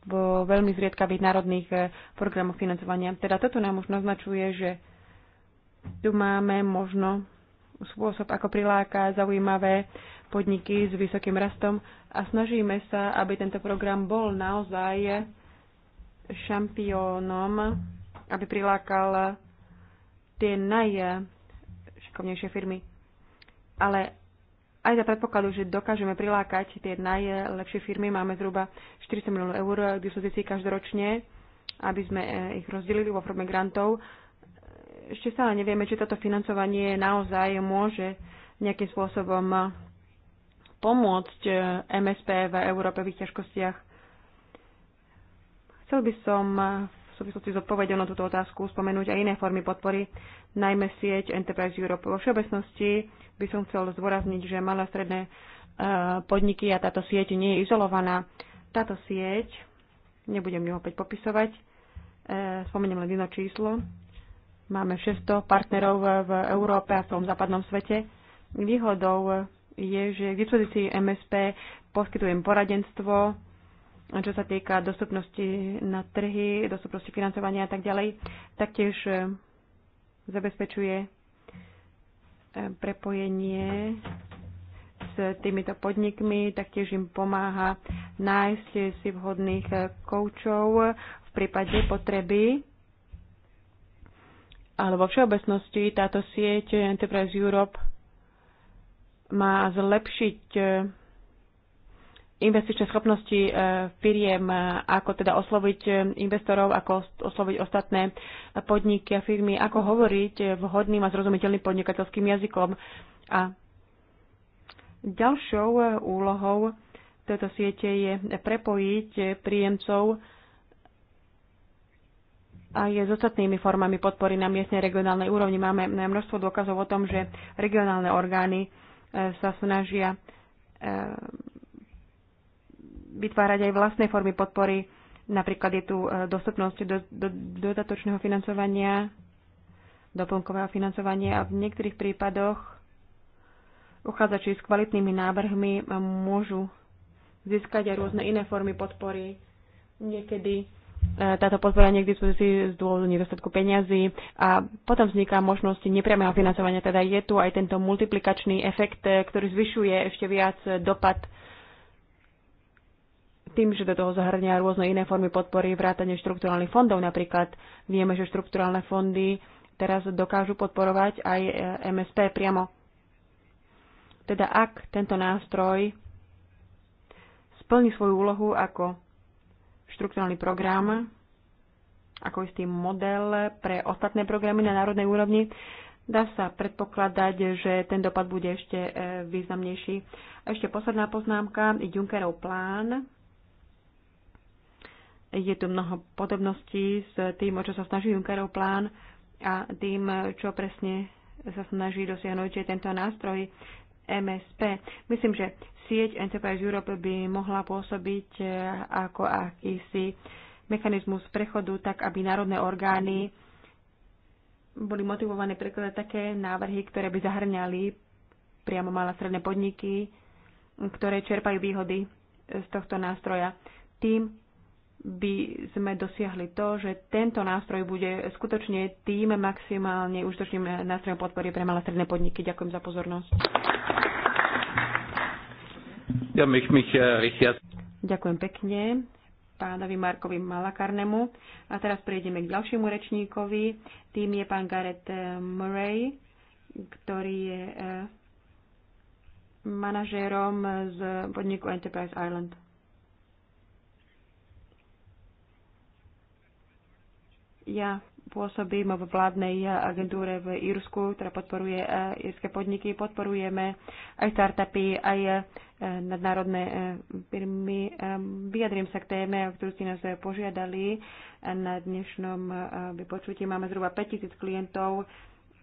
[SPEAKER 2] v veľmi zriedkavých národných e, programoch financovania. Teda toto nám už naznačuje, že tu máme možno spôsob, ako priláka zaujímavé podniky s vysokým rastom a snažíme sa, aby tento program bol naozaj šampiónom, aby prilákal tie najšikovnejšie firmy. Ale aj za predpokladu, že dokážeme prilákať tie najlepšie firmy, máme zhruba 400 miliónov eur k dispozícii každoročne, aby sme eh, ich rozdelili vo forme grantov. Ešte stále nevieme, či toto financovanie naozaj môže nejakým spôsobom pomôcť eh, MSP v Európevých ťažkostiach. Chcel by som eh, v súvislosti s odpovedou na túto otázku spomenúť aj iné formy podpory, najmä sieť Enterprise Europe. Vo všeobecnosti by som chcel zdôrazniť, že malé a stredné eh, podniky a táto sieť nie je izolovaná. Táto sieť, nebudem ju opäť popisovať, spomeniem len jedno číslo, máme 600 partnerov v Európe a v celom západnom svete. Výhodou je, že k dispozícii MSP poskytujem poradenstvo, čo sa týka dostupnosti na trhy, dostupnosti financovania a tak ďalej. Taktiež e, zabezpečuje e, prepojenie s týmito podnikmi, taktiež im pomáha nájsť si vhodných e, koučov v prípade potreby. Ale vo všeobecnosti táto sieť Enterprise Europe má zlepšiť e, investičné schopnosti e, firiem, e, ako teda osloviť investorov, ako osloviť ostatné podniky a firmy, ako hovoriť vhodným a zrozumiteľným podnikateľským jazykom. A ďalšou úlohou tejto siete je prepojiť príjemcov a je s ostatnými formami podpory na miestnej regionálnej úrovni. Máme množstvo dôkazov o tom, že regionálne orgány Eh, sa snažia eh, vytvárať aj vlastné formy podpory. Napríklad je tu eh, dostupnosť do, do, dodatočného financovania, doplnkového financovania a v niektorých prípadoch uchádzači s kvalitnými návrhmi môžu získať aj rôzne iné formy podpory. Niekedy E, táto podpora nie je k dispozícii z dôvodu nedostatku peňazí a potom vzniká možnosť nepriamého financovania. Teda je tu aj tento multiplikačný efekt, e, ktorý zvyšuje ešte viac dopad tým, že do toho zahrňa rôzne iné formy podpory, vrátane štrukturálnych fondov napríklad. Vieme, že štrukturálne fondy teraz dokážu podporovať aj e, MSP priamo. Teda ak tento nástroj splní svoju úlohu ako štruktúrny program ako istý model pre ostatné programy na národnej úrovni. Dá sa predpokladať, že ten dopad bude ešte e, významnejší. A ešte posledná poznámka, Junckerov plán. Je tu mnoho podobností s tým, o čo sa snaží Junckerov plán a tým, čo presne sa snaží dosiahnuť, že tento nástroj MSP. Myslím, že sieť Enterprise Europe by mohla pôsobiť eh, ako akýsi mechanizmus prechodu, tak aby národné orgány boli motivované prekladať také návrhy, ktoré by zahrňali priamo malé stredné podniky, ktoré čerpajú výhody eh, z tohto nástroja. Tým by sme dosiahli to, že tento nástroj bude skutočne tým maximálne užitočným nástrojom podpory pre malé stredné podniky. Ďakujem za pozornosť.
[SPEAKER 4] Ja mich, mich, eh, uh,
[SPEAKER 2] Ďakujem pekne pánovi Markovi Malakarnemu. A teraz prejdeme k ďalšiemu rečníkovi. Tým je pán Gareth eh, Murray, ktorý je eh, manažérom z podniku Enterprise Island. Ja Pôsobím v vládnej agentúre v Írsku, ktorá podporuje e, írske podniky. Podporujeme aj startupy, aj e, nadnárodné e, firmy. Vyjadrím sa k téme, o ktorú ste nás požiadali. Na dnešnom vypočutí máme zhruba 5000 klientov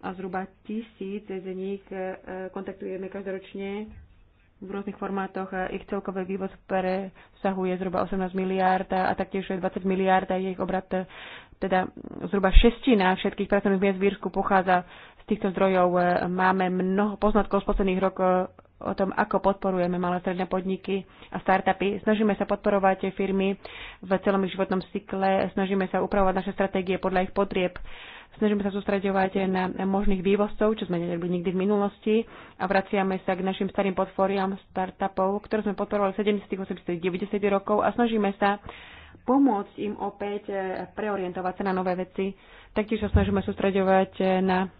[SPEAKER 2] a zhruba tisíc z nich kontaktujeme každoročne v rôznych formátoch ich celkový vývoz presahuje zhruba 18 miliárd a taktiež 20 miliárd a ich obrat teda zhruba šestina všetkých pracovných miest v Írsku pochádza z týchto zdrojov. E, máme mnoho poznatkov z posledných rokov e, o tom, ako podporujeme malé stredné podniky a startupy. Snažíme sa podporovať tie firmy v celom ich životnom cykle, snažíme sa upravovať naše stratégie podľa ich potrieb, snažíme sa sústredovať na možných vývozcov, čo sme nerobili nikdy v minulosti a vraciame sa k našim starým portfóliám startupov, ktoré sme podporovali v 70., 80., 90. rokov a snažíme sa pomôcť im opäť e, preorientovať sa na nové veci. Taktiež sa snažíme sústredovať e, na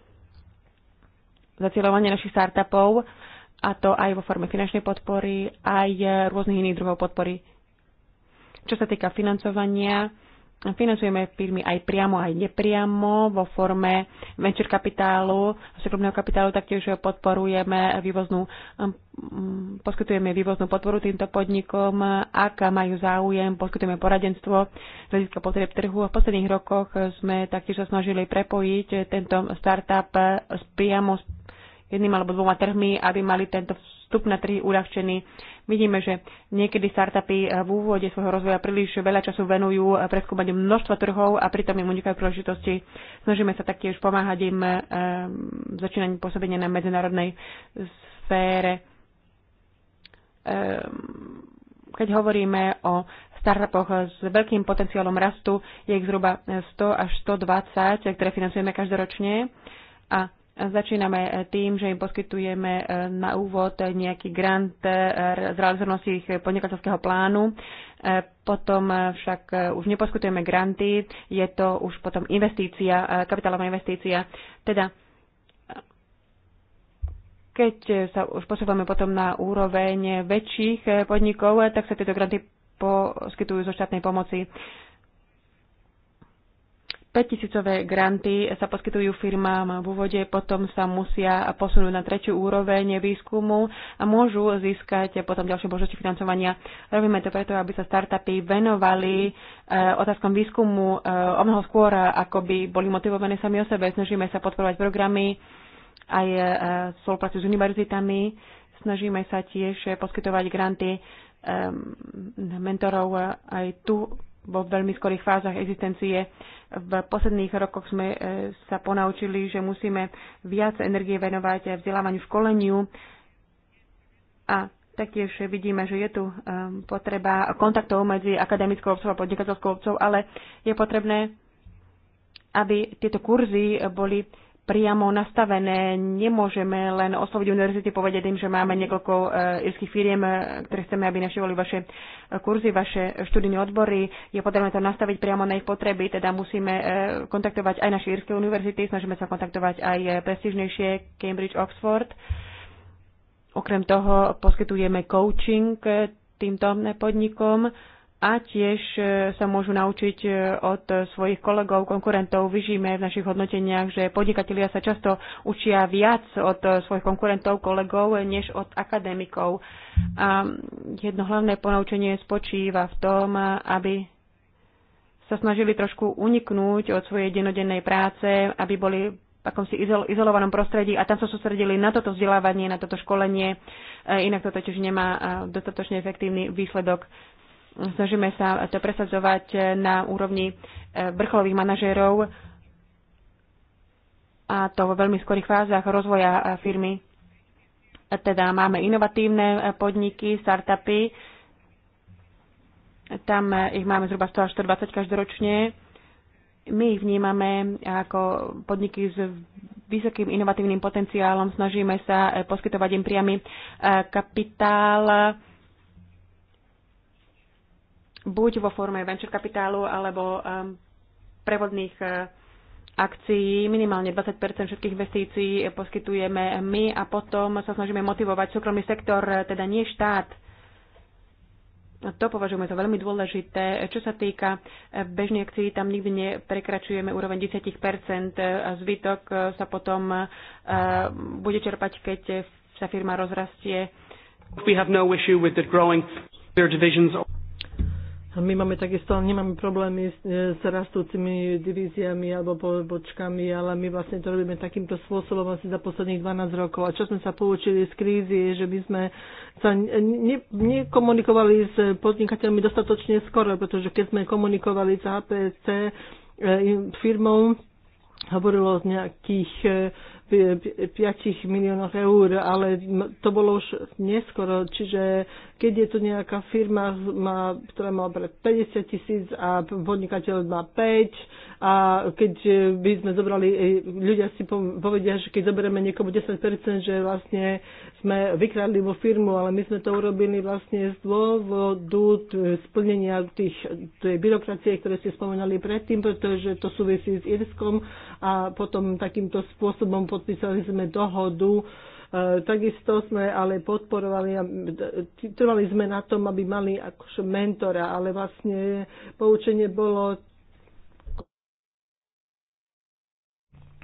[SPEAKER 2] zacielovanie našich startupov, a to aj vo forme finančnej podpory, aj e, rôznych iných druhov podpory. Čo sa týka financovania, Financujeme firmy aj priamo, aj nepriamo vo forme venture kapitálu, súkromného kapitálu, taktiež podporujeme vývoznú, poskytujeme vývoznú podporu týmto podnikom, ak majú záujem, poskytujeme poradenstvo z hľadiska potrieb trhu. v posledných rokoch sme taktiež sa snažili prepojiť tento startup priamo s jedným alebo dvoma trhmi, aby mali tento vstup na trhy uľahčený Vidíme, že niekedy startupy eh, v úvode svojho rozvoja príliš veľa času venujú eh, preskúmať množstva trhov a pritom im unikajú príležitosti. Snažíme sa taktiež pomáhať im v eh, začínaní pôsobenia na medzinárodnej sfére. Ehm, keď hovoríme o startupoch s veľkým potenciálom rastu, je ich zhruba 100 až 120, ktoré financujeme každoročne. A Začíname eh, tým, že im poskytujeme eh, na úvod nejaký grant eh, zrealizovanosti ich podnikateľského plánu. Potom však už neposkytujeme granty, je to už potom investícia, kapitálová investícia. Teda keď sa už posúvame potom na úroveň väčších podnikov, tak sa tieto granty poskytujú zo štátnej pomoci. Uh, 5000 granty sa poskytujú firmám v úvode, potom sa musia posunúť na tretiu úroveň výskumu a môžu získať potom ďalšie možnosti financovania. Robíme to preto, aby sa startupy venovali e, otázkom výskumu e, o mnoho skôr, ako by boli motivované sami o sebe. Snažíme sa podporovať programy aj v e, spolupráci s univerzitami. Snažíme sa tiež poskytovať granty mentorov aj tu vo veľmi skorých fázach existencie. V posledných rokoch sme e, sa ponaučili, že musíme viac energie venovať vzdelávaniu, školeniu a taktiež vidíme, že je tu e, potreba kontaktov medzi akademickou obcov a podnikateľskou obcov, ale je potrebné, aby tieto kurzy boli priamo nastavené. Nemôžeme len osloviť univerzity, povedať im, že máme niekoľko e, irských firiem, e, ktoré chceme, aby našivali vaše e, kurzy, vaše študijné odbory. Je potrebné to nastaviť priamo na ich potreby, teda musíme e, kontaktovať aj naše irské univerzity, snažíme sa kontaktovať aj prestížnejšie Cambridge, Oxford. Okrem toho poskytujeme coaching týmto podnikom a tiež e, sa môžu naučiť e, od svojich kolegov, konkurentov. Vyžíme v našich hodnoteniach, že podnikatelia sa často učia viac od e, svojich konkurentov, kolegov, než od akademikov. A jedno hlavné ponaučenie spočíva v tom, aby sa snažili trošku uniknúť od svojej denodennej práce, aby boli v akomsi izolovanom prostredí a tam sa sústredili na toto vzdelávanie, na toto školenie, inak to totiž nemá dostatočne efektívny výsledok. Snažíme sa to presadzovať na úrovni e, vrcholových manažérov a to vo veľmi skorých fázach rozvoja e, firmy. E, teda máme inovatívne podniky, startupy, tam ich máme zhruba 100 až 120 každoročne. My ich vnímame ako podniky s vysokým inovatívnym potenciálom. Snažíme sa poskytovať im priamy kapitál buď vo forme venture kapitálu alebo um, prevodných uh, akcií. Minimálne 20 všetkých investícií poskytujeme my a potom sa snažíme motivovať súkromný sektor, uh, teda nie štát. To považujeme za veľmi dôležité. Čo sa týka uh, bežných akcií, tam nikdy neprekračujeme úroveň 10 a zvytok sa potom bude čerpať, keď sa firma rozrastie.
[SPEAKER 3] We have
[SPEAKER 4] no issue with the growing divisions
[SPEAKER 2] my máme takisto, nemáme problémy
[SPEAKER 3] s, e, s rastúcimi divíziami alebo pobočkami, ale my vlastne to robíme takýmto spôsobom asi za posledných 12 rokov. A čo sme sa poučili z krízy, je, že my sme sa ne, nekomunikovali s podnikateľmi dostatočne skoro, pretože keď sme komunikovali s HPSC e, firmou, hovorilo o nejakých 5 e, miliónoch eur, ale to bolo už neskoro, čiže keď je tu nejaká firma, má, ktorá má pre 50 tisíc a podnikateľ má 5 a keď by sme zobrali, e, ľudia si povedia, že keď zoberieme niekomu 10%, že vlastne sme vykradli vo firmu, ale my sme to urobili vlastne z dôvodu e, splnenia tých, tej byrokracie, ktoré ste spomenali predtým, pretože to súvisí s Irskom a potom takýmto spôsobom podpísali sme dohodu, E, takisto sme ale podporovali a e, trvali sme na tom, aby mali akože mentora, ale vlastne poučenie bolo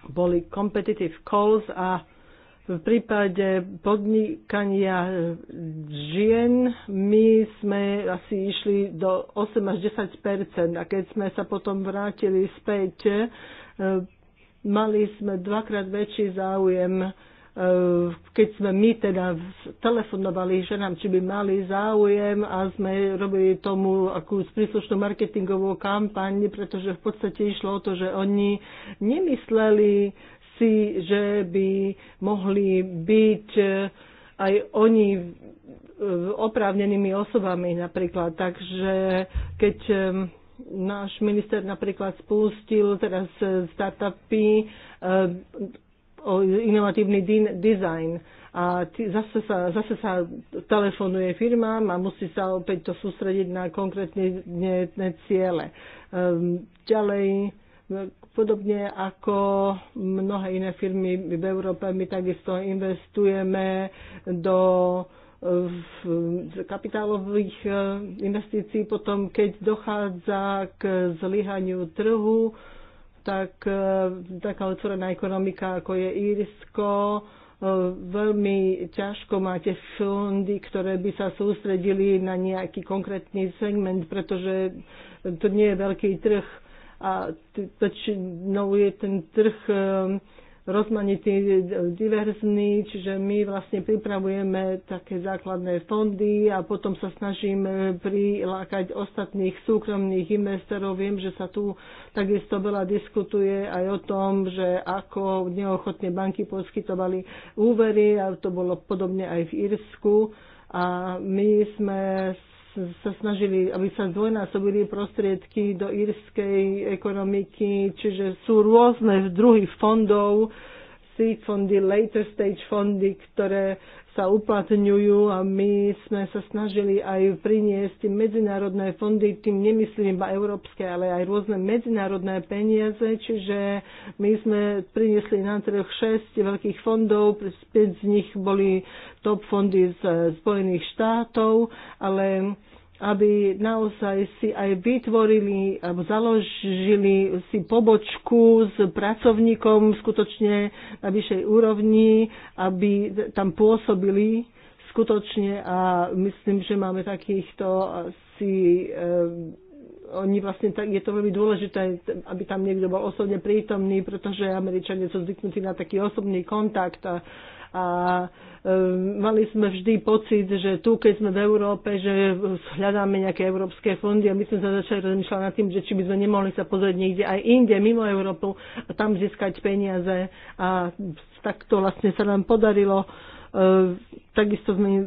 [SPEAKER 3] boli competitive calls a v prípade podnikania e, žien my sme asi išli do 8 až 10 a keď sme sa potom vrátili späť, mali sme dvakrát väčší záujem Eh, keď sme my teda telefonovali ženám, či by mali záujem a sme robili tomu akú príslušnú marketingovú kampaň, pretože v podstate išlo o to, že oni nemysleli si, že by mohli byť eh, aj oni eh, oprávnenými osobami napríklad. Takže keď náš minister napríklad spustil teraz startupy, o inovatívny design. A zase, sa, zase sa telefonuje firmám a musí sa opäť to sústrediť na konkrétne ciele. Ehm, ďalej, podobne ako mnohé iné firmy v Európe, my takisto investujeme do e, kapitálových e, investícií, potom keď dochádza k zlyhaniu trhu, tak e, taká otvorená ekonomika, ako je Írsko, e, veľmi ťažko máte fondy, ktoré by sa sústredili na nejaký konkrétny segment, pretože to nie je veľký trh a väčšinou je ten trh e, rozmanitý, diverzný, čiže my vlastne pripravujeme také základné fondy a potom sa snažíme prilákať ostatných súkromných investorov. Viem, že sa tu takisto veľa diskutuje aj o tom, že ako neochotne banky poskytovali úvery a to bolo podobne aj v Írsku. A my sme sa snažili, aby sa zdvojnásobili prostriedky do írskej ekonomiky, čiže sú rôzne druhy fondov, seed fondy, later stage fondy, ktoré sa uplatňujú a my sme sa snažili aj priniesť medzinárodné fondy, tým nemyslím iba európske, ale aj rôzne medzinárodné peniaze, čiže my sme priniesli na trh 6 veľkých fondov, 5 z nich boli top fondy z Spojených štátov, ale aby naozaj si aj vytvorili alebo založili si pobočku s pracovníkom skutočne na vyššej úrovni, aby tam pôsobili skutočne a myslím, že máme takýchto asi eh, oni vlastne tak, je to veľmi dôležité, aby tam niekto bol osobne prítomný, pretože Američania sú zvyknutí na taký osobný kontakt a, a Ehm, mali sme vždy pocit, že tu, keď sme v Európe, že hľadáme nejaké európske fondy a my sme sa začali rozmýšľať nad tým, že či by sme nemohli sa pozrieť niekde aj inde, mimo Európu a tam získať peniaze a takto vlastne sa nám podarilo. Ehm, takisto sme eh,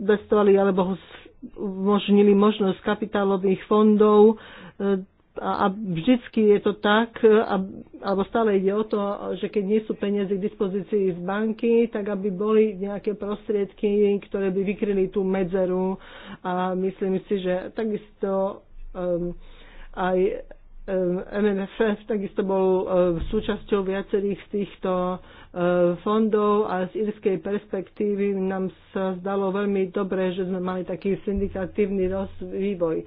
[SPEAKER 3] investovali alebo umožnili možnosť kapitálových fondov ehm, a vždycky je to tak, a alebo stále ide o to, že keď nie sú peniaze k dispozícii z banky, tak aby boli nejaké prostriedky, ktoré by vykryli tú medzeru a myslím si, že takisto um, aj um, MMFF takisto bol um, súčasťou viacerých z týchto um, fondov a z irskej perspektívy nám sa zdalo veľmi dobre, že sme mali taký syndikatívny rozvývoj. vývoj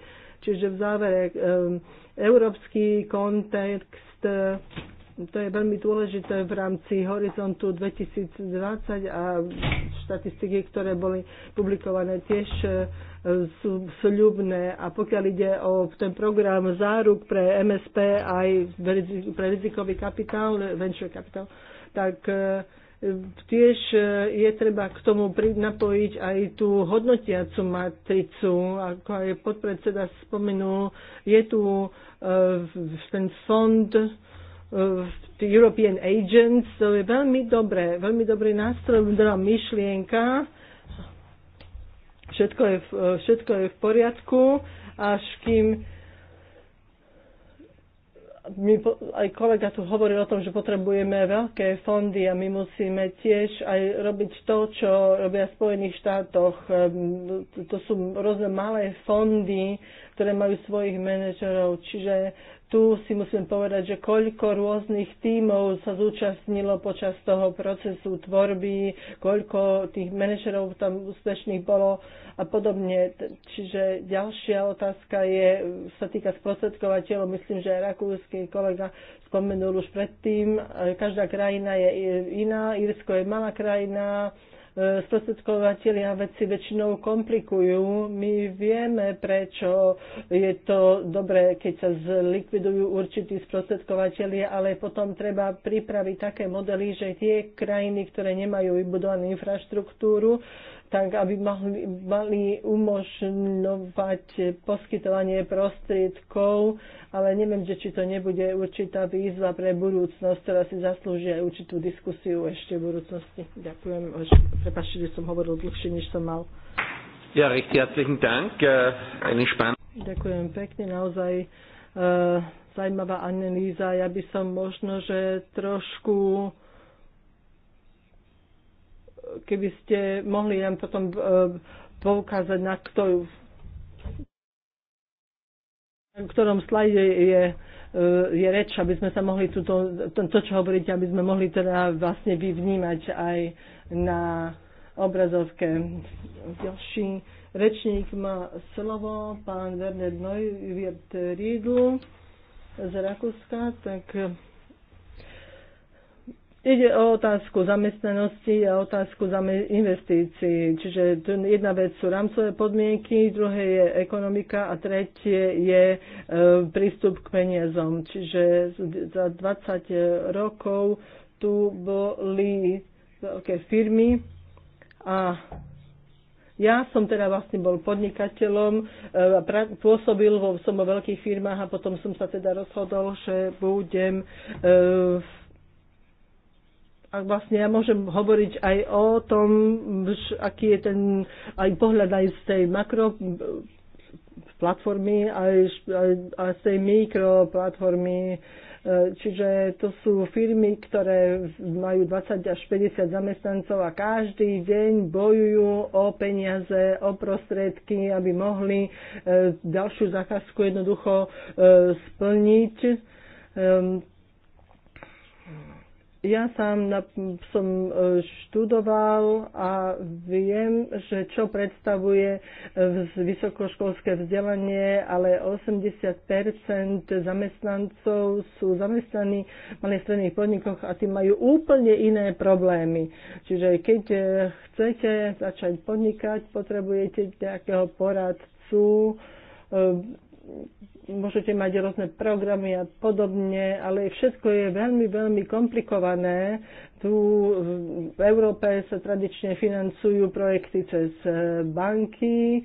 [SPEAKER 3] Čiže v závere um, európsky kontext, um, to je veľmi dôležité v rámci horizontu 2020 a štatistiky, ktoré boli publikované tiež uh, sú sľubné. A pokiaľ ide o ten program záruk pre MSP aj pre rizikový kapitál, venture capital, tak uh, Tiež e, je treba k tomu napojiť aj tú hodnotiacu matricu, ako aj podpredseda spomenul, je tu e, ten fond The European Agents, to je veľmi dobré, veľmi dobrý nástroj, dobrá myšlienka, všetko je, v, e, všetko je v poriadku, až kým my, aj kolega tu hovoril o tom, že potrebujeme veľké fondy a my musíme tiež aj robiť to, čo robia v Spojených štátoch. Ehm, to sú rôzne malé fondy, ktoré majú svojich manažerov. Čiže tu si musím povedať, že koľko rôznych tímov sa zúčastnilo počas toho procesu tvorby, koľko tých manažerov tam úspešných bolo a podobne. Čiže ďalšia otázka je, sa týka sprostredkovateľov, myslím, že aj rakúsky kolega spomenul už predtým, e, každá krajina je iná, Írsko je malá krajina, sprostredkovateľia veci väčšinou komplikujú. My vieme, prečo je to dobré, keď sa zlikvidujú určití sprostredkovateľia, ale potom treba pripraviť také modely, že tie krajiny, ktoré nemajú vybudovanú infraštruktúru, tak aby mohli, mali umožňovať poskytovanie prostriedkov, ale neviem, že či to nebude určitá výzva pre budúcnosť, ktorá si zaslúži aj určitú diskusiu ešte v budúcnosti. Ďakujem. Prepačte, že som hovoril dlhšie, než som mal.
[SPEAKER 4] Ja, recht herzlichen Dank. Äh,
[SPEAKER 3] Ďakujem pekne, naozaj uh, zaujímavá analýza. Ja by som možno, že trošku keby ste mohli nám potom e, poukázať, na ktorú, v ktorom slajde je, e, je reč, aby sme sa mohli tuto, to, to, čo hovoríte, aby sme mohli teda vlastne vyvnímať aj na obrazovke. Ďalší rečník má slovo, pán Werner Neuwirth Riedl z Rakúska, tak Ide o otázku zamestnanosti a otázku investícií. Čiže jedna vec sú rámcové podmienky, druhé je ekonomika a tretie je e, prístup k peniazom. Čiže za 20 rokov tu boli veľké firmy a ja som teda vlastne bol podnikateľom, e, pôsobil, som vo veľkých firmách a potom som sa teda rozhodol, že budem e, a vlastne ja môžem hovoriť aj o tom, aký je ten aj pohľad aj z tej makro platformy, aj, aj, aj z tej mikro platformy. E, čiže to sú firmy, ktoré majú 20 až 50 zamestnancov a každý deň bojujú o peniaze, o prostriedky, aby mohli e, ďalšiu zákazku jednoducho e, splniť ehm, ja sám na, som e, študoval a viem, že čo predstavuje e, vysokoškolské vzdelanie, ale 80 zamestnancov sú zamestnaní v malých stredných podnikoch a tí majú úplne iné problémy. Čiže keď e, chcete začať podnikať, potrebujete nejakého poradcu, môžete mať rôzne programy a podobne, ale všetko je veľmi, veľmi komplikované. Tu v Európe sa tradične financujú projekty cez banky,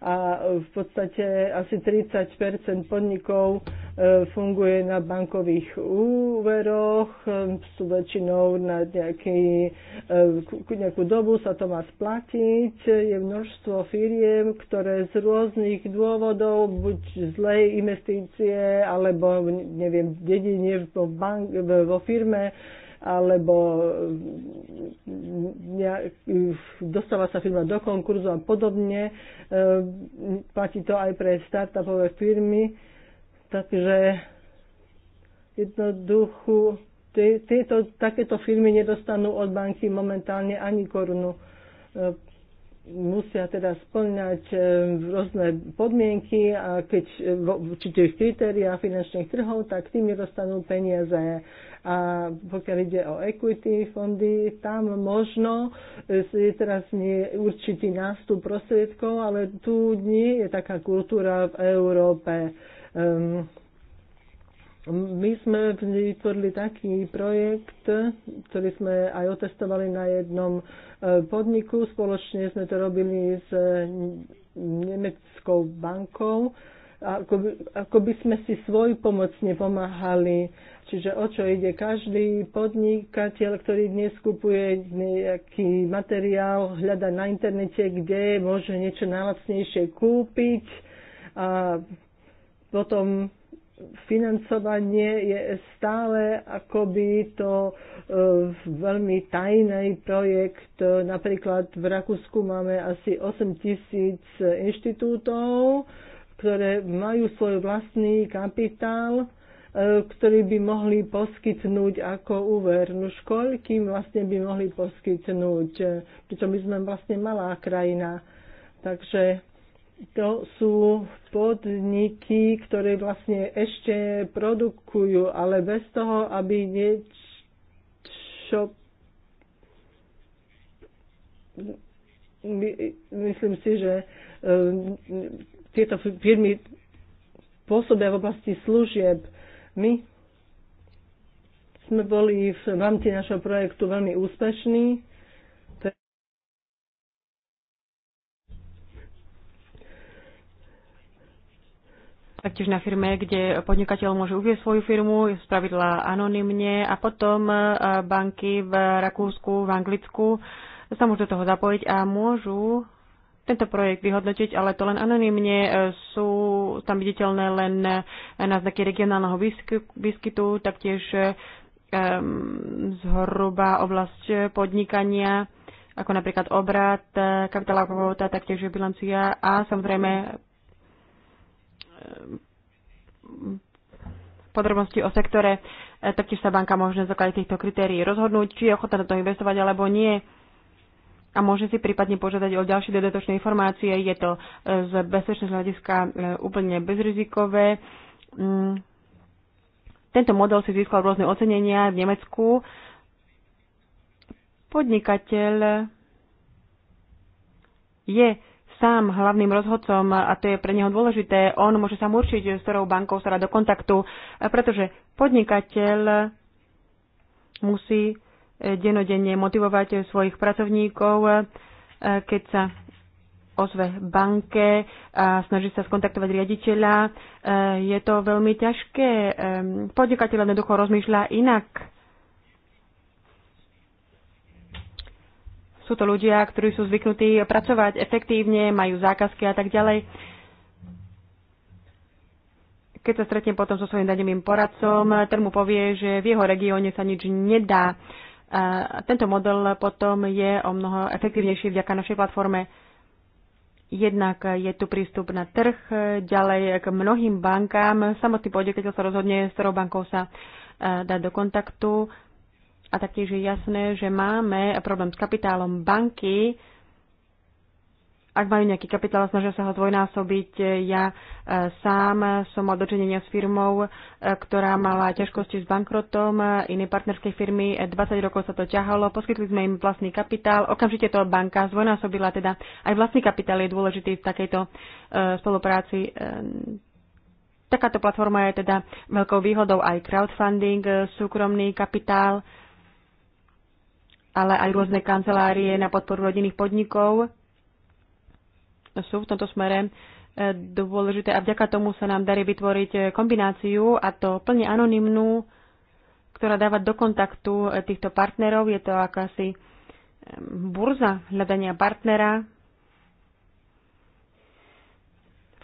[SPEAKER 3] a e, v podstate asi 30 podnikov e, funguje na bankových úveroch, e, sú väčšinou na nejaký, nejakú dobu sa to má splatiť. Je množstvo firiem, ktoré z rôznych dôvodov, buď zlej investície, alebo neviem, dedenie vo, bank, vo firme, alebo mm, dostala sa firma do konkurzu a podobne. E, platí to aj pre startupové firmy. Takže jednoducho tieto, takéto firmy nedostanú od banky momentálne ani korunu e, musia teda splňať e, rôzne podmienky a keď e, v určitých kritériách finančných trhov, tak tým nedostanú peniaze. A pokiaľ ide o equity fondy, tam možno e, je teraz nie určitý nástup prostriedkov, ale tu nie je taká kultúra v Európe. Um, my sme vytvorili taký projekt, ktorý sme aj otestovali na jednom e, podniku. Spoločne sme to robili s nemeckou bankou. Ako by, ako by sme si svoj pomoc nepomáhali. Čiže o čo ide každý podnikateľ, ktorý dnes kupuje nejaký materiál, hľada na internete, kde môže niečo najlacnejšie kúpiť a potom financovanie je stále akoby to e, veľmi tajný projekt. Napríklad v Rakúsku máme asi 8 tisíc inštitútov, ktoré majú svoj vlastný kapitál, e, ktorý by mohli poskytnúť ako úver. No koľkým vlastne by mohli poskytnúť? E, pričom my sme vlastne malá krajina. Takže to sú podniky, ktoré vlastne ešte produkujú, ale bez toho, aby niečo myslím si, že e, tieto firmy pôsobia v oblasti služieb. My sme boli v rámci našho projektu veľmi úspešní
[SPEAKER 2] taktiež na firme, kde podnikateľ môže uvieť svoju firmu, spravidla anonymne a potom e, banky v Rakúsku, v Anglicku sa môžu do toho zapojiť a môžu tento projekt vyhodnotiť, ale to len anonymne. E, sú tam viditeľné len náznaky regionálneho výskytu, taktiež e, zhruba oblasť podnikania, ako napríklad obrat, kapitálová kvota, taktiež bilancia a samozrejme Eh, podrobnosti o sektore, eh, taktiež sa banka môže na základe týchto kritérií rozhodnúť, či je ochotná do toho investovať alebo nie. A môže si prípadne požiadať o ďalšie dodatočné informácie. Je to eh, z bezpečného hľadiska úplne bezrizikové. Mm. Tento model si získal rôzne ocenenia v Nemecku. Podnikateľ je sám hlavným rozhodcom a to je pre neho dôležité. On môže sa určiť, s ktorou bankou sa do kontaktu, pretože podnikateľ musí eh, denodenne motivovať svojich pracovníkov, eh, keď sa ozve banke a snaží sa skontaktovať riaditeľa. Eh, je to veľmi ťažké. Ehm, podnikateľ jednoducho rozmýšľa inak Sú to ľudia, ktorí sú zvyknutí pracovať efektívne, majú zákazky a tak ďalej. Keď sa stretnem potom so svojím daňovým poradcom, ten mu povie, že v jeho regióne sa nič nedá. A tento model potom je o mnoho efektívnejší vďaka našej platforme. Jednak je tu prístup na trh, ďalej k mnohým bankám. Samotný podnikateľ sa rozhodne, s ktorou bankou sa e, dá do kontaktu a taktiež je jasné, že máme problém s kapitálom banky. Ak majú nejaký kapitál, snažia sa ho dvojnásobiť. Ja e, sám som mal dočinenia s firmou, e, ktorá mala ťažkosti s bankrotom inej partnerskej firmy. 20 e, rokov sa to ťahalo. Poskytli sme im vlastný kapitál. Okamžite to banka zdvojnásobila. Teda aj vlastný kapitál je dôležitý v takejto spolupráci. Takáto platforma je teda veľkou výhodou aj crowdfunding, súkromný kapitál ale aj rôzne kancelárie na podporu rodinných podnikov sú v tomto smere e, dôležité a vďaka tomu sa nám darí vytvoriť e, kombináciu a to plne anonymnú, ktorá dáva do kontaktu e, týchto partnerov. Je to akási burza hľadania partnera.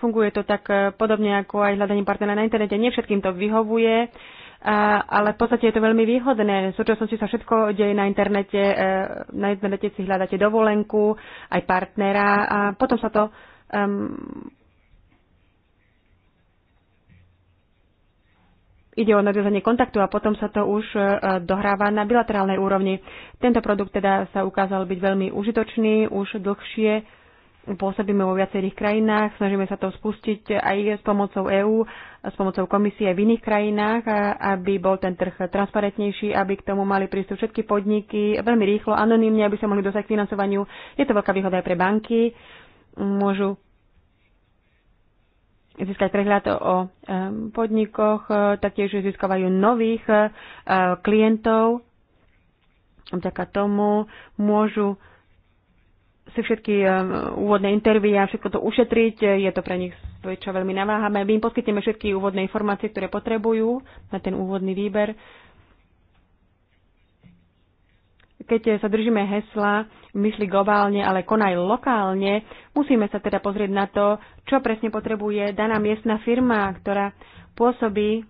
[SPEAKER 2] Funguje to tak podobne ako aj hľadanie partnera na internete. Nie všetkým to vyhovuje ale v podstate je to veľmi výhodné. V súčasnosti sa všetko deje na internete. E, na internete si hľadáte dovolenku, aj partnera a potom sa to um, Ide o nadviazanie kontaktu a potom sa to už e, dohráva na bilaterálnej úrovni. Tento produkt teda sa ukázal byť veľmi užitočný už dlhšie pôsobíme vo viacerých krajinách, snažíme sa to spustiť aj s pomocou EÚ, s pomocou komisie v iných krajinách, aby bol ten trh transparentnejší, aby k tomu mali prístup všetky podniky veľmi rýchlo, anonymne, aby sa mohli dostať k financovaniu. Je to veľká výhoda aj pre banky. Môžu získať prehľad o podnikoch, e, taktiež získavajú nových e, klientov. Vďaka tomu môžu si všetky eh, úvodné intervíja, všetko to ušetriť, je to pre nich čo veľmi naváhame. My im poskytneme všetky úvodné informácie, ktoré potrebujú na ten úvodný výber. Keď sa držíme hesla mysli globálne, ale konaj lokálne, musíme sa teda pozrieť na to, čo presne potrebuje daná miestna firma, ktorá pôsobí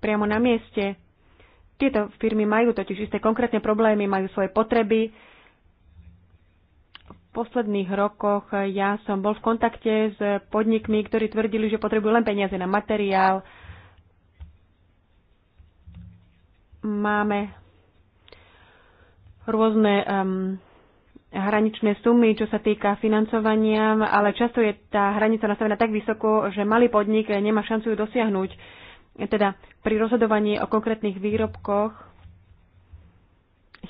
[SPEAKER 2] priamo na mieste. Tieto firmy majú totiž isté konkrétne problémy, majú svoje potreby, posledných rokoch ja som bol v kontakte s podnikmi, ktorí tvrdili, že potrebujú len peniaze na materiál. Máme rôzne um, hraničné sumy, čo sa týka financovania, ale často je tá hranica nastavená tak vysoko, že malý podnik nemá šancu ju dosiahnuť. Teda pri rozhodovaní o konkrétnych výrobkoch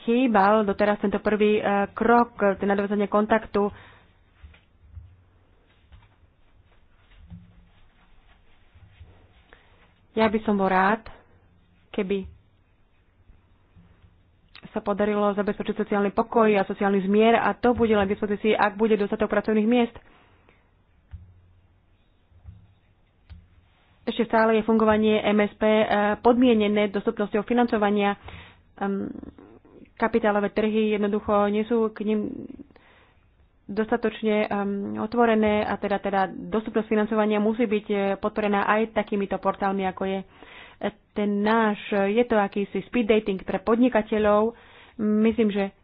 [SPEAKER 2] chýbal doteraz tento prvý e, krok, e, to nadvezanie kontaktu. Ja by som bol rád, keby sa podarilo zabezpečiť sociálny pokoj a sociálny zmier a to bude len dispozícii, ak bude dostatok pracovných miest. Ešte stále je fungovanie MSP e, podmienené dostupnosťou financovania kapitálové trhy jednoducho nie sú k ním dostatočne um, otvorené a teda, teda dostupnosť financovania musí byť eh, podporená aj takýmito portálmi, ako je eh, ten náš. Je to akýsi speed dating pre podnikateľov. Myslím, že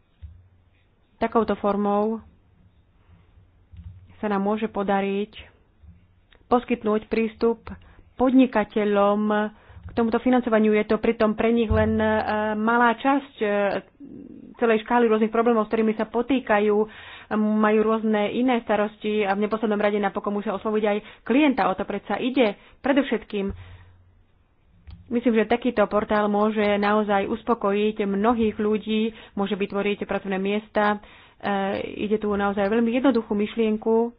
[SPEAKER 2] takouto formou sa nám môže podariť poskytnúť prístup podnikateľom tomuto financovaniu. Je to pritom pre nich len e, malá časť e, celej škály rôznych problémov, s ktorými sa potýkajú, e, majú rôzne iné starosti a v neposlednom rade napokon musia osloviť aj klienta. O to predsa ide predovšetkým. Myslím, že takýto portál môže naozaj uspokojiť mnohých ľudí, môže vytvoriť pracovné miesta. ide tu naozaj veľmi jednoduchú myšlienku,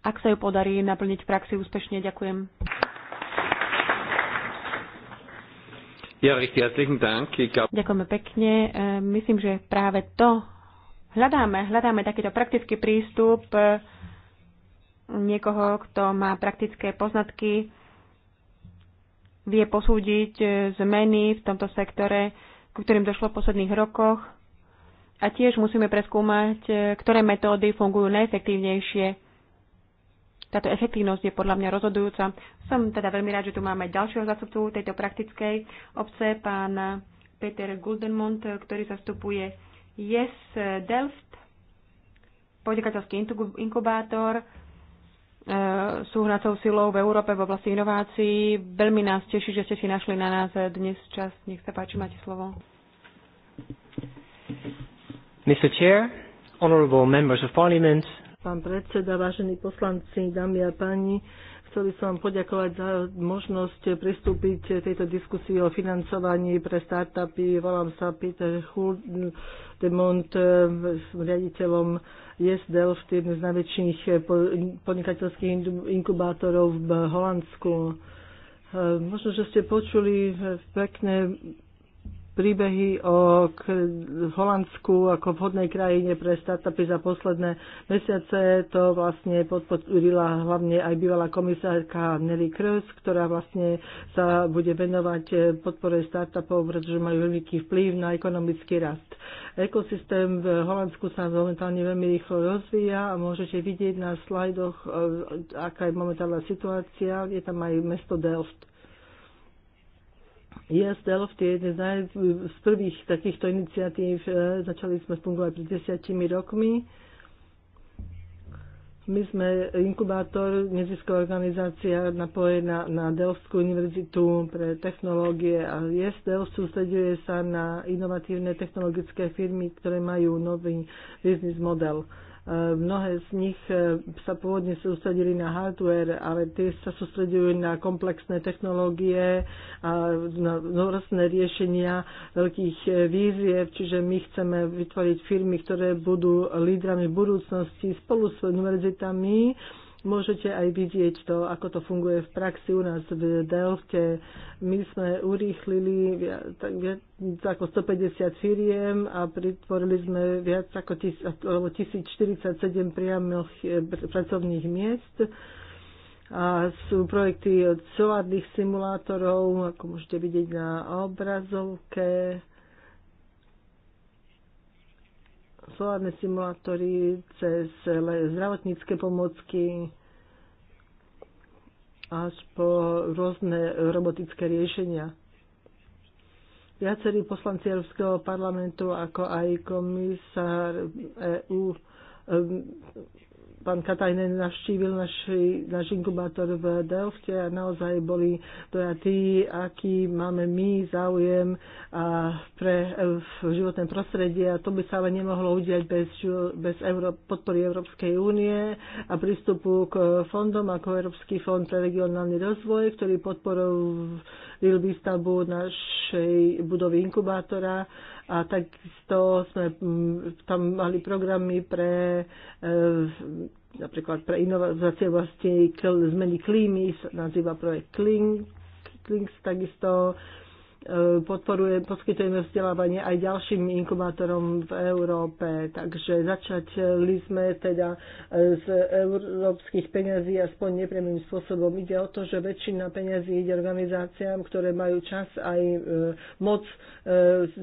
[SPEAKER 2] ak sa ju podarí naplniť v praxi úspešne. Ďakujem.
[SPEAKER 4] Ja, herzlichen Dank.
[SPEAKER 2] Ďakujeme pekne. E, myslím, že práve to hľadáme. Hľadáme takýto praktický prístup e, niekoho, kto má praktické poznatky, vie posúdiť e, zmeny v tomto sektore, ku ktorým došlo v posledných rokoch. A tiež musíme preskúmať, ktoré metódy fungujú najefektívnejšie táto efektívnosť je podľa mňa rozhodujúca. Som teda veľmi rád, že tu máme ďalšieho zastupcu tejto praktickej obce, pán Peter Guldenmont, ktorý zastupuje Yes Delft, podnikateľský inkubátor, e, súhnacou silou v Európe v oblasti inovácií. Veľmi nás teší, že ste si našli na nás dnes čas. Nech sa páči, máte slovo.
[SPEAKER 4] Mr. Chair, honorable members of parliament,
[SPEAKER 3] pán predseda, vážení poslanci, dámy a páni. Chcel by som vám poďakovať za možnosť pristúpiť tejto diskusii o financovaní pre startupy. Volám sa Peter Hudemont, riaditeľom Yes Delft, jedným z najväčších podnikateľských inkubátorov v Holandsku. Možno, že ste počuli pekné príbehy o Holandsku ako vhodnej krajine pre startupy za posledné mesiace. To vlastne podporila hlavne aj bývalá komisárka Nelly Kroes, ktorá vlastne sa bude venovať eh, podpore startupov, pretože majú veľký vplyv na ekonomický rast. Ekosystém v Holandsku sa momentálne veľmi rýchlo rozvíja a môžete vidieť na slajdoch, eh, aká je momentálna situácia. Je tam aj mesto Delft e-stealth je jeden z prvých takýchto iniciatív. E, začali sme fungovať pred desiatimi rokmi. My sme inkubátor, nezisková organizácia napojená na Delftskú univerzitu pre technológie a yes, Delft sústreduje sa na inovatívne technologické firmy, ktoré majú nový biznis model. E, mnohé z nich e, sa pôvodne sústredili na hardware, ale tie sa sústredujú na komplexné technológie a na rôzne riešenia veľkých e, víziev, čiže my chceme vytvoriť firmy, ktoré budú lídrami budúcnosti spolu s univerzitami, Môžete aj vidieť to, ako to funguje v praxi u nás v Delfte. My sme urýchlili viac, tak viac ako 150 firiem a pritvorili sme viac ako 1047 priamých eh, pracovných miest. A sú projekty od solárnych simulátorov, ako môžete vidieť na obrazovke solárne simulátory, cez zdravotnícke pomocky až po rôzne robotické riešenia. Viacerí poslanci Európskeho parlamentu, ako aj komisár EU, pán Katajnen navštívil naš naš inkubátor v Delfte a naozaj boli dojatí, aký máme my záujem a pre v životné prostredie a to by sa ale nemohlo udiať bez, bez Euró- podpory Európskej únie a prístupu k fondom ako Európsky fond pre regionálny rozvoj, ktorý podporov výstavbu našej budovy inkubátora a takisto sme mm, tam mali programy pre e, napríklad pre inovácie vlastne zmeny klímy, nazýva projekt Kling, Klings takisto E, podporuje, poskytujeme vzdelávanie aj ďalším inkubátorom v Európe. Takže začali sme teda e, z európskych peňazí aspoň nepriamým spôsobom. Ide o to, že väčšina peňazí ide organizáciám, ktoré majú čas aj e, moc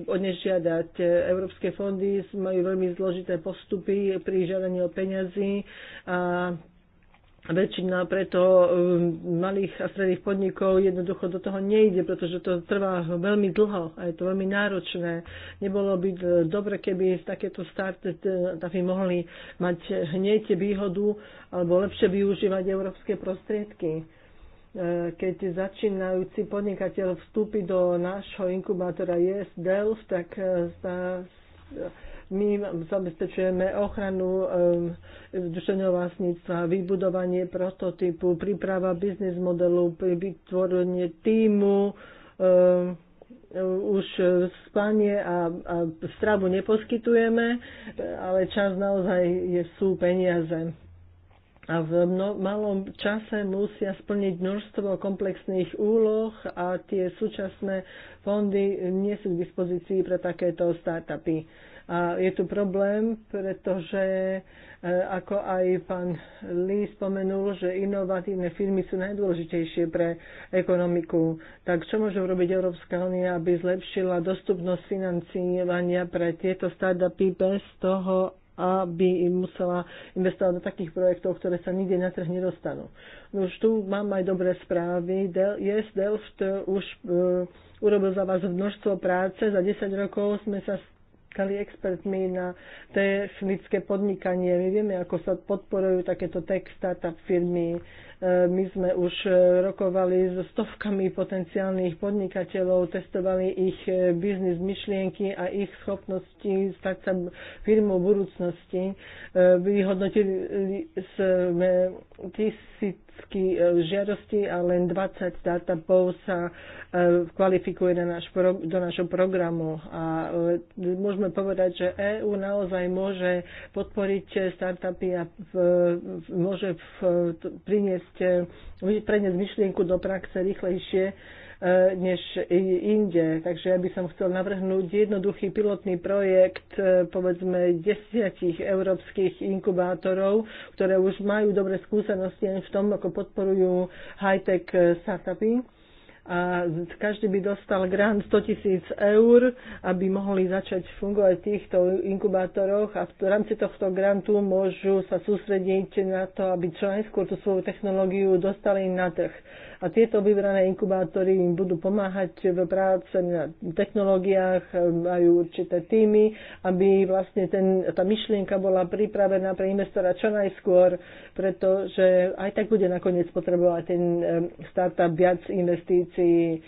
[SPEAKER 3] odnežiadať. Európske fondy majú veľmi zložité postupy pri žiadaní o peňazí a väčšina preto um, malých a stredných podnikov jednoducho do toho nejde, pretože to trvá veľmi dlho a je to veľmi náročné. Nebolo by eh, dobre, keby takéto starty eh, by mohli mať hneď výhodu alebo lepšie využívať európske prostriedky. Eh, keď začínajúci podnikateľ vstúpi do nášho inkubátora ESDELF, tak sa my zabezpečujeme ochranu um, duševného vlastníctva, vybudovanie prototypu, príprava biznis modelu, vytvorenie týmu, um, už spanie a, a stravu neposkytujeme, ale čas naozaj je, sú peniaze a v malom čase musia splniť množstvo komplexných úloh a tie súčasné fondy nie sú k dispozícii pre takéto startupy. A je tu problém, pretože e, ako aj pán Lee spomenul, že inovatívne firmy sú najdôležitejšie pre ekonomiku. Tak čo môže urobiť Európska únia, aby zlepšila dostupnosť financovania pre tieto startupy bez toho, aby im musela investovať do takých projektov, ktoré sa nikde na trh nedostanú. No už tu mám aj dobré správy. Del, yes, Delft už uh, urobil za vás množstvo práce. Za 10 rokov sme sa stali expertmi na technické podnikanie. My vieme, ako sa podporujú takéto tech startup firmy. E, my sme už e, rokovali so stovkami potenciálnych podnikateľov, testovali ich e, biznis myšlienky a ich schopnosti stať sa firmou budúcnosti. Vyhodnotili sme tisícky žiadosti a len 20 startupov sa kvalifikuje na náš, do našho programu. A môžeme povedať, že EÚ naozaj môže podporiť startupy a môže priniesť preniesť, preniesť myšlienku do praxe rýchlejšie e, než inde. Takže ja by som chcel navrhnúť jednoduchý pilotný projekt, e, povedzme, desiatich európskych inkubátorov, ktoré už majú dobre skúsenosti v tom, ako podporujú high-tech e, startupy a každý by dostal grant 100 tisíc eur, aby mohli začať fungovať v týchto inkubátoroch a v rámci tohto grantu môžu sa sústrediť na to, aby čo najskôr tú svoju technológiu dostali na trh. A tieto vybrané inkubátory im budú pomáhať v práce na technológiách, majú určité týmy, aby vlastne ten, tá myšlienka bola pripravená pre investora čo najskôr, pretože aj tak bude nakoniec potrebovať ten eh, startup viac investícií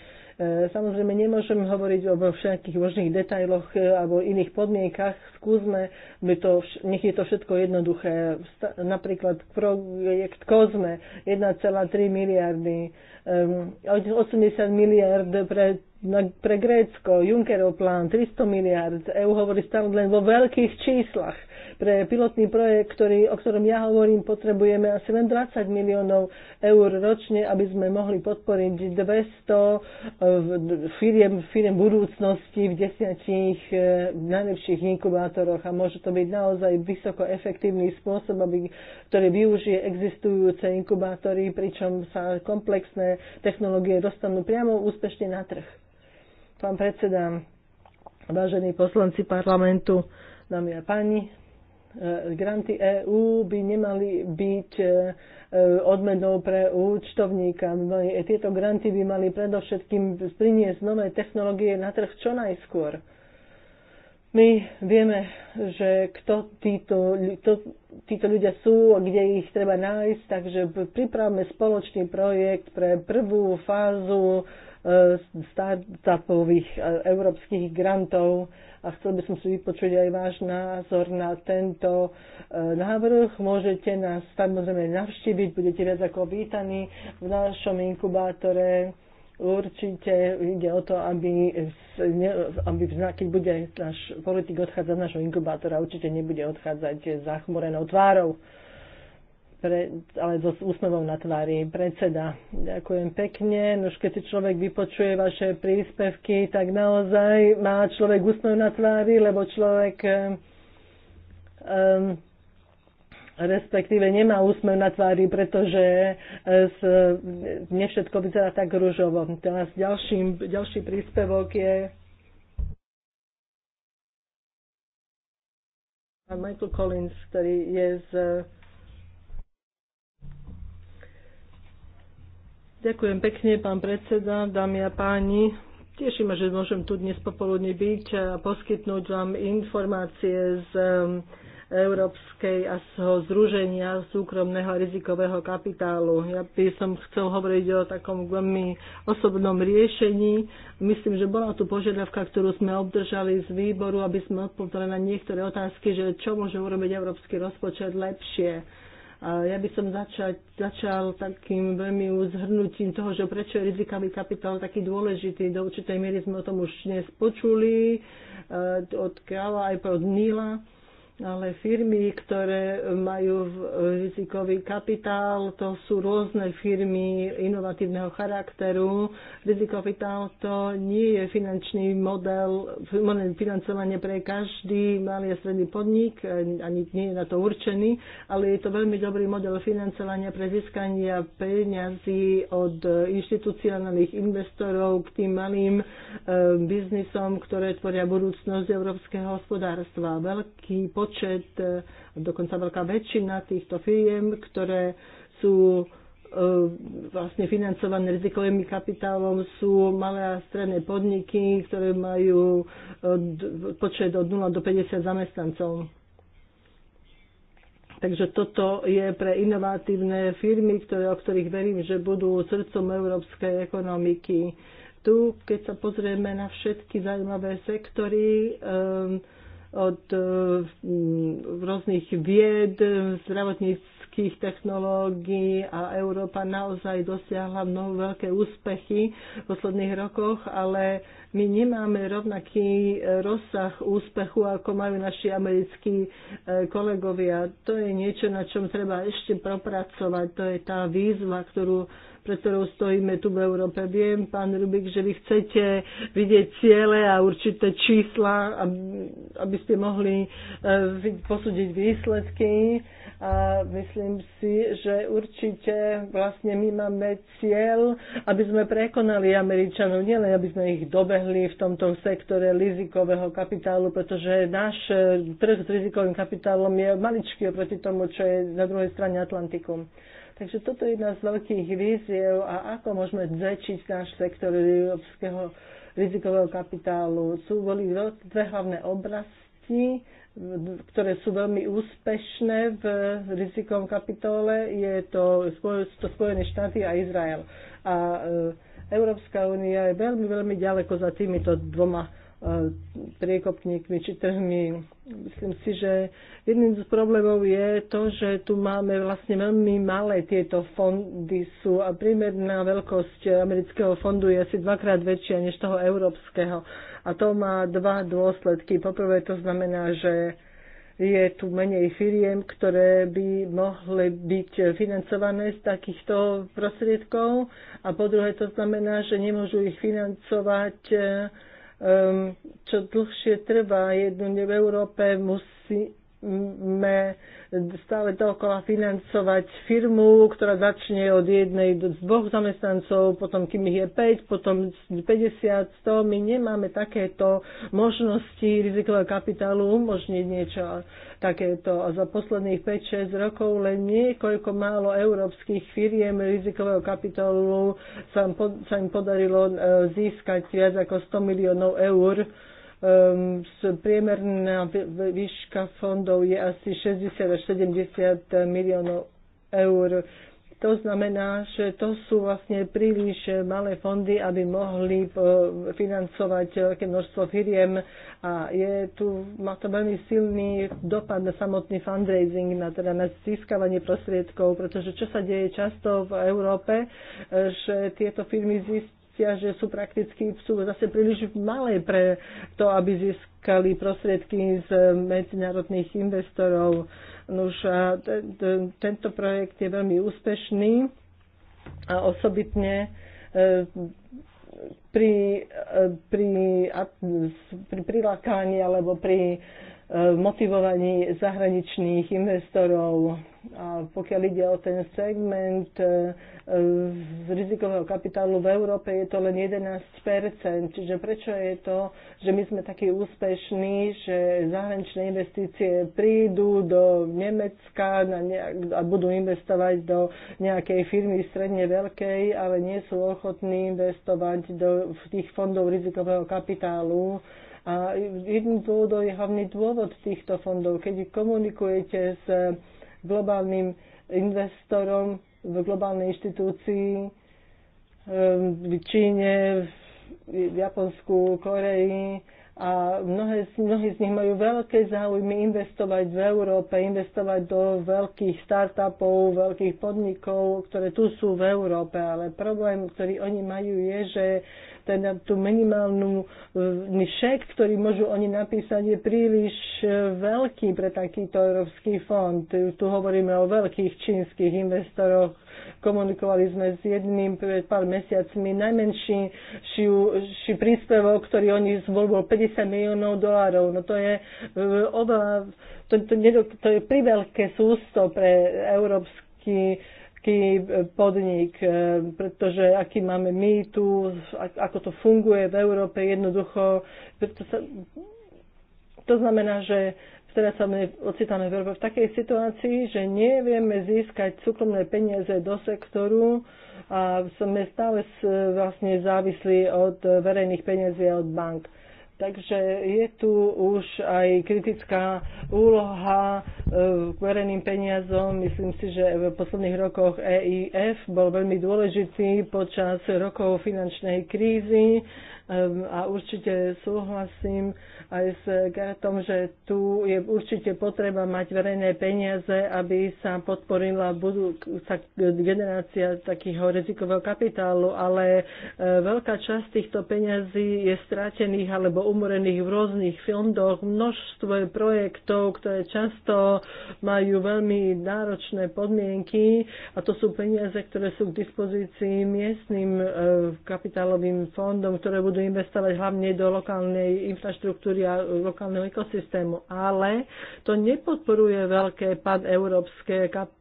[SPEAKER 3] E, samozrejme, nemôžem hovoriť o všetkých možných detailoch e, alebo iných podmienkach. Skúsme, by to, nech je to všetko jednoduché. Napríklad projekt COSME 1,3 miliardy, 80 e, miliard pre pre Grécko, Junckerov plán 300 miliard, EU hovorí stále len vo veľkých číslach. Pre pilotný projekt, ktorý, o ktorom ja hovorím, potrebujeme asi len 20 miliónov eur ročne, aby sme mohli podporiť 200 eh, firiem, firiem budúcnosti v desiatich eh, najlepších inkubátoroch a môže to byť naozaj vysoko efektívny spôsob, aby, ktorý využije existujúce inkubátory, pričom sa komplexné technológie dostanú priamo úspešne na trh. Pán predseda, vážení poslanci parlamentu, dámy a páni, E, granty EÚ by nemali byť e, e, odmenou pre účtovníka. Tieto granty by mali predovšetkým priniesť nové technológie na trh čo najskôr. My vieme, že kto títo, to, títo ľudia sú a kde ich treba nájsť, takže pripravme spoločný projekt pre prvú fázu startupových e, európskych grantov a chcel by som si vypočuť aj váš názor na tento e, návrh. Môžete nás samozrejme navštíviť, budete viac ako vítaní v našom inkubátore. Určite ide o to, aby, aby keď bude náš politik odchádzať z našho inkubátora, určite nebude odchádzať zachmorenou tvárou pre, ale so úsmevom na tvári. Predseda, ďakujem pekne. Nož keď si človek vypočuje vaše príspevky, tak naozaj má človek úsmev na tvári, lebo človek um, respektíve nemá úsmev na tvári, pretože e, s, ne všetko vyzerá tak rúžovo. Teraz ďalší, ďalší príspevok je Michael Collins, ktorý je z Ďakujem pekne, pán predseda, dámy a páni. Teším že môžem tu dnes popoludne byť a poskytnúť vám informácie z um, Európskej a Združenia súkromného a rizikového kapitálu. Ja by som chcel hovoriť o takom veľmi osobnom riešení. Myslím, že bola tu požiadavka, ktorú sme obdržali z výboru, aby sme odpovedali na niektoré otázky, že čo môže urobiť európsky rozpočet lepšie ja by som začal, začal takým veľmi zhrnutím toho, že prečo je rizikový kapitál taký dôležitý. Do určitej miery sme o tom už dnes počuli e, od Krála aj od Nila ale firmy, ktoré majú rizikový kapitál, to sú rôzne firmy inovatívneho charakteru. Rizikopitál to nie je finančný model, financovanie pre každý malý a stredný podnik, ani nie je na to určený, ale je to veľmi dobrý model financovania pre získania peňazí od inštitucionálnych investorov k tým malým eh, biznisom, ktoré tvoria budúcnosť európskeho hospodárstva. Veľký počet, e, dokonca veľká väčšina týchto firiem, ktoré sú e, vlastne financované rizikovým kapitálom sú malé a stredné podniky, ktoré majú e, počet od 0 do 50 zamestnancov. Takže toto je pre inovatívne firmy, ktoré, o ktorých verím, že budú srdcom európskej ekonomiky. Tu, keď sa pozrieme na všetky zaujímavé sektory, um, od e, rôznych vied, zdravotníckých technológií a Európa naozaj dosiahla mnoho veľké úspechy v posledných rokoch, ale my nemáme rovnaký rozsah úspechu, ako majú naši americkí e, kolegovia. To je niečo, na čom treba ešte propracovať. To je tá výzva, ktorú pre ktorou stojíme tu v Európe. Viem, pán Rubik, že vy chcete vidieť ciele a určité čísla, aby ste mohli e, posúdiť výsledky. A myslím si, že určite vlastne my máme cieľ, aby sme prekonali Američanov, nielen aby sme ich dobehli v tomto sektore rizikového kapitálu, pretože náš e, trh s rizikovým kapitálom je maličký oproti tomu, čo je na druhej strane Atlantiku. Takže toto je jedna z veľkých víziev a ako môžeme zväčšiť náš sektor európskeho rizikového kapitálu. Sú boli dve hlavné oblasti, ktoré sú veľmi úspešné v rizikovom kapitole. Je to, sú to Spojené štáty a Izrael. A e, Európska únia je veľmi, veľmi ďaleko za týmito dvoma priekopníkmi či trhmi. Myslím si, že jedným z problémov je to, že tu máme vlastne veľmi malé tieto fondy sú a priemerná veľkosť amerického fondu je asi dvakrát väčšia než toho európskeho. A to má dva dôsledky. Poprvé to znamená, že je tu menej firiem, ktoré by mohli byť financované z takýchto prostriedkov a po druhé to znamená, že nemôžu ich financovať eh, Ehm, čo dlhšie trvá. Jednu v Európe musí stále dokola financovať firmu, ktorá začne od jednej do dvoch zamestnancov, potom kým ich je 5, potom 50, 100. My nemáme takéto možnosti rizikového kapitálu umožniť niečo takéto. A za posledných 5-6 rokov len niekoľko málo európskych firiem rizikového kapitálu sa, im podarilo e, získať viac ako 100 miliónov eur um, priemerná výška fondov je asi 60 až 70 miliónov eur. To znamená, že to sú vlastne príliš malé fondy, aby mohli eh, financovať veľké množstvo firiem a je tu, má to veľmi silný dopad na samotný fundraising, na, teda na získavanie prostriedkov, pretože čo sa deje často v Európe, eh, že tieto firmy získajú zistia, že sú prakticky sú zase príliš malé pre to, aby získali prostriedky z medzinárodných investorov. Nož a ten, ten, tento projekt je veľmi úspešný a osobitne e, pri, e, pri, a, pri prilákaní alebo pri motivovaní zahraničných investorov. A pokiaľ ide o ten segment z e, rizikového kapitálu v Európe, je to len 11 Čiže prečo je to, že my sme takí úspešní, že zahraničné investície prídu do Nemecka na nejak, a budú investovať do nejakej firmy stredne veľkej, ale nie sú ochotní investovať do tých fondov rizikového kapitálu a jedný dôvodom je hlavný dôvod týchto fondov. Keď komunikujete s globálnym investorom v globálnej inštitúcii ehm, v Číne, v Japonsku, Koreji a mnohé, mnohí z nich majú veľké záujmy investovať v Európe, investovať do veľkých startupov, veľkých podnikov, ktoré tu sú v Európe, ale problém, ktorý oni majú je, že teda tú minimálnu e, šek, ktorý môžu oni napísať, je príliš e, veľký pre takýto Európsky fond. Tu hovoríme o veľkých čínskych investoroch. Komunikovali sme s jedným pred pár mesiacmi najmenší ši, ši príspevok, ktorý oni zvolil, bol 50 miliónov dolárov. No to je e, oveľa, to, to, to, to je priveľké sústo pre európsky európsky e, podnik, e, pretože aký máme my tu, ako to funguje v Európe jednoducho. Preto sa, to znamená, že teraz sa my ocitáme v Európe v takej situácii, že nevieme získať súkromné peniaze do sektoru a sme stále e, vlastne závislí od verejných peniazí a od bank. Takže je tu už aj kritická úloha e, k vereným peniazom. Myslím si, že v posledných rokoch EIF bol veľmi dôležitý počas rokov finančnej krízy a určite súhlasím aj s Gertom, že tu je určite potreba mať verejné peniaze, aby sa podporila budúca generácia takého rizikového kapitálu, ale e, veľká časť týchto peniazí je stratených alebo umorených v rôznych fondoch, množstvo projektov, ktoré často majú veľmi náročné podmienky a to sú peniaze, ktoré sú k dispozícii miestnym e, kapitálovým fondom, ktoré budú budú investovať hlavne do lokálnej infraštruktúry a lokálneho ekosystému. Ale to nepodporuje veľké paneurópske kap-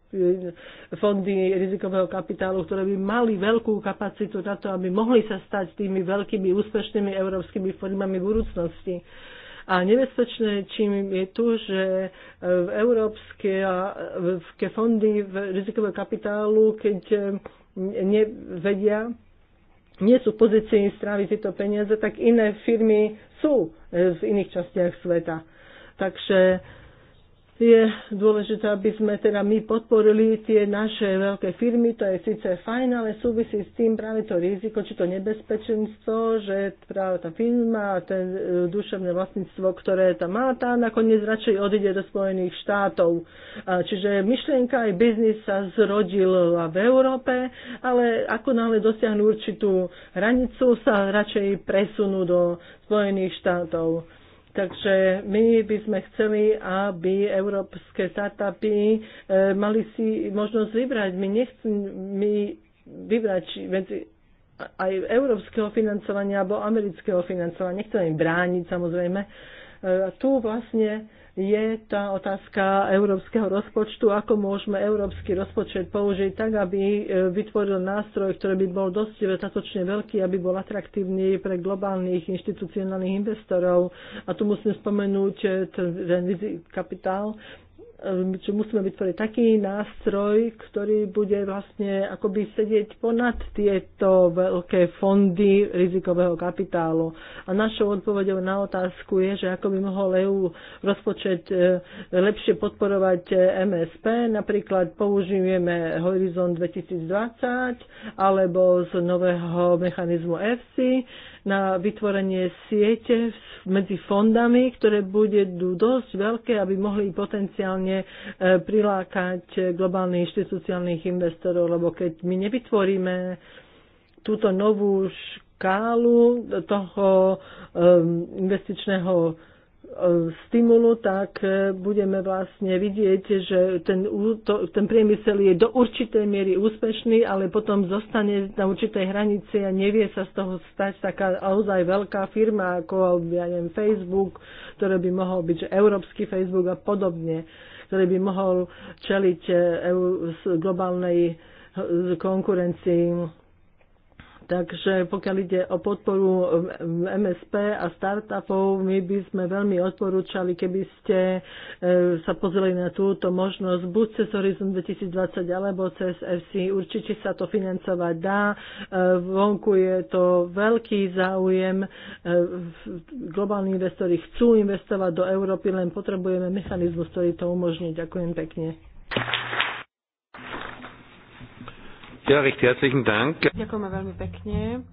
[SPEAKER 3] fondy rizikového kapitálu, ktoré by mali veľkú kapacitu na to, aby mohli sa stať tými veľkými úspešnými európskymi formami budúcnosti. A nebezpečné čím je tu, že v európske fondy v rizikového kapitálu, keď eh, nevedia nie sú v pozícii stráviť tieto peniaze, tak iné firmy sú e, v iných častiach sveta. Takže je dôležité, aby sme teda my podporili tie naše veľké firmy, to je síce fajn, ale súvisí s tým práve to riziko, či to nebezpečenstvo, že práve tá firma, ten e, duševné vlastníctvo, ktoré tam má, tá nakoniec radšej odíde do Spojených štátov. Čiže myšlienka aj biznis sa zrodil v Európe, ale ako náhle dosiahnu určitú hranicu, sa radšej presunú do Spojených štátov. Takže my by sme chceli, aby európske startupy e, mali si možnosť vybrať. My nechceme vybrať medzi aj európskeho financovania alebo amerického financovania. nechceme im brániť samozrejme. E, a tu vlastne je tá otázka európskeho rozpočtu, ako môžeme európsky rozpočet použiť tak, aby e, vytvoril nástroj, ktorý by bol dosť dostatočne veľký, aby bol atraktívny pre globálnych inštitucionálnych investorov. A tu musím spomenúť e, ten kapitál, Ehm, že musíme vytvoriť taký nástroj, ktorý bude vlastne akoby sedieť ponad tieto veľké fondy rizikového kapitálu. A našou odpovedou na otázku je, že ako by mohol EU rozpočet e, lepšie podporovať e, MSP. Napríklad použijeme Horizon 2020 alebo z nového mechanizmu EFSI na vytvorenie siete medzi fondami, ktoré budú dosť veľké, aby mohli potenciálne e, prilákať globálnych inštitúciálnych investorov, lebo keď my nevytvoríme túto novú škálu toho e, investičného stimulu, tak e, budeme vlastne vidieť, že ten, to, ten priemysel je do určitej miery úspešný, ale potom zostane na určitej hranici a nevie sa z toho stať taká naozaj veľká firma ako ja neviem, Facebook, ktoré by mohol byť že európsky Facebook a podobne, ktorý by mohol čeliť e, globálnej e, konkurencii Takže pokiaľ ide o podporu MSP a startupov, my by sme veľmi odporúčali, keby ste e, sa pozreli na túto možnosť buď cez Horizon 2020 alebo cez FC. Určite sa to financovať dá. E, vonku je to veľký záujem. E, globálni investori chcú investovať do Európy, len potrebujeme mechanizmus, ktorý to umožní. Ďakujem pekne.
[SPEAKER 4] Ja, recht herzlichen Dank.
[SPEAKER 2] Ďakujeme veľmi pekne.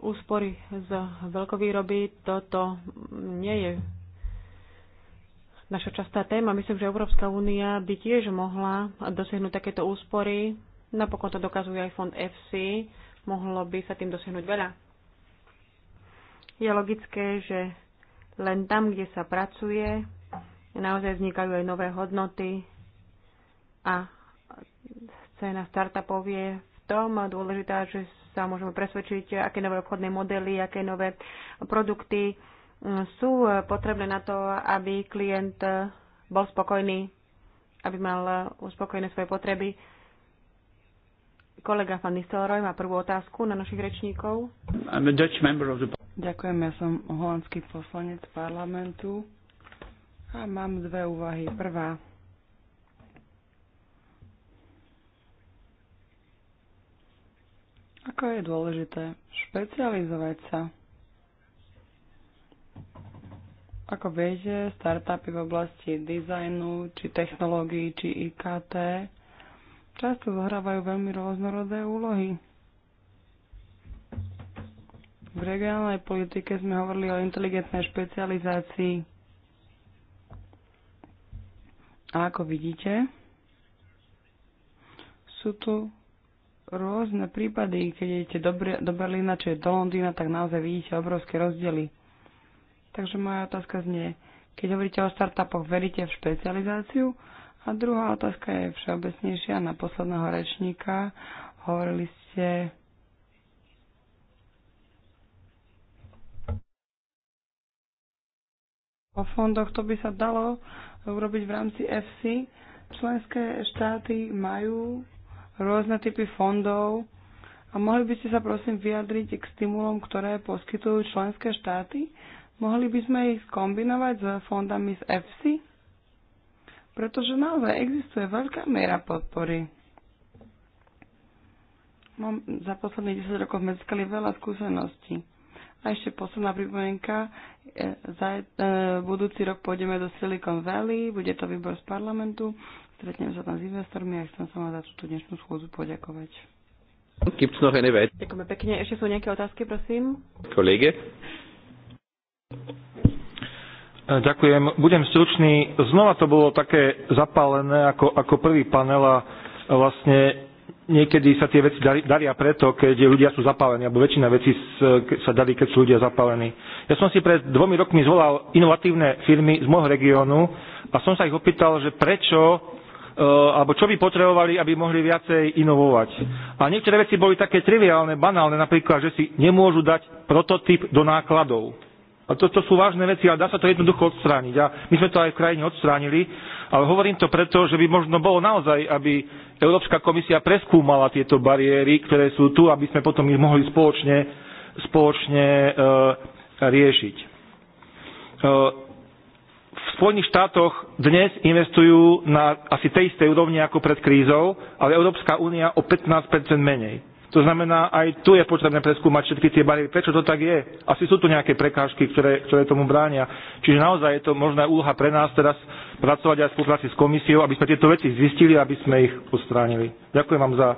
[SPEAKER 2] Úspory z veľkovýroby, toto nie je naša častá téma. Myslím, že Európska únia by tiež mohla dosiahnuť takéto úspory. Napokon to dokazuje aj fond FC. Mohlo by sa tým dosiahnuť veľa. Je logické, že len tam, kde sa pracuje, naozaj vznikajú aj nové hodnoty a Scéna startupov je v tom dôležitá, že sa môžeme presvedčiť, aké nové obchodné modely, aké nové produkty mm, sú potrebné na to, aby klient bol spokojný, aby mal uspokojené svoje potreby. Kolega Van Nistelrooy má prvú otázku na našich rečníkov.
[SPEAKER 4] The...
[SPEAKER 1] Ďakujem, ja som holandský poslanec parlamentu a mám dve úvahy. Prvá, Ako je dôležité špecializovať sa. Ako viete, startupy v oblasti dizajnu, či technológií, či IKT často zohrávajú veľmi rôznorodé úlohy. V regionálnej politike sme hovorili o inteligentnej špecializácii. A ako vidíte, sú tu rôzne prípady, keď idete do, Br- do Berlína, či do Londýna, tak naozaj vidíte obrovské rozdiely. Takže moja otázka znie, keď hovoríte o startupoch, veríte v špecializáciu? A druhá otázka je všeobecnejšia na posledného rečníka. Hovorili ste o fondoch, to by sa dalo urobiť v rámci FC. Členské štáty majú rôzne typy fondov. A mohli by ste sa prosím vyjadriť k stimulom, ktoré poskytujú členské štáty? Mohli by sme ich skombinovať s fondami z EFSI? Pretože naozaj existuje veľká miera podpory. Mám za posledných 10 rokov sme získali veľa skúseností. A ešte posledná pripomienka. E, za, e, budúci rok pôjdeme do Silicon Valley, bude to výbor z parlamentu Stretnem sa tam s investormi a chcem sa vám za túto dnešnú schôdzu poďakovať.
[SPEAKER 4] Ďakujeme
[SPEAKER 1] pekne. Ešte sú nejaké otázky, prosím?
[SPEAKER 4] Kolege? E,
[SPEAKER 5] ďakujem. Budem stručný. Znova to bolo také zapálené ako, ako prvý panel a vlastne niekedy sa tie veci daria preto, keď ľudia sú zapálení, alebo väčšina vecí sa darí, keď sú ľudia zapálení. Ja som si pred dvomi rokmi zvolal inovatívne firmy z môjho regiónu a som sa ich opýtal, že prečo Eh, alebo čo by potrebovali, aby mohli viacej inovovať. A niektoré veci boli také triviálne, banálne, napríklad, že si nemôžu dať prototyp do nákladov. A to, to sú vážne veci, ale dá sa to jednoducho odstrániť. A my sme to aj v krajine odstránili, ale hovorím to preto, že by možno bolo naozaj, aby Európska komisia preskúmala tieto bariéry, ktoré sú tu, aby sme potom ich mohli spoločne, spoločne e, riešiť. E, Spojených štátoch dnes investujú na asi tej istej úrovni ako pred krízou, ale Európska únia o 15 menej. To znamená, aj tu je potrebné preskúmať všetky tie bariéry. Prečo to tak je? Asi sú tu nejaké prekážky, ktoré, ktoré tomu bránia. Čiže naozaj je to možná úloha pre nás teraz pracovať aj v spolupráci s komisiou, aby sme tieto veci zistili, aby sme ich odstránili. Ďakujem vám za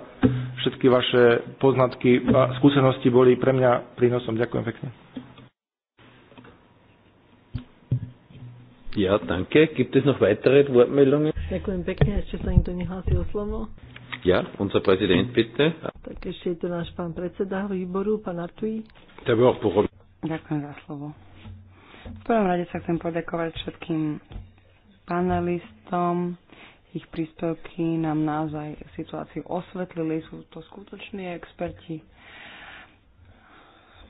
[SPEAKER 5] všetky vaše poznatky a skúsenosti boli pre mňa prínosom. Ďakujem pekne. Ja, danke. Gibt
[SPEAKER 4] es noch weitere Wortmeldungen?
[SPEAKER 3] Ďakujem pekne. Ešte
[SPEAKER 4] Ja, unser Präsident, bitte.
[SPEAKER 3] Danke, ešte je náš pán predseda výboru, pán Artui.
[SPEAKER 4] Ďakujem
[SPEAKER 1] za slovo. V prvom rade sa chcem podakovať všetkým panelistom. Ich príspevky nám naozaj situáciu osvetlili. Sú to skutoční experti.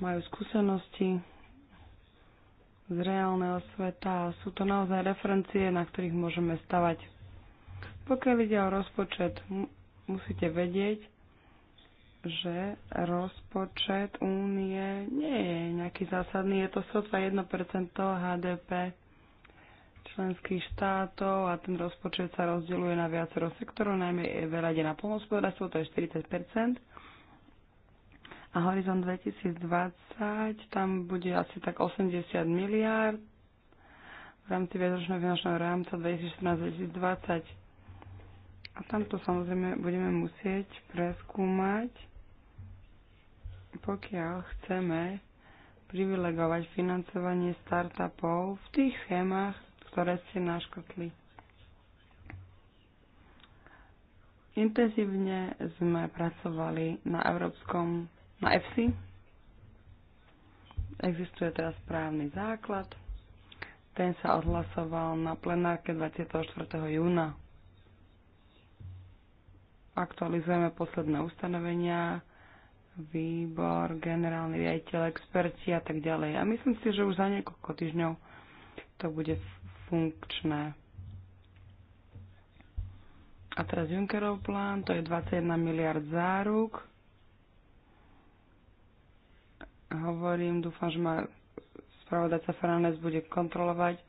[SPEAKER 1] Majú skúsenosti z reálneho sveta a sú to naozaj referencie, na ktorých môžeme stavať. Pokiaľ ide o rozpočet, musíte vedieť, že rozpočet únie nie je nejaký zásadný, je to sotva 1% HDP členských štátov a ten rozpočet sa rozdeľuje na viacero sektorov, najmä je veľa na pomospodárstvo, to je 40 a Horizon 2020, tam bude asi tak 80 miliárd v rámci viacročného vynočného rámca 2014-2020. A tamto samozrejme budeme musieť preskúmať, pokiaľ chceme privilegovať financovanie startupov v tých schémach, ktoré ste naškotli. Intenzívne sme pracovali na európskom na EFSI. Existuje teraz právny základ. Ten sa odhlasoval na plenárke 24. júna. Aktualizujeme posledné ustanovenia, výbor, generálny riaditeľ, experti a tak ďalej. A myslím si, že už za niekoľko týždňov to bude funkčné. A teraz Junckerov plán, to je 21 miliard záruk hovorím, dúfam, že ma spravodajca Fernández bude kontrolovať.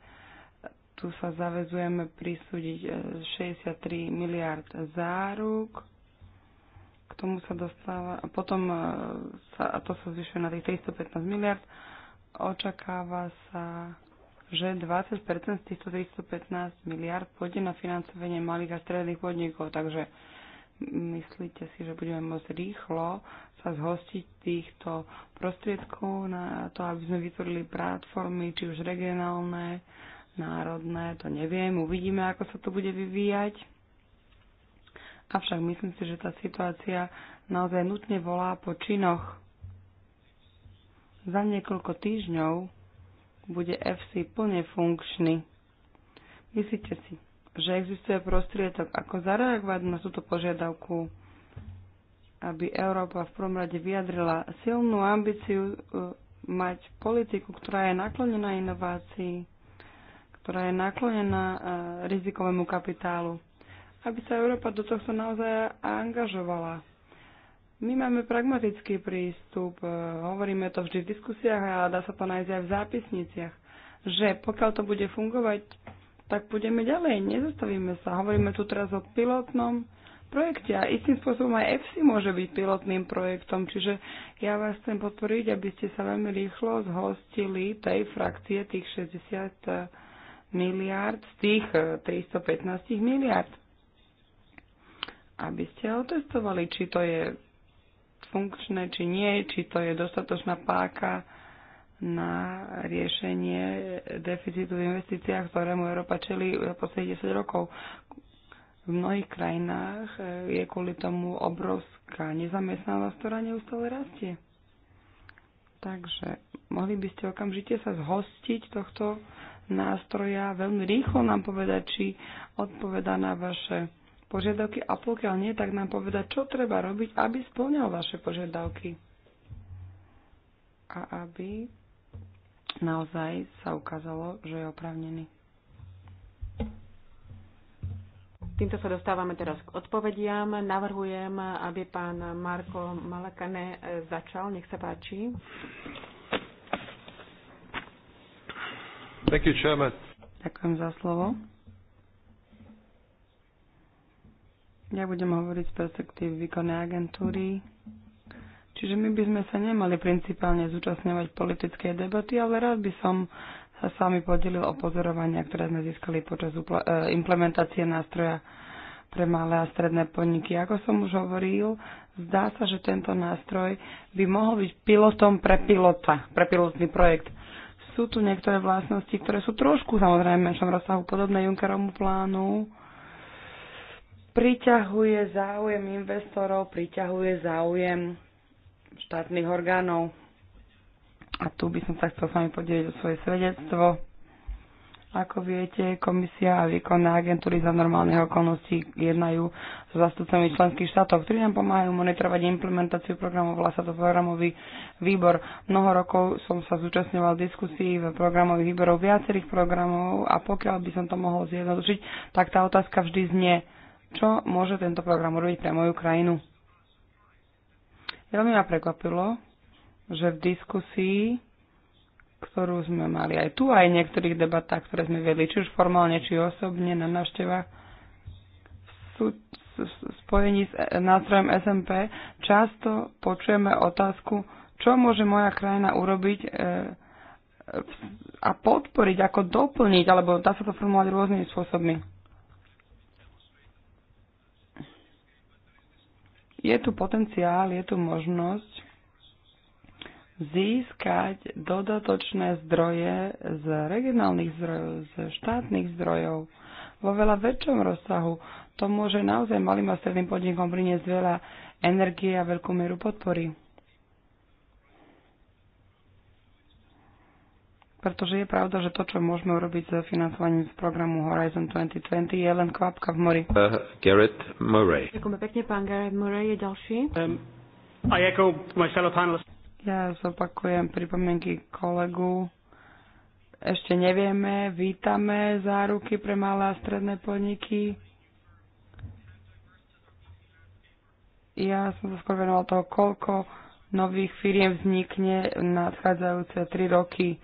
[SPEAKER 1] Tu sa zavezujeme prisúdiť 63 e, miliard záruk. K tomu sa dostáva, a potom e, sa, a to sa zvyšuje na tých 315 miliard. Očakáva sa, že 20% z týchto 315 miliard pôjde na financovanie malých a stredných podnikov, takže Myslíte si, že budeme môcť rýchlo sa zhostiť týchto prostriedkov na to, aby sme vytvorili platformy, či už regionálne, národné, to neviem, uvidíme, ako sa to bude vyvíjať. Avšak myslím si, že tá situácia naozaj nutne volá po činoch. Za niekoľko týždňov bude FC plne funkčný. Myslíte si, že existuje prostriedok, ako zareagovať na túto požiadavku, aby Európa v prvom rade vyjadrila silnú ambíciu e, mať politiku, ktorá je naklonená inovácii, ktorá je naklonená e, rizikovému kapitálu, aby sa Európa do tohto naozaj angažovala. My máme pragmatický prístup, e, hovoríme to vždy v diskusiách a dá sa to nájsť aj v zápisniciach, že pokiaľ to bude fungovať, tak pôjdeme ďalej, nezastavíme sa. Hovoríme tu teraz o pilotnom projekte a istým spôsobom aj EFSI môže byť pilotným projektom, čiže ja vás chcem podporiť, aby ste sa veľmi rýchlo zhostili tej frakcie tých 60 eh, miliard z tých 315 eh, miliard. Aby ste otestovali, či to je funkčné, či nie, či to je dostatočná páka na riešenie deficitu v investíciách, ktorému Európa čeli posledných 10 rokov. V mnohých krajinách eh, je kvôli tomu obrovská nezamestnanosť, ktorá neustále rastie. Takže mohli by ste okamžite sa zhostiť tohto nástroja, veľmi rýchlo nám povedať, či odpoveda na vaše požiadavky a pokiaľ nie, tak nám povedať, čo treba robiť, aby splňal vaše požiadavky a aby naozaj sa ukázalo, že je opravnený.
[SPEAKER 2] Týmto sa dostávame teraz k odpovediam. Navrhujem, aby pán Marko Malakane eh, začal. Nech sa páči.
[SPEAKER 4] Thank you, chairman.
[SPEAKER 1] Ďakujem za slovo. Ja budem hovoriť z perspektívy výkonnej agentúry Čiže my by sme sa nemali principálne zúčastňovať politickej debaty, ale rád by som sa s vami podelil o pozorovania, ktoré sme získali počas e, implementácie nástroja pre malé a stredné podniky. Ako som už hovoril, zdá sa, že tento nástroj by mohol byť pilotom pre pilota, pre pilotný projekt. Sú tu niektoré vlastnosti, ktoré sú trošku samozrejme v menšom rozsahu podobné Junckerovmu plánu, priťahuje záujem investorov, priťahuje záujem štátnych orgánov. A tu by som sa chcel s vami podeliť o svoje svedectvo. Ako viete, komisia a výkonné agentúry za normálne okolnosti jednajú s zastupcami členských štátov, ktorí nám pomáhajú monitorovať implementáciu programov, volá sa to programový výbor. Mnoho rokov som sa zúčastňoval diskusí v programových výborov viacerých programov a pokiaľ by som to mohol zjednodušiť, tak tá otázka vždy znie, čo môže tento program urobiť pre moju krajinu. Veľmi ma prekvapilo, že v diskusii, ktorú sme mali aj tu, aj v niektorých debatách, ktoré sme vedli, či už formálne, či osobne na návštevách, v spojení s e, nástrojem SMP, často počujeme otázku, čo môže moja krajina urobiť e, e, a podporiť, ako doplniť, alebo dá sa to formulovať rôznymi spôsobmi je tu potenciál, je tu možnosť získať dodatočné zdroje z regionálnych zdrojov, z štátnych zdrojov vo veľa väčšom rozsahu. To môže naozaj malým a stredným podnikom priniesť veľa energie a veľkú mieru podpory. pretože je pravda, že to, čo môžeme urobiť s financovaním z programu Horizon 2020 je len kvapka v mori.
[SPEAKER 4] Uh, Garrett Murray.
[SPEAKER 1] Ďakujeme pekne, pán Garrett Murray je ďalší. Um, I echo my fellow panelists. Ja zopakujem pripomienky kolegu. Ešte nevieme, vítame záruky pre malé a stredné podniky. Ja som sa skôr venoval toho, koľko nových firiem vznikne nadchádzajúce 3 roky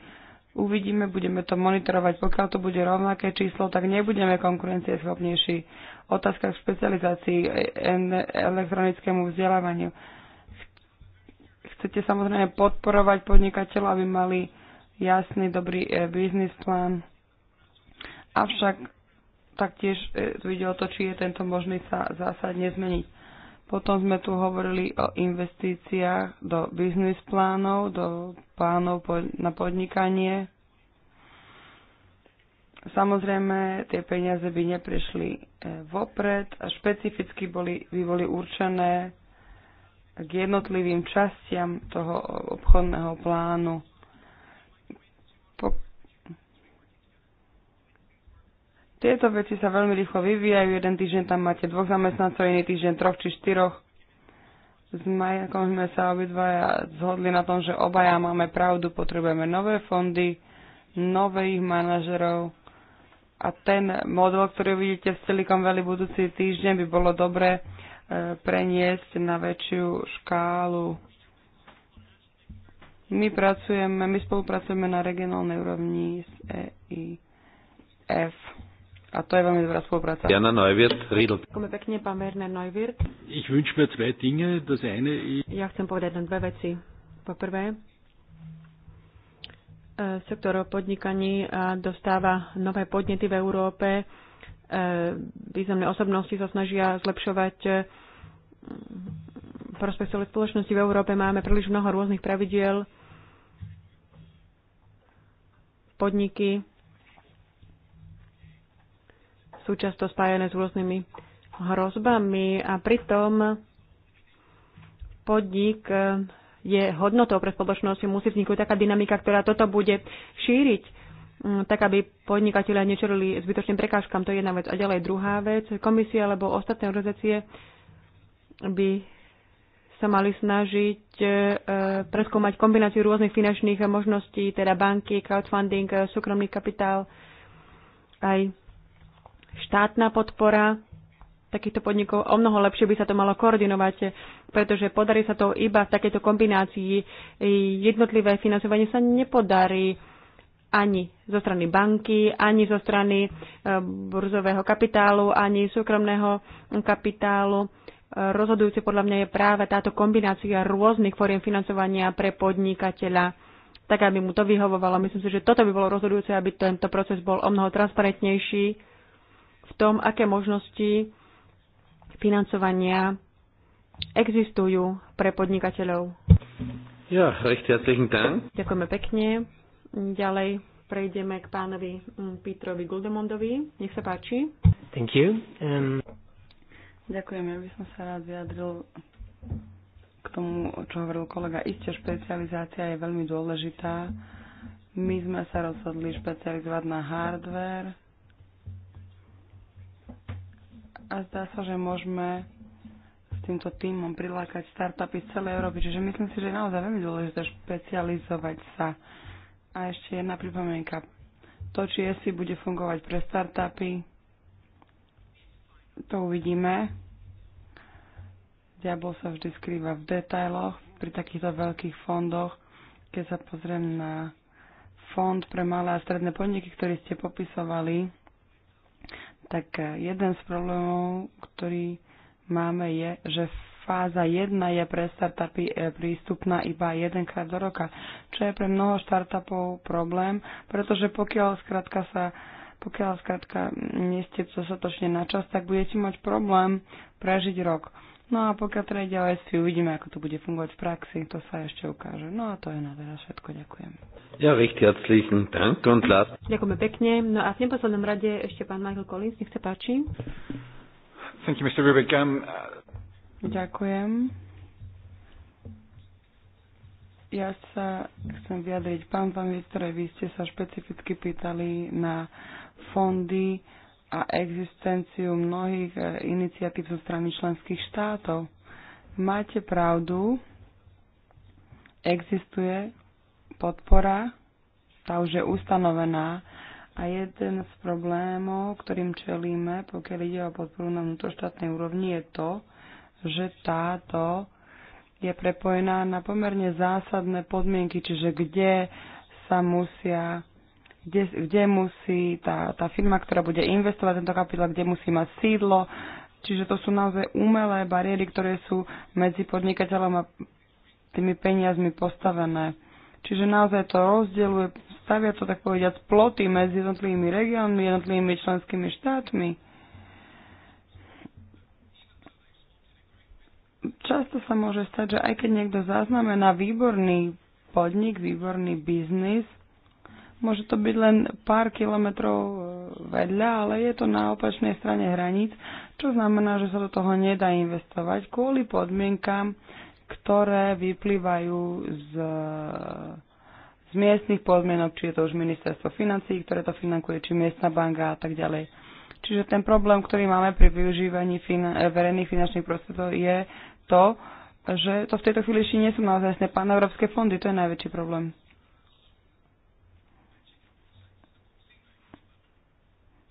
[SPEAKER 1] Uvidíme, budeme to monitorovať. Pokiaľ to bude rovnaké číslo, tak nebudeme konkurencieschopnejší. Otázka k špecializácii e, elektronickému vzdelávaniu. Chcete samozrejme podporovať podnikateľov, aby mali jasný, dobrý e, biznis plán. Avšak taktiež e, tu ide o to, či je tento možný sa zásadne zmeniť. Potom sme tu hovorili o investíciách do biznis plánov, do plánov na podnikanie. Samozrejme, tie peniaze by neprišli e, vopred a špecificky boli, by boli určené k jednotlivým častiam toho obchodného plánu. Tieto veci sa veľmi rýchlo vyvíjajú. Jeden týždeň tam máte dvoch zamestnancov, iný týždeň troch či štyroch. S Majakom sme sa obidvaja zhodli na tom, že obaja máme pravdu, potrebujeme nové fondy, nových manažerov a ten model, ktorý vidíte v Silicon Valley budúci týždeň, by bolo dobre preniesť na väčšiu škálu. My pracujeme, my spolupracujeme na regionálnej úrovni s EIF. A to je veľmi dobrá
[SPEAKER 2] spolupráca.
[SPEAKER 4] Jana Neuwirth, Riedl.
[SPEAKER 2] Ďakujeme pekne, pán Werner Neuwirth.
[SPEAKER 4] Ich wünsche mir zwei Dinge. Das eine
[SPEAKER 2] Ja chcem povedať len dve veci. Po prvé, e, sektor podnikaní e, dostáva nové podnety v Európe. E, významné osobnosti sa snažia zlepšovať prospektové spoločnosti. V Európe máme príliš mnoho rôznych pravidiel. Podniky sú často spájane s rôznymi hrozbami a pritom podnik je hodnotou pre spoločnosť, musí vzniknúť taká dynamika, ktorá toto bude šíriť, mm, tak aby podnikatelia nečelili zbytočným prekážkam. To je jedna vec. A ďalej druhá vec. Komisia alebo ostatné organizácie by sa mali snažiť e, preskúmať kombináciu rôznych finančných možností, teda banky, crowdfunding, e, súkromný kapitál, aj štátna podpora takýchto podnikov. O mnoho lepšie by sa to malo koordinovať, pretože podarí sa to iba v takejto kombinácii. Jednotlivé financovanie sa nepodarí ani zo strany banky, ani zo strany e, burzového kapitálu, ani súkromného kapitálu. E, rozhodujúce podľa mňa je práve táto kombinácia rôznych foriem financovania pre podnikateľa, tak aby mu to vyhovovalo. Myslím si, že toto by bolo rozhodujúce, aby tento proces bol o mnoho transparentnejší v tom, aké možnosti financovania existujú pre podnikateľov.
[SPEAKER 4] Ja, recht herzlichen Dank.
[SPEAKER 2] Ďakujeme pekne. Ďalej prejdeme k pánovi mm, Petrovi Guldemondovi. Nech sa páči.
[SPEAKER 4] Thank you. Um...
[SPEAKER 2] Ďakujem, ja by som sa
[SPEAKER 1] rád vyjadril k tomu, čo hovoril kolega. Isté špecializácia je veľmi dôležitá. My sme sa rozhodli špecializovať na hardware, a zdá sa, že môžeme s týmto týmom prilákať startupy z celej Európy. Čiže myslím si, že je naozaj veľmi dôležité špecializovať sa. A ešte jedna pripomienka. To, či ESI bude fungovať pre startupy, to uvidíme. Diabol sa vždy skrýva v detailoch pri takýchto veľkých fondoch. Keď sa pozriem na fond pre malé a stredné podniky, ktorý ste popisovali, tak e, jeden z problémov, ktorý máme, je, že fáza 1 je pre startupy e, prístupná iba jedenkrát do roka, čo je pre mnoho startupov problém, pretože pokiaľ skrátka sa pokiaľ skrátka nie ste dostatočne na čas, tak budete mať problém prežiť rok. No a pokiaľ teda ide o SFI, uvidíme, ako to bude fungovať v praxi, to sa ešte ukáže. No a to je na teraz všetko, ďakujem.
[SPEAKER 4] Ja recht herzlichen Dank und las.
[SPEAKER 2] Ďakujeme pekne. No a v neposlednom rade ešte pán Michael Collins, nech sa páči.
[SPEAKER 4] Thank you, Mr. Rubik. Um, uh,
[SPEAKER 2] Ďakujem. Ja sa
[SPEAKER 1] chcem vyjadriť, pán pán ministre, vy ste sa špecificky pýtali na fondy, a existenciu mnohých e, iniciatív zo strany členských štátov. Máte pravdu, existuje podpora, tá už je ustanovená a jeden z problémov, ktorým čelíme, pokiaľ ide o podporu na vnútroštátnej úrovni, je to, že táto je prepojená na pomerne zásadné podmienky, čiže kde sa musia kde, kde musí tá, tá firma, ktorá bude investovať tento kapitál, kde musí mať sídlo. Čiže to sú naozaj umelé bariéry, ktoré sú medzi podnikateľom a tými peniazmi postavené. Čiže naozaj to rozdeluje, stavia to tak povediať ploty medzi jednotlivými regiónmi, jednotlivými členskými štátmi. Často sa môže stať, že aj keď niekto zaznamená výborný podnik, výborný biznis, Môže to byť len pár kilometrov e, vedľa, ale je to na opačnej strane hraníc, čo znamená, že sa do toho nedá investovať kvôli podmienkam, ktoré vyplývajú z, z miestnych podmienok, či je to už ministerstvo financí, ktoré to financuje, či miestna banka a tak ďalej. Čiže ten problém, ktorý máme pri využívaní fina- e, verejných finančných prostriedkov je to, že to v tejto chvíli ešte nie sú naozaj Európske fondy, to je najväčší problém.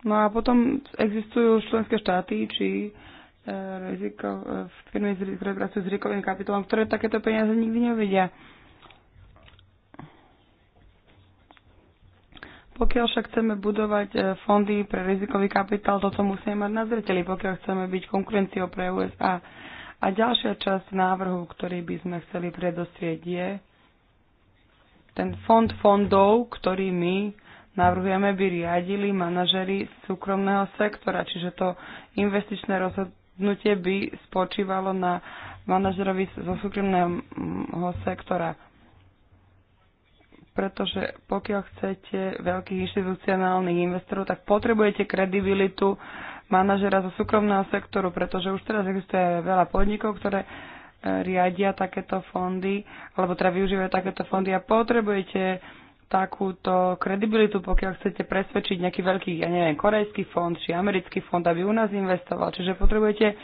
[SPEAKER 1] No a potom existujú členské štáty, či e, riziko, e, firmy, ktoré pracujú s rizikovým kapitolom, ktoré takéto peniaze nikdy nevidia. Pokiaľ však chceme budovať e, fondy pre rizikový kapitál, toto musíme mať na zreteli, pokiaľ chceme byť konkurenciou pre USA. A ďalšia časť návrhu, ktorý by sme chceli predostrieť, je ten fond fondov, ktorý my navrhujeme, by riadili manažery z súkromného sektora, čiže to investičné rozhodnutie by spočívalo na manažerovi zo súkromného sektora. Pretože pokiaľ chcete veľkých inštitucionálnych investorov, tak potrebujete kredibilitu manažera zo súkromného sektoru, pretože už teraz existuje veľa podnikov, ktoré e, riadia takéto fondy, alebo teda využívajú takéto fondy a potrebujete takúto kredibilitu, pokiaľ chcete presvedčiť nejaký veľký, ja neviem, korejský fond či americký fond, aby u nás investoval. Čiže potrebujete e,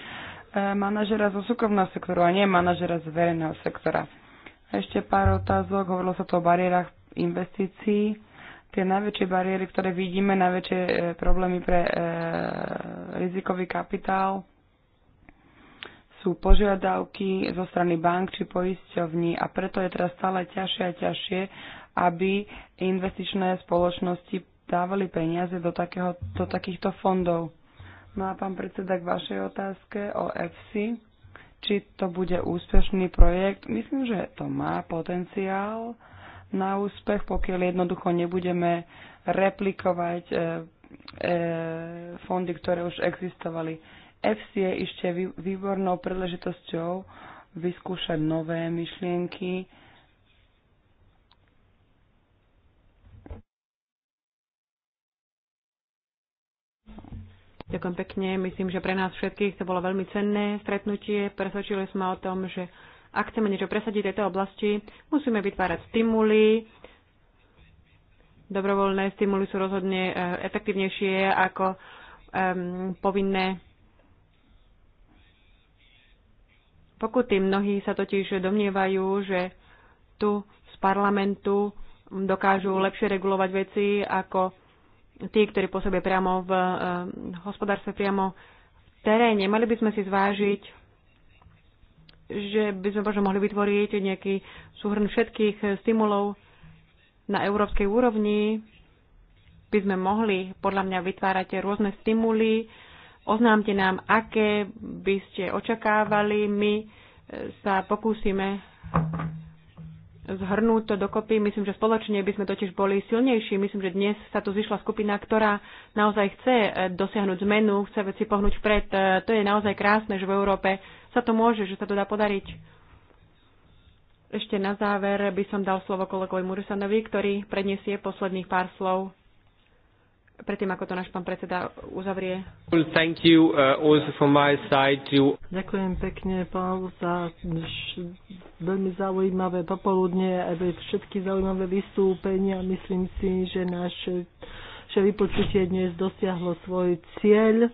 [SPEAKER 1] manažera zo súkromného sektoru a nie manažera z verejného sektora. Ešte pár otázok, hovorilo sa to o bariérach investícií. Tie najväčšie bariéry, ktoré vidíme, najväčšie e, problémy pre e, rizikový kapitál sú požiadavky zo strany bank či poisťovní a preto je teraz stále ťažšie a ťažšie aby investičné spoločnosti dávali peniaze do, takého, do takýchto fondov. No a pán predseda, k vašej otázke o EFSI, či to bude úspešný projekt, myslím, že to má potenciál na úspech, pokiaľ jednoducho nebudeme replikovať e, e, fondy, ktoré už existovali. EFSI je ešte výbornou príležitosťou vyskúšať nové myšlienky,
[SPEAKER 2] Ďakujem pekne. Myslím, že pre nás všetkých to bolo veľmi cenné stretnutie. Presvedčili sme o tom, že ak chceme niečo presadiť v tejto oblasti, musíme vytvárať stimuly. Dobrovoľné stimuly sú rozhodne eh, efektívnejšie ako um, povinné pokuty. Mnohí sa totiž domnievajú, že tu z parlamentu dokážu lepšie regulovať veci ako tí, ktorí pôsobia priamo v eh, hospodárstve, priamo v teréne. Mali by sme si zvážiť, že by sme možno mohli vytvoriť nejaký súhrn všetkých stimulov na európskej úrovni. By sme mohli podľa mňa vytvárať rôzne stimuly. Oznámte nám, aké by ste očakávali. My eh, sa pokúsime zhrnúť to dokopy. Myslím, že spoločne by sme totiž boli silnejší. Myslím, že dnes sa tu zišla skupina, ktorá naozaj chce eh, dosiahnuť zmenu, chce veci pohnúť vpred. Eh, to je naozaj krásne, že v Európe sa to môže, že sa to dá podariť. Ešte na záver by som dal slovo kolegovi Murusanovi, ktorý predniesie posledných pár slov predtým, ako to náš pán predseda uzavrie.
[SPEAKER 4] Thank you, uh, also from my side to...
[SPEAKER 2] Ďakujem pekne,
[SPEAKER 3] Paul, za veľmi zaujímavé popoludne, aj všetky zaujímavé vystúpenia. Myslím si, že naše vypočutie dnes dosiahlo svoj cieľ.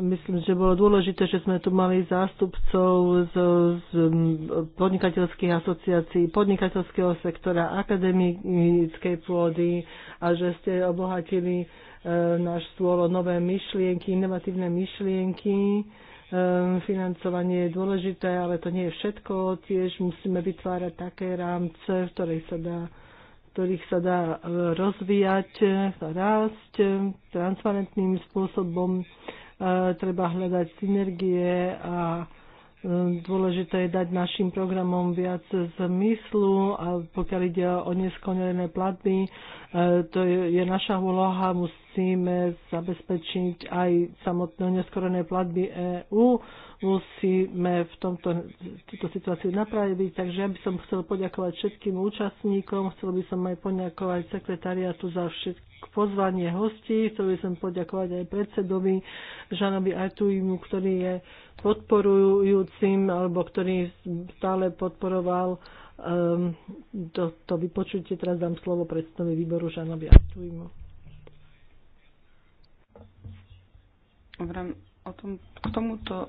[SPEAKER 3] Myslím, že bolo dôležité, že sme tu mali zástupcov z, z podnikateľských asociácií, podnikateľského sektora, akademickej pôdy a že ste obohatili e, náš stôl o nové myšlienky, inovatívne myšlienky. E, financovanie je dôležité, ale to nie je všetko. Tiež musíme vytvárať také rámce, v ktorých sa dá ktorých sa dá e, rozvíjať, e, rásť e, transparentným spôsobom treba hľadať synergie a e, dôležité je dať našim programom viac zmyslu a pokiaľ ide o neskonené platby, e, to je, je naša úloha, musíme zabezpečiť aj samotné neskorené platby EÚ. Musíme v tomto, túto situáciu napraviť. Takže ja by som chcel poďakovať všetkým účastníkom. Chcel by som aj poďakovať sekretariatu za všetko pozvanie hostí. Chcel by som poďakovať aj predsedovi Žanovi Artuimu, ktorý je podporujúcim alebo ktorý stále podporoval um, to, to vypočujte, Teraz dám slovo
[SPEAKER 1] predstavy výboru Žanovi Artuimu. o tom, k tomuto e,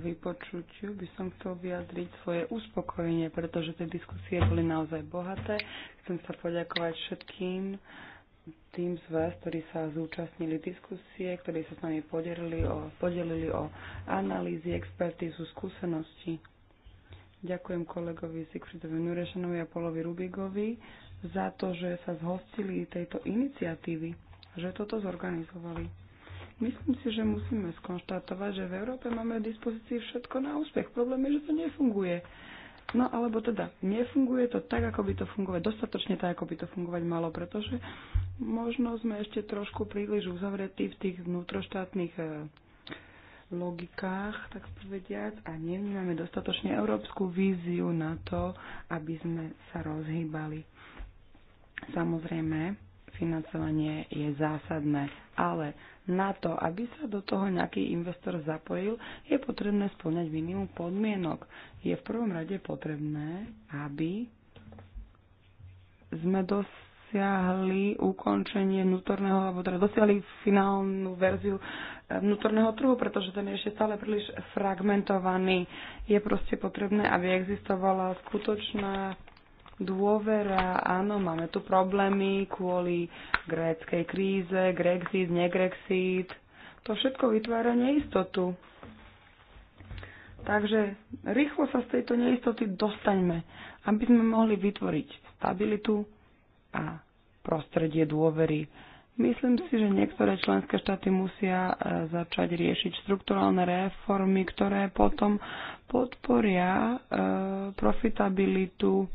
[SPEAKER 1] vypočutiu by som chcel vyjadriť svoje uspokojenie, pretože tie diskusie boli naozaj bohaté. Chcem sa poďakovať všetkým tým z vás, ktorí sa zúčastnili diskusie, ktorí sa s nami podelili o, podelili o analýzy, expertízu, skúsenosti. Ďakujem kolegovi Sigfridovi Nurešanovi a Polovi Rubigovi za to, že sa zhostili tejto iniciatívy, že toto zorganizovali. Myslím si, že musíme skonštatovať, že v Európe máme v dispozícii všetko na úspech. Problém je, že to nefunguje. No alebo teda nefunguje to tak, ako by to fungovať, dostatočne tak, ako by to fungovať malo, pretože možno sme ešte trošku príliš uzavretí v tých vnútroštátnych e, logikách, tak povediať, a nevnímame dostatočne európsku víziu na to, aby sme sa rozhýbali. Samozrejme, Financovanie je zásadné, ale na to, aby sa do toho nejaký investor zapojil, je potrebné splňať minimum podmienok. Je v prvom rade potrebné, aby sme dosiahli ukončenie vnútorného, alebo teda dosiahli finálnu verziu eh, vnútorného trhu, pretože ten je ešte stále príliš fragmentovaný. Je proste potrebné, aby existovala skutočná Dôvera, áno, máme tu problémy kvôli gréckej kríze, Grexit, negrexit. To všetko vytvára neistotu. Takže rýchlo sa z tejto neistoty dostaňme, aby sme mohli vytvoriť stabilitu a prostredie dôvery. Myslím si, že niektoré členské štáty musia e, začať riešiť štrukturálne reformy, ktoré potom podporia e, profitabilitu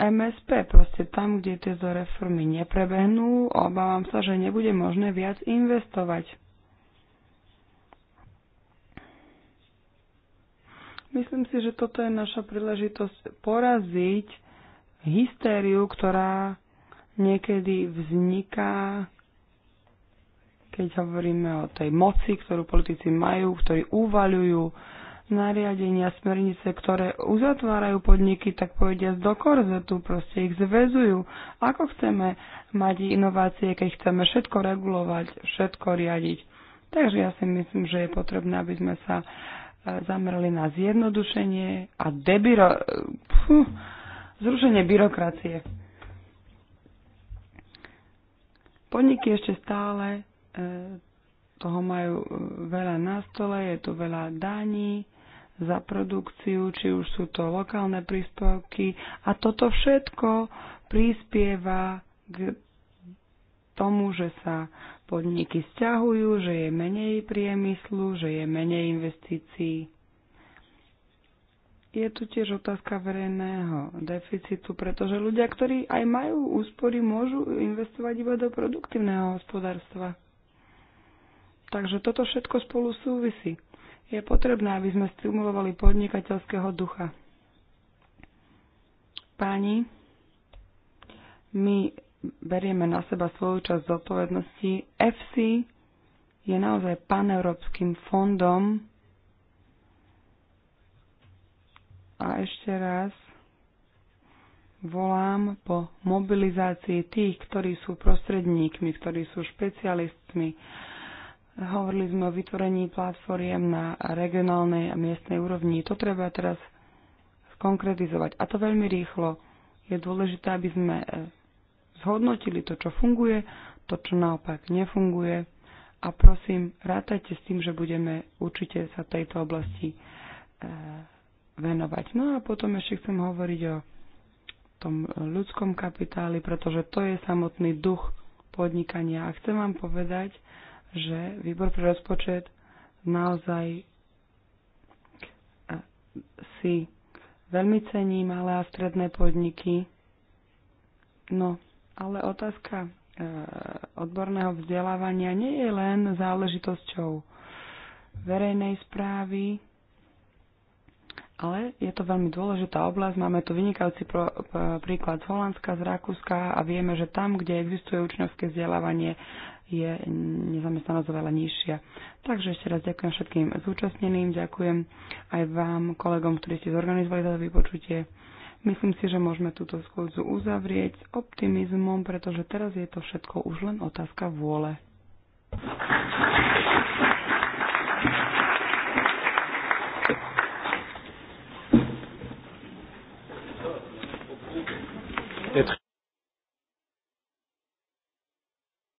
[SPEAKER 1] MSP, proste tam, kde tieto reformy neprebehnú, obávam sa, že nebude možné viac investovať. Myslím si, že toto je naša príležitosť poraziť hystériu, ktorá niekedy vzniká, keď hovoríme o tej moci, ktorú politici majú, ktorí uvaľujú nariadenia, smernice, ktoré uzatvárajú podniky, tak povedia do korzetu, proste ich zväzujú. Ako chceme mať inovácie, keď chceme všetko regulovať, všetko riadiť. Takže ja si myslím, že je potrebné, aby sme sa e, zamerali na zjednodušenie a debiro... Pfú, zrušenie byrokracie. Podniky ešte stále e, toho majú e, veľa na stole, je tu veľa daní, za produkciu, či už sú to lokálne príspevky a toto všetko prispieva k tomu, že sa podniky stiahujú, že je menej priemyslu, že je menej investícií. Je tu tiež otázka verejného deficitu, pretože ľudia, ktorí aj majú úspory, môžu investovať iba do produktívneho hospodárstva. Takže toto všetko spolu súvisí je potrebné, aby sme stimulovali podnikateľského ducha. Páni, my berieme na seba svoju časť zodpovednosti. FC je naozaj paneurópskym fondom. A ešte raz volám po mobilizácii tých, ktorí sú prostredníkmi, ktorí sú špecialistmi, Hovorili sme o vytvorení platformiem na regionálnej a miestnej úrovni. To treba teraz skonkretizovať. A to veľmi rýchlo. Je dôležité, aby sme e, zhodnotili to, čo funguje, to, čo naopak nefunguje. A prosím, rátajte s tým, že budeme určite sa tejto oblasti e, venovať. No a potom ešte chcem hovoriť o tom ľudskom kapitáli, pretože to je samotný duch podnikania. A chcem vám povedať, že výbor pre rozpočet naozaj eh, si veľmi cení malé a stredné podniky. No, ale otázka eh, odborného vzdelávania nie je len záležitosťou verejnej správy, ale je to veľmi dôležitá oblasť. Máme tu vynikajúci pro, eh, príklad z Holandska, z Rakúska a vieme, že tam, kde existuje učňovské vzdelávanie, je nezamestnanosť oveľa nižšia. Takže ešte raz ďakujem všetkým zúčastneným, ďakujem aj vám, kolegom, ktorí ste zorganizovali toto vypočutie. Myslím si, že môžeme túto schôdzu uzavrieť s optimizmom, pretože teraz je to všetko už len otázka vôle.